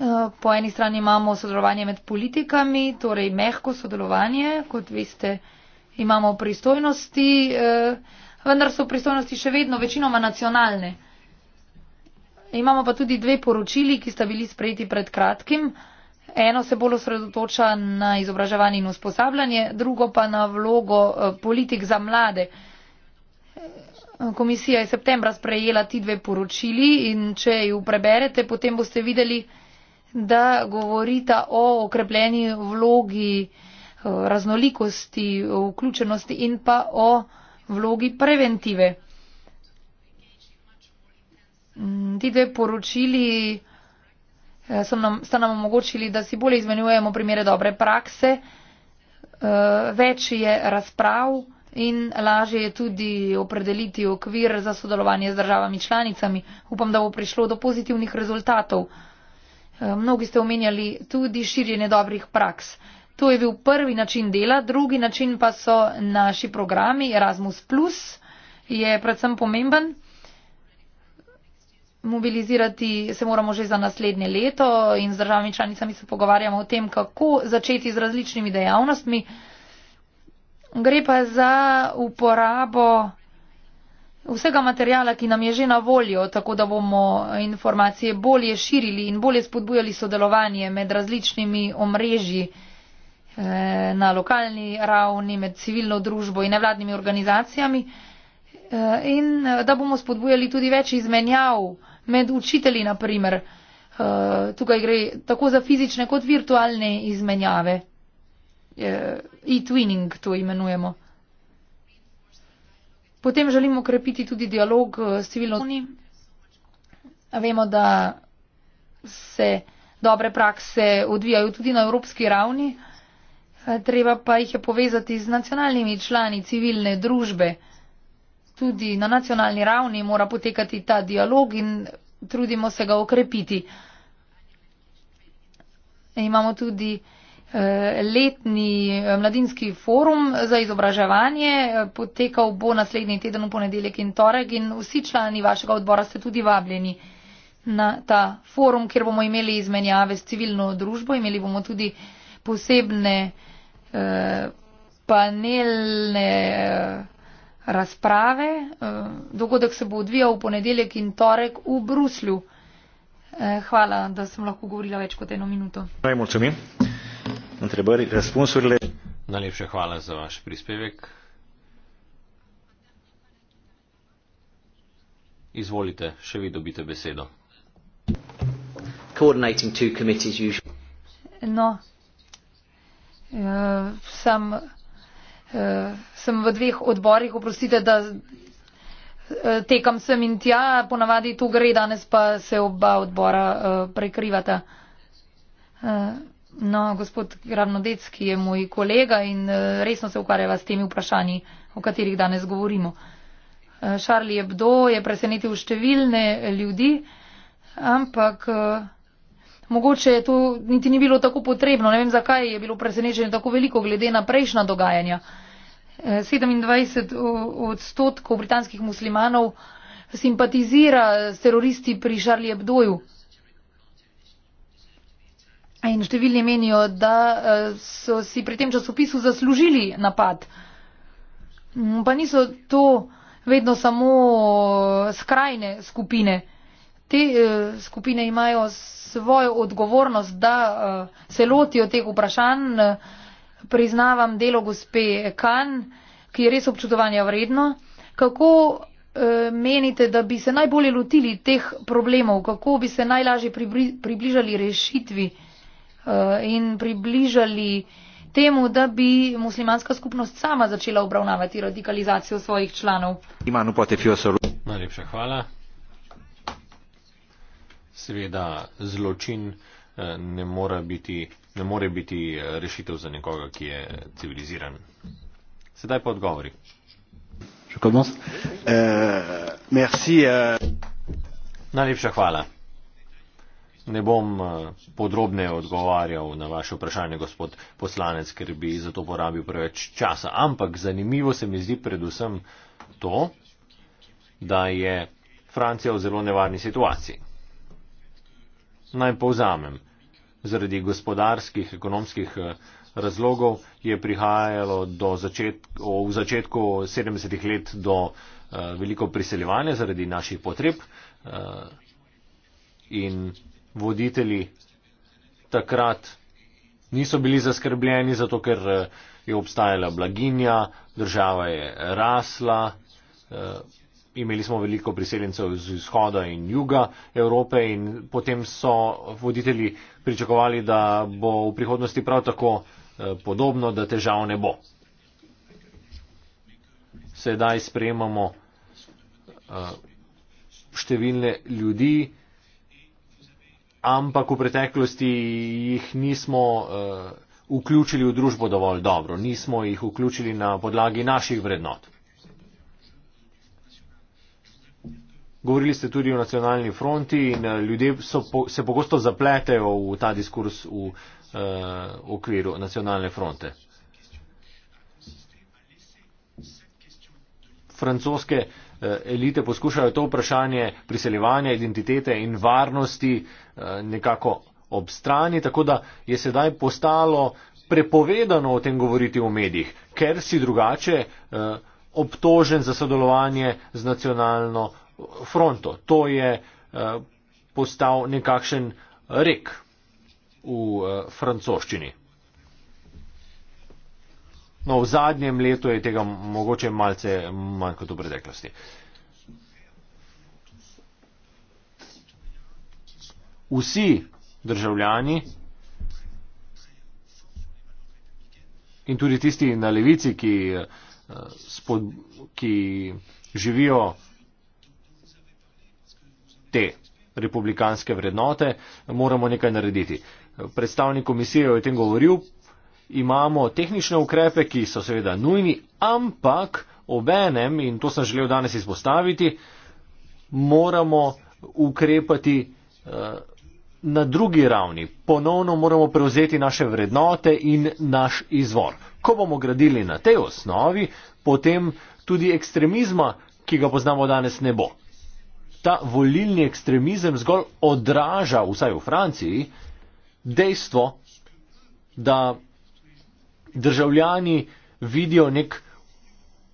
Eh, po eni strani imamo sodelovanje med politikami, torej mehko sodelovanje, kot veste, imamo pristojnosti, eh, vendar so pristojnosti še vedno večinoma nacionalne. Imamo pa tudi dve poročili, ki sta bili sprejeti pred kratkim. Eno se bolj osredotoča na izobraževanje in usposabljanje, drugo pa na vlogo eh, politik za mlade. Eh, komisija je septembra sprejela ti dve poročili in če ju preberete, potem boste videli, da govorita o okrepljeni vlogi eh, raznolikosti, vključenosti in pa o vlogi preventive. Mm, ti dve poročili. Eh, nam, sta nam omogočili, da si bolje izmenjujemo primere dobre prakse, eh, več je razprav in lažje je tudi opredeliti okvir za sodelovanje z državami članicami. Upam, da bo prišlo do pozitivnih rezultatov. Eh, mnogi ste omenjali tudi širjenje dobrih praks. To je bil prvi način dela, drugi način pa so naši programi Erasmus, je predvsem pomemben mobilizirati se moramo že za naslednje leto in z državami članicami se pogovarjamo o tem, kako začeti z različnimi dejavnostmi. Gre pa za uporabo vsega materijala, ki nam je že na voljo, tako da bomo informacije bolje širili in bolje spodbujali sodelovanje med različnimi omrežji eh, na lokalni ravni, med civilno družbo in nevladnimi organizacijami eh, in eh, da bomo spodbujali tudi več izmenjav med učitelji, na primer. Uh, tukaj gre tako za fizične kot virtualne izmenjave. Eh, e-twinning to imenujemo. Potem želimo krepiti tudi dialog eh, s civilno unijo. Vemo, da se dobre prakse odvijajo tudi na evropski ravni, treba pa jih je povezati z nacionalnimi člani civilne družbe tudi na nacionalni ravni mora potekati ta dialog in trudimo se ga okrepiti. Imamo tudi eh, letni eh, mladinski forum za izobraževanje, potekal bo naslednji teden v ponedeljek in torek in vsi člani vašega odbora ste tudi vabljeni na ta forum, kjer bomo imeli izmenjave s civilno družbo, imeli bomo tudi posebne eh, panelne. Eh, razprave. Eh, dogodek se bo odvijal v ponedeljek in torek v Bruslju. Eh, hvala, da sem lahko govorila več kot eno minuto. Najlepše hvala za vaš prispevek. Izvolite, še vi dobite besedo. No, uh, sam. Some uh, sem v dveh odborih, oprostite, da uh, tekam sem in tja, ponavadi tu gre, danes pa se oba odbora uh, prekrivata. Uh, no, gospod Gravnodec, ki je moj kolega in uh, resno se ukvarjava s temi vprašanji, o katerih danes govorimo. Šarli Ebdo je presenetil številne ljudi, ampak mogoče to niti ni bilo tako potrebno. Ne vem, zakaj je bilo presenečenje tako veliko glede na prejšnja dogajanja. 27 odstotkov britanskih muslimanov simpatizira s teroristi pri Charlie Hebdoju. In številni menijo, da e, so si pri tem časopisu zaslužili napad. Mm, pa niso to vedno samo e, skrajne skupine. Te e, skupine imajo svojo odgovornost, da se lotijo teh vprašanj priznavam delo gospe Kan, ki je res občutovanja vredno. Kako eh, menite, da bi se najbolje lotili teh problemov, kako bi se najlažje približali rešitvi eh, in približali temu, da bi muslimanska skupnost sama začela obravnavati radikalizacijo svojih članov. Najlepša hvala. Seveda zločin eh, ne mora biti ne more biti eh, rešitev za nekoga, ki je civiliziran. Sedaj pa odgovori. Euh, euh. Najlepša hvala. Ne bom eh, podrobneje odgovarjal na vaše vprašanje, gospod poslanec, ker bi za to porabil preveč časa. Ampak zanimivo se mi zdi predvsem to, da je Francija v zelo nevarni situaciji. Naj povzamem zaradi gospodarskih, ekonomskih eh, razlogov je prihajalo do začetko, v začetku 70-ih let do eh, veliko priseljevanja zaradi naših potreb eh, in voditelji takrat niso bili zaskrbljeni, zato ker je obstajala blaginja, država je rasla, imeli smo veliko priseljencev iz vzhoda in juga Evrope in potem so voditelji pričakovali, da bo v prihodnosti prav tako eh, podobno, da težav ne bo. Sedaj sprejemamo eh, številne ljudi, ampak v preteklosti jih nismo eh, vključili v družbo dovolj dobro, nismo jih vključili na podlagi naših vrednot. Govorili ste tudi o nacionalni fronti in eh, ljudje so, se pogosto zapletejo v ta diskurs v, v eh, okviru nacionalne fronte. Francoske eh, elite poskušajo to vprašanje priseljevanja identitete in varnosti nekako ob strani, tako da je sedaj postalo prepovedano o tem govoriti v medijih, ker si drugače obtožen za sodelovanje z nacionalno fronto. To je eh, postal nekakšen rek v eh, francoščini. No, v zadnjem letu je tega mogoče malce manj kot v preteklosti. Vsi državljani in tudi tisti na levici, ki, eh, spod, ki živijo te republikanske vrednote, moramo nekaj narediti. Predstavnik komisije je o tem govoril, imamo tehnične ukrepe, ki so seveda nujni, ampak obenem, in to sem želel danes izpostaviti, moramo ukrepati eh, na drugi ravni. Ponovno moramo prevzeti naše vrednote in naš izvor. Ko bomo gradili na tej osnovi, potem tudi ekstremizma, ki ga poznamo danes, ne bo ta volilni ekstremizem zgolj odraža, vsaj v Franciji, dejstvo, da državljani vidijo nek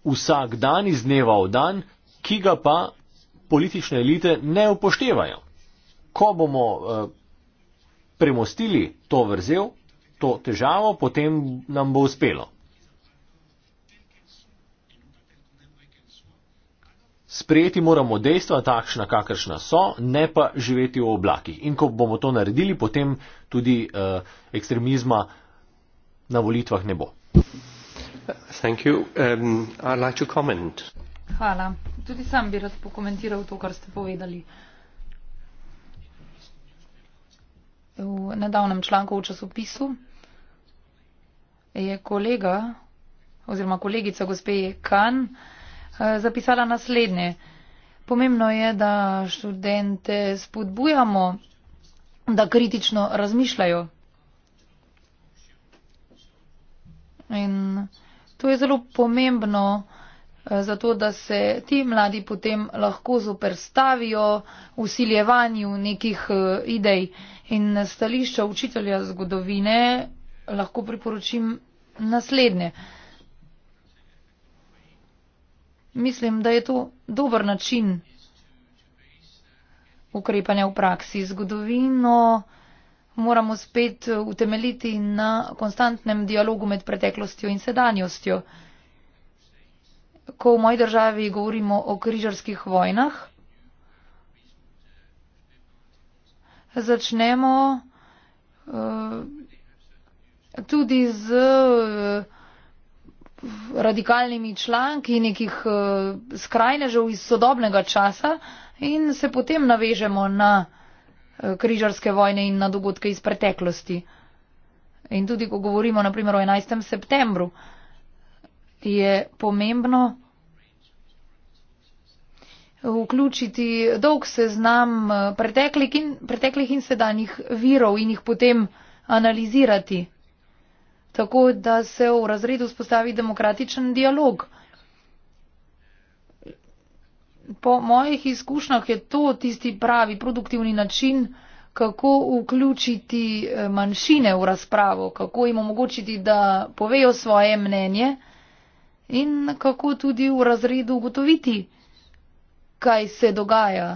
vsak dan iz dneva v dan, ki ga pa politične elite ne upoštevajo. Ko bomo eh, premostili to vrzel, to težavo, potem nam bo uspelo. Sprejeti moramo dejstva takšna, kakršna so, ne pa živeti v oblakih. In ko bomo to naredili, potem tudi uh, ekstremizma na volitvah ne bo. Um, like Hvala. Tudi sam bi rad pokomentiral to, kar ste povedali. V nedavnem članku v časopisu je kolega oziroma kolegica gospe Kan. Uh, Eh, zapisala naslednje. Pomembno je, da študente spodbujamo, da kritično razmišljajo. In to je zelo pomembno, eh, zato da se ti mladi potem lahko zoperstavijo usiljevanju nekih eh, idej. In stališča učitelja zgodovine lahko priporočim naslednje. Mislim, da je to dober način ukrepanja v praksi. Zgodovino moramo spet utemeliti na konstantnem dialogu med preteklostjo in sedanjostjo. Ko v moji državi govorimo o križarskih vojnah, začnemo uh, tudi z. Uh, radikalnimi članki nekih eh, skrajnežev iz sodobnega časa in se potem navežemo na eh, križarske vojne in na dogodke iz preteklosti. In tudi, ko govorimo naprimer o 11. septembru, je pomembno vključiti dolg seznam eh, preteklih in, preteklih in sedanjih virov in jih potem analizirati tako da se v razredu spostavi demokratičen dialog. Po mojih izkušnjah je to tisti pravi produktivni način, kako vključiti eh, manjšine v razpravo, kako jim omogočiti, da povejo svoje mnenje in kako tudi v razredu ugotoviti, kaj se dogaja.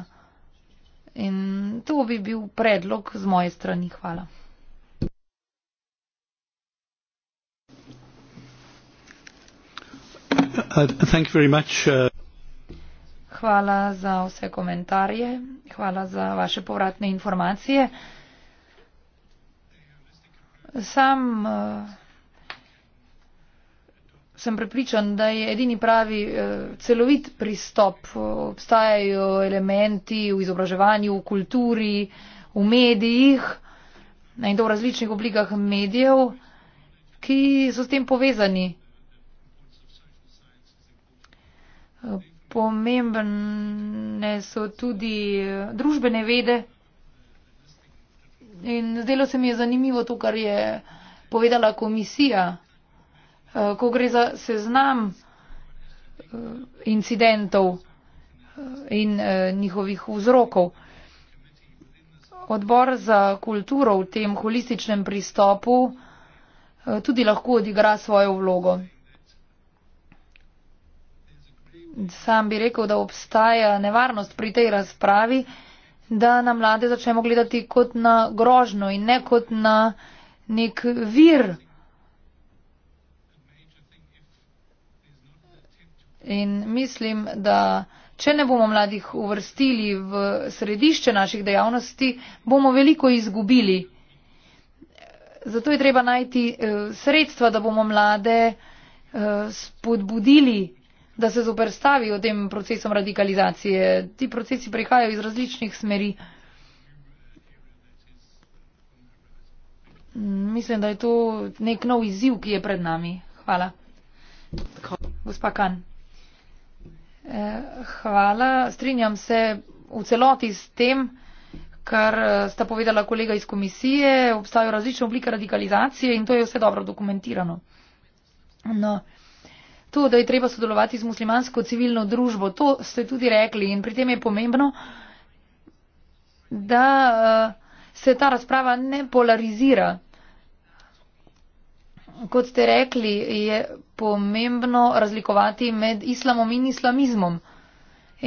In to bi bil predlog z moje strani. Hvala. Uh, thank you very much. Uh, hvala za vse komentarje, hvala za vaše povratne informacije. Sam uh, sem prepričan, da je edini pravi uh, celovit pristop. Obstajajo elementi v izobraževanju, v kulturi, v medijih in to v različnih oblikah medijev, ki so s tem povezani. pomembne so tudi eh, družbene vede. In zdelo se mi je zanimivo to, kar je povedala komisija, eh, ko gre za seznam eh, incidentov in njihovih vzrokov. Odbor za kulturo v tem holističnem pristopu tudi lahko odigra svojo vlogo sam bi rekel, da obstaja nevarnost pri tej razpravi, da na mlade začnemo gledati kot na grožno in ne kot na nek vir. In mislim, da če ne bomo mladih uvrstili v središče naših dejavnosti, bomo veliko izgubili. Zato je treba najti eh, sredstva, da bomo mlade eh, spodbudili da se zoprstavijo tem procesom radikalizacije. Ti procesi prihajajo iz različnih smeri. Mislim, da je to nek nov izziv, ki je pred nami. Hvala. Gospa Kan. Eh, hvala. Strinjam se v celoti s tem, kar eh, sta povedala kolega iz komisije. Obstajajo različne oblike radikalizacije in to je vse dobro dokumentirano. No to, da je treba sodelovati z muslimansko civilno družbo, to ste tudi rekli in pri tem je pomembno, da eh, se ta razprava ne polarizira. Kot ste rekli, je pomembno razlikovati med islamom in islamizmom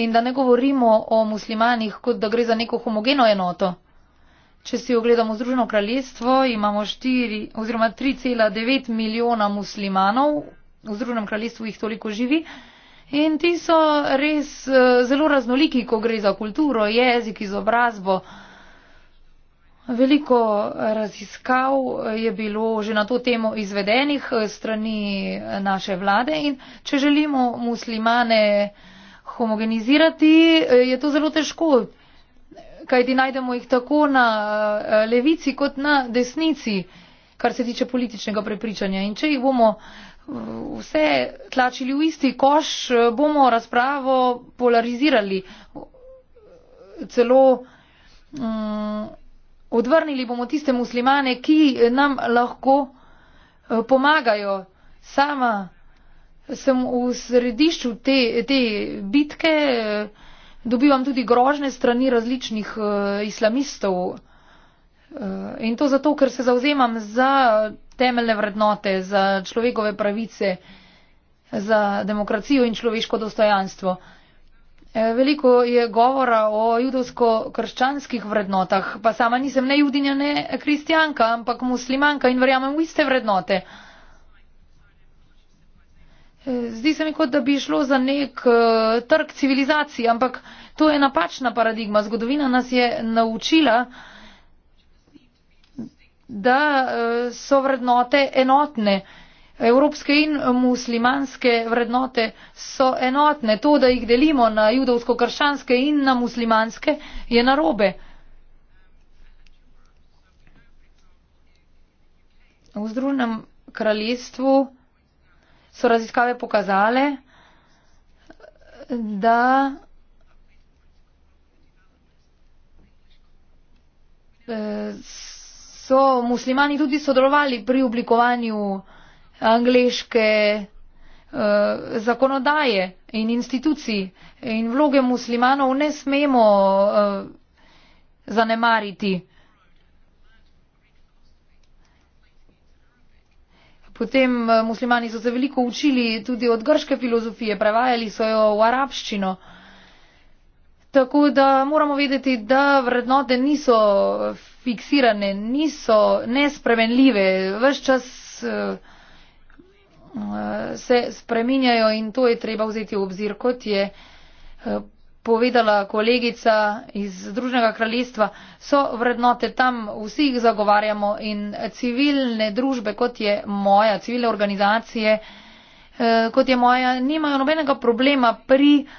in da ne govorimo o muslimanih, kot da gre za neko homogeno enoto. Če si ogledamo Združeno kraljestvo, imamo 4 oziroma 3,9 milijona muslimanov v Združenem kraljestvu jih toliko živi. In ti so res eh, zelo raznoliki, ko gre za kulturo, jezik, izobrazbo. Veliko eh, raziskav eh, je bilo že na to temo izvedenih strani naše vlade in če želimo muslimane homogenizirati, je to zelo težko, kajti najdemo jih tako na levici kot na desnici, kar se tiče političnega prepričanja. In če jih bomo vse tlačili v isti koš, bomo razpravo polarizirali, celo um, odvrnili bomo tiste muslimane, ki nam lahko eh, pomagajo. Sama sem v središču te, te bitke, eh, dobivam tudi grožne strani različnih uh, islamistov. In to zato, ker se zauzemam za temeljne vrednote, za človekove pravice, za demokracijo in človeško dostojanstvo. E, veliko je govora o judovsko-krščanskih vrednotah, pa sama nisem ne judinja, ne kristijanka, ampak muslimanka in verjamem v iste vrednote. E, zdi se mi, kot da bi šlo za nek e, trg civilizacij, ampak to je napačna paradigma. Zgodovina nas je naučila, da eh, so vrednote enotne. Evropske in muslimanske vrednote so enotne. To, da jih delimo na judovsko-krščanske in na muslimanske, je narobe. V Združenem kraljestvu so raziskave pokazale, da so muslimani tudi sodelovali pri oblikovanju eh, angleške uh, zakonodaje in institucij in vloge muslimanov ne smemo uh, zanemariti. Potem muslimani so se veliko učili tudi od grške filozofije, prevajali so jo v arabščino. Tako da moramo vedeti, da vrednote niso fiksirane, niso nespremenljive, vse čas eh, se spreminjajo in to je treba vzeti v obzir, kot je eh, povedala kolegica iz Združnega kraljestva, so vrednote tam, vsi jih zagovarjamo in civilne družbe, kot je moja, civilne organizacije, eh, kot je moja, nimajo nobenega problema pri eh,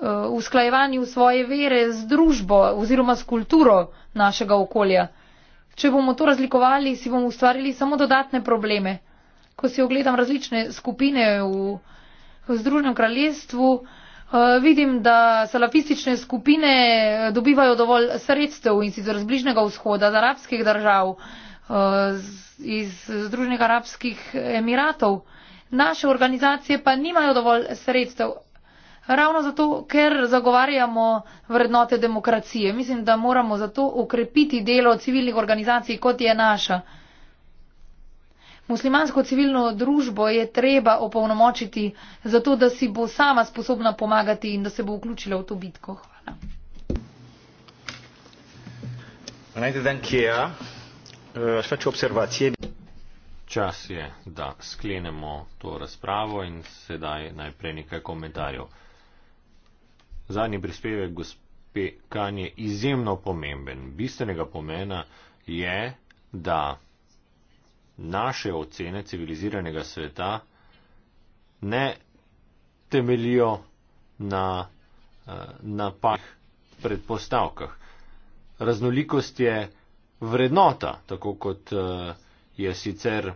uh, usklajevanju svoje vere z družbo oziroma s kulturo našega okolja. Če bomo to razlikovali, si bomo ustvarili samo dodatne probleme. Ko si ogledam različne skupine v, v Združenem kraljestvu, uh, vidim, da salafistične skupine eh, dobivajo dovolj sredstev in sicer z bližnjega vzhoda, z arabskih držav, uh, iz Združenih arabskih emiratov. Naše organizacije pa nimajo dovolj sredstev. Ravno zato, ker zagovarjamo vrednote demokracije. Mislim, da moramo zato ukrepiti delo civilnih organizacij, kot je naša. Muslimansko civilno družbo je treba opolnomočiti, zato da si bo sama sposobna pomagati in da se bo vključila v to bitko. Hvala. Eh, Čas je, da sklenemo to razpravo in sedaj najprej nekaj komentarjev. Zadnji prispevek gospe Kanje je izjemno pomemben. Bistvenega pomena je, da naše ocene civiliziranega sveta ne temelijo na eh, napah predpostavkah. Raznolikost je vrednota, tako kot eh, je sicer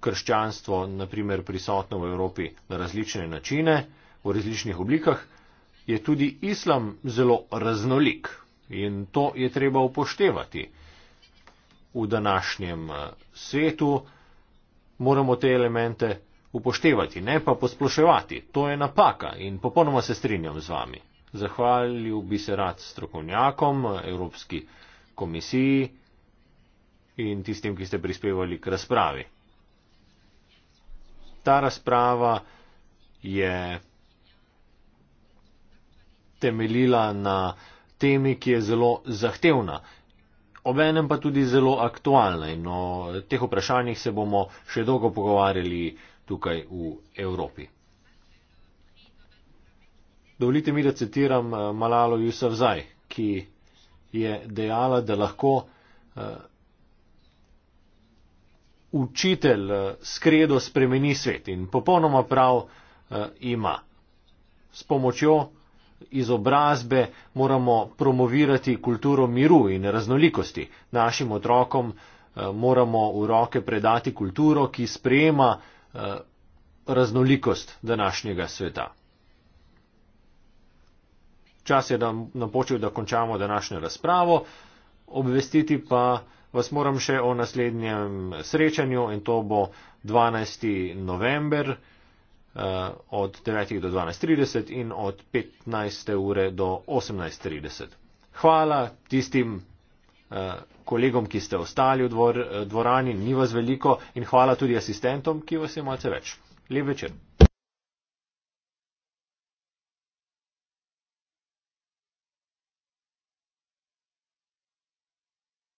krščanstvo, naprimer, prisotno v Evropi na različne načine, v različnih oblikah, je tudi islam zelo raznolik in to je treba upoštevati. V današnjem eh, svetu moramo te elemente upoštevati, ne pa posploševati. To je napaka in popolnoma se strinjam z vami. Zahvalil bi se rad strokovnjakom, eh, Evropski komisiji in tistim, ki ste prispevali k razpravi. Ta razprava je temeljila na temi, ki je zelo zahtevna, obenem pa tudi zelo aktualna in o teh vprašanjih se bomo še dolgo pogovarjali tukaj v Evropi. Dovolite mi, da citiram eh, Malalo Jusavzaj, ki je dejala, da lahko uh, učitelj eh, skredo spremeni svet in popolnoma prav uh, ima. S pomočjo izobrazbe moramo promovirati kulturo miru in raznolikosti. Našim otrokom eh, moramo v roke predati kulturo, ki sprejema eh, raznolikost današnjega sveta. Čas je, da nam počel, da končamo današnjo razpravo. Obvestiti pa vas moram še o naslednjem srečanju in to bo 12. november. Eh, od 9. do 12.30 in od 15. ure do 18.30. Hvala tistim eh, kolegom, ki ste ostali v eh, dvorani, ni vas veliko in hvala tudi asistentom, ki vas je malce več. Lep večer.